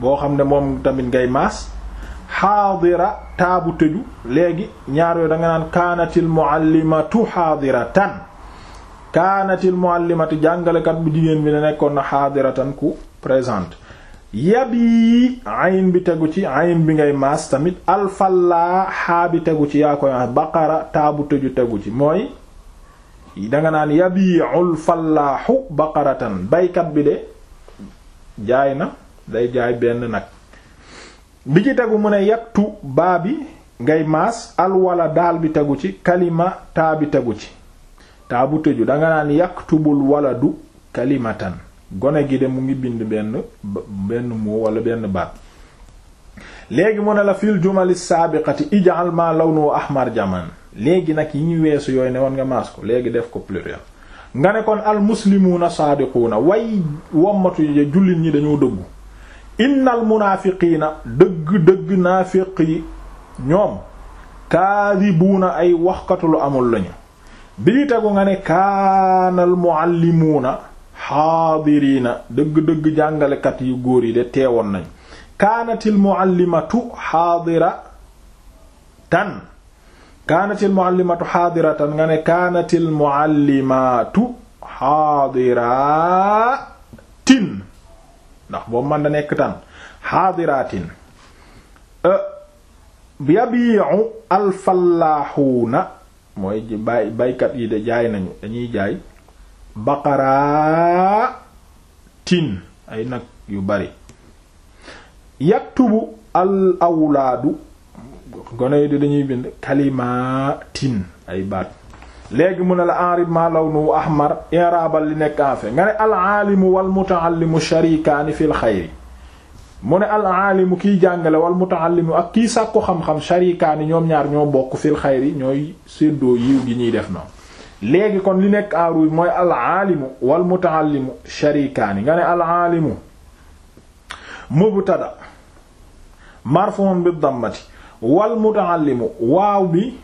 boo xam ne moom tamit ngay maas xaadira taabu tëju léegi ñaar yooyu da naan kaanatil muallimatu xaadiratan kaanatil muallimatu jàngalekat bu jigéen bi ne nekkoon na xaadiratan ku présent yab yi bi tegu ci ayn bi ngay maas tamit alfallaa bi tegu ci yaa koy baqara taabu tëju tegu ci mooy yi danga naan yabi'ul fallaaxu baqaratan baykat bi de jaay na day jaay benn nag bi ci tegu mu ne yattu baa bi ngay maas alwala daal bi tegu ci kalima taa bi tegu ci taa bu tëju danga naan yaktubul waladu kalimatan gone gi de mu ngi bind benn benn moo wala benn baat léegi mu ne la fil jumali saabiqati ij'al ma lawnu ahmar jaman léegi nag yi ñu weesu yooyu ne woon nga maas ko léegi def ko pluriel nga ne kon al muslimuuna saadiquuna way wommatu jullit ñi dañoo dëggu innal munaafiqiina dëgg dëgg naafiq yi ñoom kaadibuuna ay waxkatu lu amul lañu bii tegu nga ne kaanal muallimuuna xaadiriina dëgg-dëgg jàngalekat yu góor yi de teewoon nañ kaanatil muallimatu xaadira tan kaanatil muallimatu xaadiratan nga ne kaanatil muallimatu xaadiratin ndax boobu man da nekk yi de jaay nañu dañuy jaay baqaraatin yu bari yaktubu al awlaadu gone yi di dañuy bind kalimaatin ay baat léegi mu ne la arib ma lawnu ahmar i'rabal li nekk en fait nga ne al aalimu wal muta'allimu sharikaani fil xayri mu ne al aalimu kiy jàngale wal muta'allimu ak kiy sàkku xam-xam sharikaani ñoom ñaar ñoo bokk fil xayri ñooy séddoo yiw gi ñuy def noonu léegi kon li nekk en rouge mooy al aalimu wal muta'allimu sharikaani nga ne al aalimu mubtada marfuun bi dammati wal mutaallimu waaw bi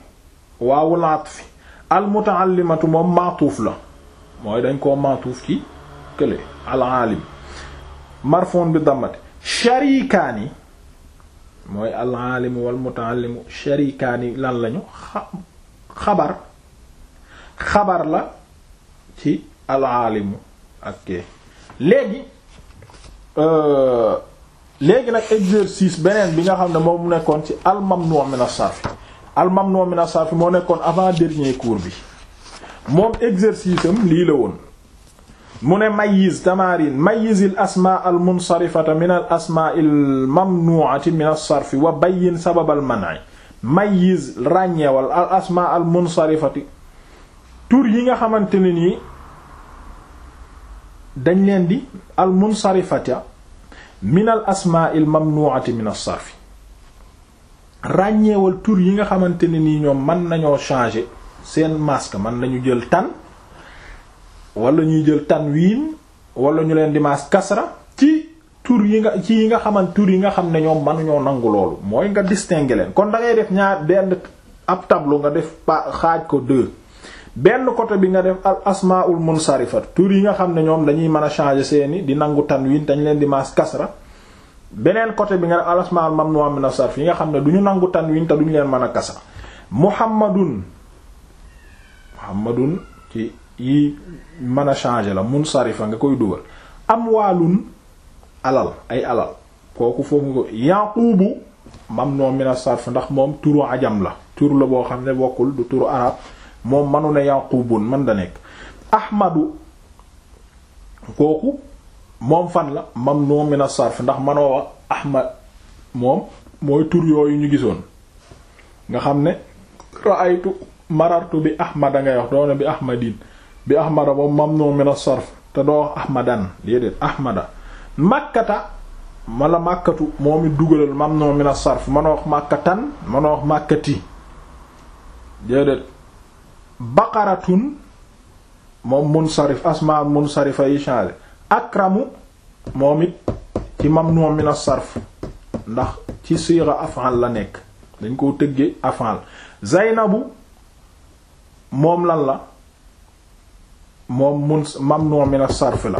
waawu laatfi al mutaallimatu moom maatuuf la mooy dañ koo maatuuf ci kële al aalim marfon bi dammat sharikaani mooy al aalimu wal mutaallimu sharikaani lan lañu xabar xabar la ci al aalimu ak léegi euh, léegi nag exercice beneen bi nga xam ne moom nekkoon ci al mamnu min as-sarf al mamnu min moo nekkoon avant dernier cours bi moom exercice am lii la woon mu ne mayiz tamarin mayizil asma al munsarifata min al asma al mamnuati min as-sarf wa bayyin sabab al man'i mayiz ràññeewal al asma al munsarifati tur yi nga xamante ne nii dañ leen di al munsarifata min al asmaa'il mamnu'ati min as-sarf ràññeewal tur yi nga xamante ne nii ñoom man nañoo changer seen masque man nañu jël tan wala ñuy jël tanwiin wala ñu leen di mas kasra ci tur yi nga ci yi nga xaman tur yi nga xam ne ñoom mënuñoo nangu loolu mooy nga distinguer leen kon da def ñaar benn ab tableau nga def pa xaaj ko deux benn côté bi nga def al asmaul munsarifat tur yi nga xam ne ñoom dañuy mën a changer seeni di nangu tanwin dañ leen di maas kasra beneen côté bi nga def al asmaul mamnu'a min as-sarf nga xam ne du ñu nangu tanwin te duñu leen mën a kasra muhammadun muhammadun ci yi mën a changer la munsarifa nga koy dugal amwaalun alal ay alal kooku foofu nga ko yaqubu mamnu'a min as ndax moom turu ajam la tur la boo xam ne bokkul du turu arab moom manu ne yaqubun mën da nekk ahmadu kooku moom fan la mamnu min as-sarf ndax manoo wax ahmad moom mooy tur yooyu ñu gisoon nga xam ne ra'aytu marartu bi ahmada ngay wax doo ne bi ahmadin bi ahmada moom mamnu min as-sarf te doo wax ahmadan déedéet ahmada makkata mala màkkatu moom it dugalal mamnu min as-sarf manoo wax màkkatan manoo wax màkkati déedéet baqaratun moom munsarif asmaa munsarifa yi changé akramu moom it ci mamnu min as-sarf ndax ci siira af'al la nekk dañ koo tëggee af'al zaynabu moom lan la moom mun mamnu min as-sarf la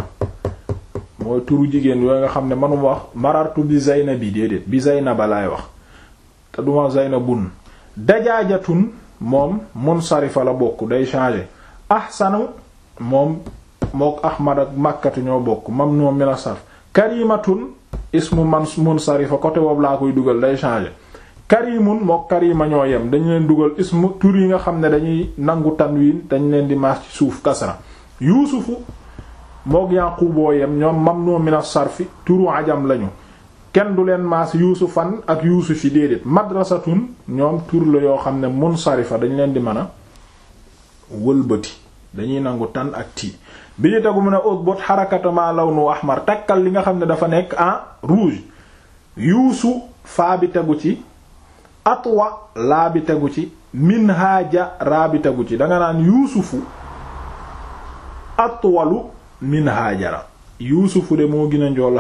mooy turu jigéen yooyu nga xam ne manuma wax marartu bi zaynabi déedéet bi zaynaba laay wax te duma zaynabun dajaajatun moom munsarifa la bokk day changer ahsanu moom mook ahmad ak màkkatu ñoo bokk mamnu mina sarf karimatun ismu man munsarifa côté boobu laa koy dugal day changer karimun mook karima ñoo yem dañu leen dugal ismu tur yi nga xam ne dañuy nangu tan tanwin dañu leen di maas ci suuf kasra yuusufu mook yaquboo yem ñoom mamnu mina sarfi turu ajam lañu kenn du leen maas yuusufan ak yuusuf yi déedéet madrasatun ñoom tur la yoo xam ne munsarifa dañ leen di mën a wëlbati dañuy nangu tan ak tii bi ñu tegu mu ne utbot xarakatama lawnu li nga xam ne dafa nekk en rouge yuusu faa bi tegu ci atwa bi tegu ci minhaaja raa bi tegu ci danga naan yuusufu atwalu min haajara yuusufu de moo gën a njool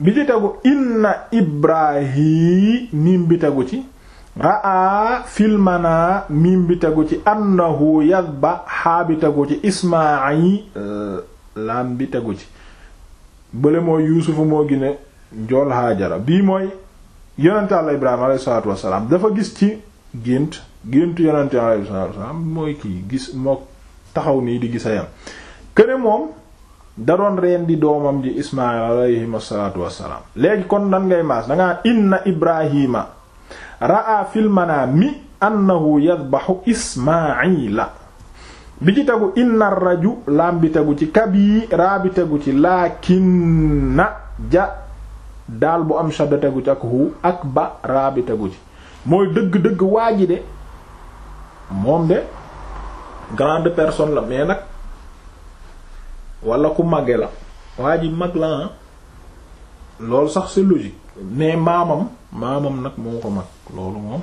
bi ci tegu inna ibrahim miim bi tegu ci raa filmana miim bi tegu ci annahu yadba xaa bi tegu ci ismail laam bi tegu ci bële mooy yuusufu moo gine njool haajara bii mooy yonente àlla ibrahima salaatu wassalaam dafa gis ci gént géntu yonente àlla salaatu wassalaam mooy kii gis moo taxaw nii di gisa këne moom da doon rendi doomam ji ismaayil alayhim assalaatu wassalaam léegi kon nan ngay maas dangaa inna ibrahima ra'a fil manaami annahu yadbahu ismaayila bi ci tegu inna raju laam ci kab yi raa bi tegu ci laakinna ja daal bu am shadda tegu ci ak hu ak ba raa ci mooy dëgg-dëgg waa ji de moom de grande personne la mais nag wala ku màgge la waa ji mag la ah loolu sax c'est logique mais maamam maamam nag moo ko mag loolu moom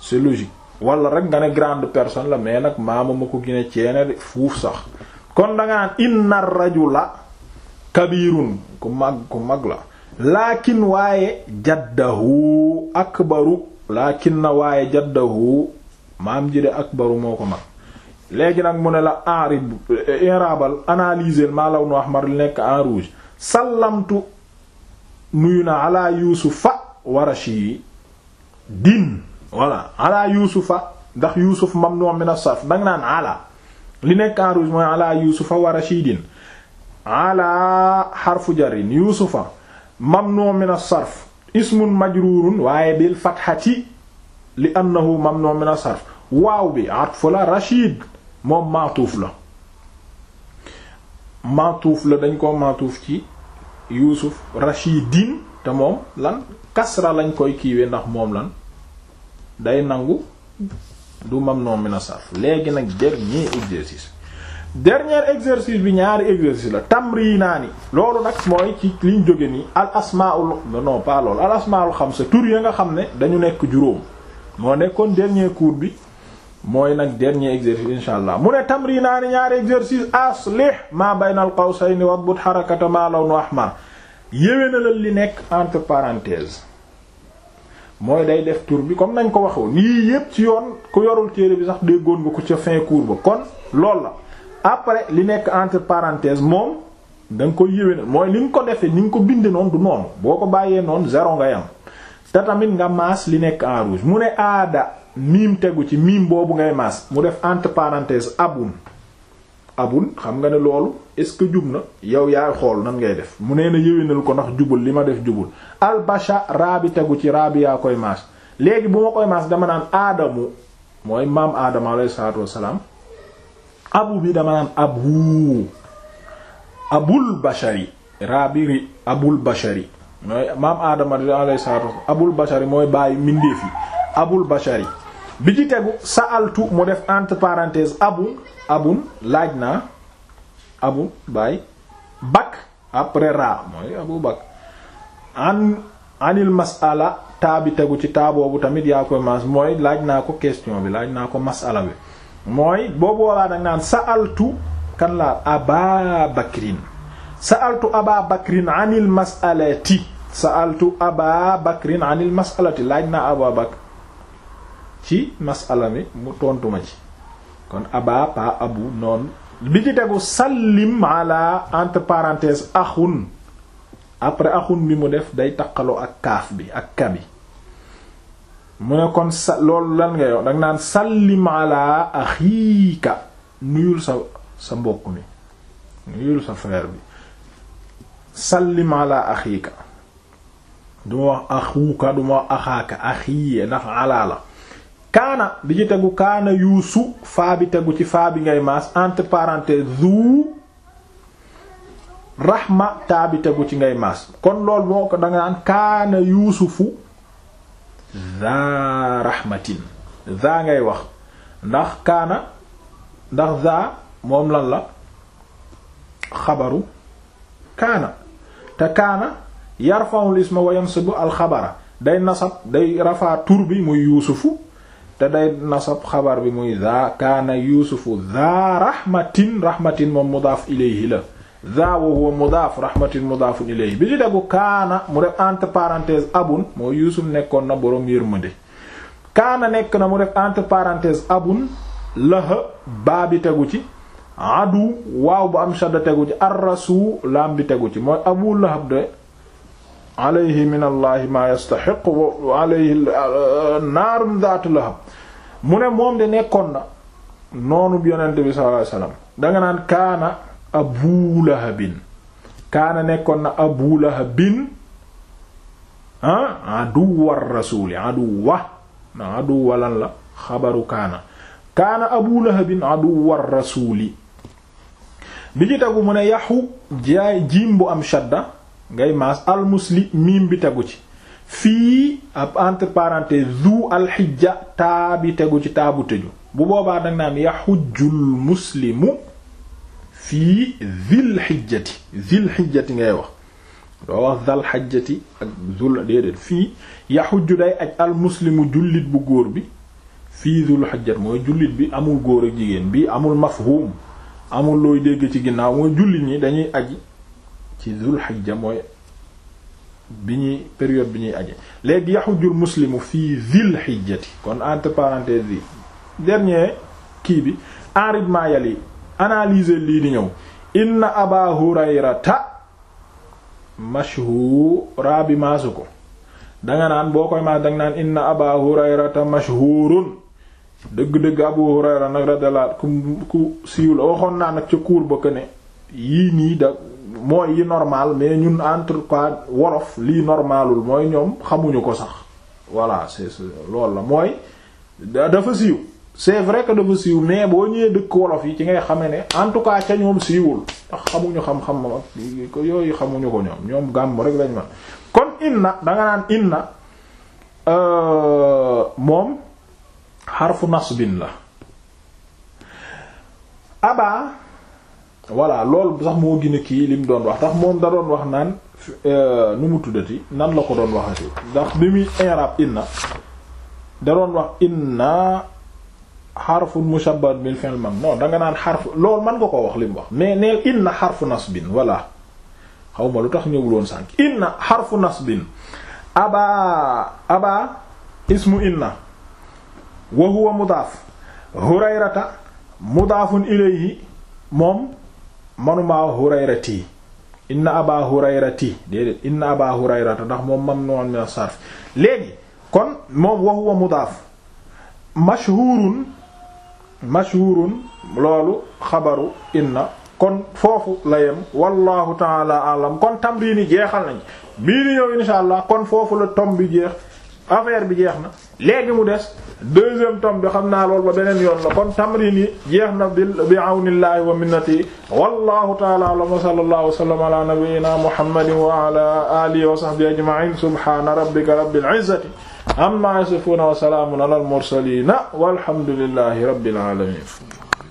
c'est logique wala rek nga ne grande personne la mais nag maamam a ko gën a ceene fuuf sax kon da nga naan inna rajula kabirun ku mag ku mag la laakin waaye jaddahu akbaru laakin na waaye jaddahu maam ji de akbaru moo ko mag léegi nag mu ne la enrib irabal law nu ahmar li nekk en rouge sallamtu nuyu na ala yusufa warashi din voilà ala yusufa ndax yusuf mamnu min as-sarf danga naan ala li nekk en rouge mooy ala yusufa warashi din ala xarfu jarin yusufa mamnu min as-sarf ismun majrurun waaye bil fathati li annahu mamnu min as-sarf waaw bi atfu la rashid moom maatuuf la maatuuf la dañ ko maatuuf ci yuusuf rashidin te moom lan kasra lañ koy kiiwee ndax moom lan day nangu du mamnun min as-sarf léegi nag dernier exercice dernier exercice bi ñaari exercice la tamrinaani loolu nag mooy ci liñ jóge nii al asmaul non pas loolu al asmaul xamsa tur ya nga xam ne dañu nekk juróom moo nekkoon dernier cours bi mooy nag dernier exercice insha allah mu ne tamrinaani ñaari exercice aslih ma bayna al qawsayni wadbut harakata ma lawnu ahmar yéwénalal li nekk entre parenthèses mooy day def tour bi comme nañ ko waxoon yii yépp ci yoon ku yorul téere bi sax déggoon nga ko ca fin cours ba kon lool la après li nekk entre parenthèses moom da nga koy yéwénal mooy li nga ko defee ni nga ko bindee noonu du noonu boo ko bàyyee noonu zéro ngay am te tamit nga maas li nekk en rouge mu ne aada miim tegu ci miim boobu ngay maas mu def entre parenthèse abun abun xam nga ne loolu est-ce que jub na yow yaay xool nan ngay def mu nee na yëwénal ko ndax jubul li ma def jubul albasha raa bi tegu ci raa bi yaa koy maas léegi bu ma koy maas dama naan aadamu mooy maam aadama alayhi salaatu wassalaam abu bi dama naan abu abul bashari raa bi ri abul bashari mooy maam aadama alayhi salaatu abul bashari mooy bàyyi mindeef yi abul bashari bi ci tegu sa'altu mu def entre parenthèse abun abun laaj na abun baay bak après ra mooy abu bak an anil masala taa tegu ci taa tamit yaa koy mas mooy laaj naa ko question bi laaj naa ko masala bi mooy boobu walaa nag naan sa'altu kan laa sa'altu aba bakrin anil masalati laaj na aba bakr ci masala mi mu tontuma ci kon aba pa abu noonu bi ci tegu sallim ala entre parenthèses axun après axun bi mu def day taqaloo ak kaaf bi ak kabi mu ne kon sa loolu lan nga yow danga naan sallim ala axiika nuyul sa sa mbokk mi nuyul sa frère bi sallim ala axiika duma wax axuuka duma wax axaaka axiye ndax ala kaana bi ci tegu kaana yuusu faa bi tegu ci faa bi ngay maas entre parenthèse rahma taa tegu ci ngay maas kon lool moo ko danga naan kaana yuusufu za rahmatin za ngay wax ndax kaana ndax za moom lan la xabaru kaana te kaana yarfa'u al isma wa yansibu al day nasab day rafaa tur bi muy yuusufu te day nasab xabar bi muy za kaana yuusufu za rahmatin rahmatin moom mudaaf ilayhi la za wa huwa mudaaf rahmatin mudaafun ilayhi bi di degu kaana mu def entre parenthèse abun moo yuusuf nekkoon na boroom yërmande kaana nekk na mu def entre parenthèse abun laha baa tegu ci adu waaw bu am shadda tegu ci arrasu laam bi tegu ci mooy abu lahab de alayhi min allahi ma yastaxiqu wa alayhi uh, naarum daatu lahab mu ne moom de nekkoon na noonu bi yonent bi sallallahu alayhi wasallam danga naan kaana abu lahabin kaana nekkoon na abu lahabin ah aduwa rasuli aduwa na aduwa lan la xabaru kaana kaana abu lahabin aduwa rasuli bi ci tagu mu ne yaxu jaay jiim bu am shadda ngay maas almusli miim bi tegu ci fii ab entre parenthèse zu alxijja tegu ci taabu tëju bu boobaa danga naan yaxujjul muslimu fii zil xijjati zil xijjati ngay wax doo wax zal xajjati ak zul déedéet fii yaxujju day aj almuslimu jullit bu góor bi fii zul xijjat mooy jullit bi amul góor ak jigéen bi amul mafhum amul looy dégg ci ginnaaw mooy jullit ñi dañuy aji ci dul xijja mooy bi ñuy période bi ñuy aje léegi yaxujul muslimu fi dil xijjati kon entre dernier kii bi enrib maa yali analyser lii di ñëw inna aba hurayrata mashhura bi maasu ko danga naan boo koy maas danga naan inna aba hurayrata mashhurun dëgg-dëgg abu hurayra nag ku siiw la waxoon naa nag ca kuur ba ne yii nii da mooy yi normal mais ñun entre tout wolof lii normalul mooy ñoom xamuñu ko sax voilà c'est loolu la mooy dafa siiw c'est vrai que dafa siiw mais boo ñëwee dëkk wolof yi ci ngay xamee ne en tout cas ca ñoom siiwul ndax xamuñu xam-xam ak yooyu xamuñu ko ñoom ñoom gàmm rek lañ man kon na danga naan na euh, moom xarfu nasbin la aba voilà lool sax moo gën kii li mu doon wax ndax moom da doon wax naan euh, nu mu tuddati nan la ko doon waxati ndax bi muy i'rab inna da doon wax inna xarfun mushabbah bil fi'l mam non danga naan xarf loolu mën nga ko wax li mu wax mais neel inna xarfu nasbin voilà xaw ma lu tax ñëwuloon sànk inna xarfu nasbin aba ismu inna wa huwa hurayrata mudaafun ilayhi moom manuma hurayrati inna aba hurayrati déedéet inna aba hurayrata ndax moom mamnuun min as-sarf léegi kon moom wa huwa mudaaf mashhuurun mashhuurun loolu xabaru inna kon foofu la yem wallahu taala alam kon tamriini jeexal nañ bii ni ñëw insha allah kon foofu la tom bi jeex affaire bi jeex na léegi mu des deuxième tome bi xam naa loolu ba beneen yoon la kon tamrin yi jeex na bi bi awnillaahi wa minnati wallahu ta'ala a'lam wa sallallahu wa sallam ala nabiyyina muhammadin wa ala alihi wa sahbihi ajma'in subhana rabbika rabbil izzati amma yasifuna wa salamun ala al mursalin walhamdulillahi rabbil alamin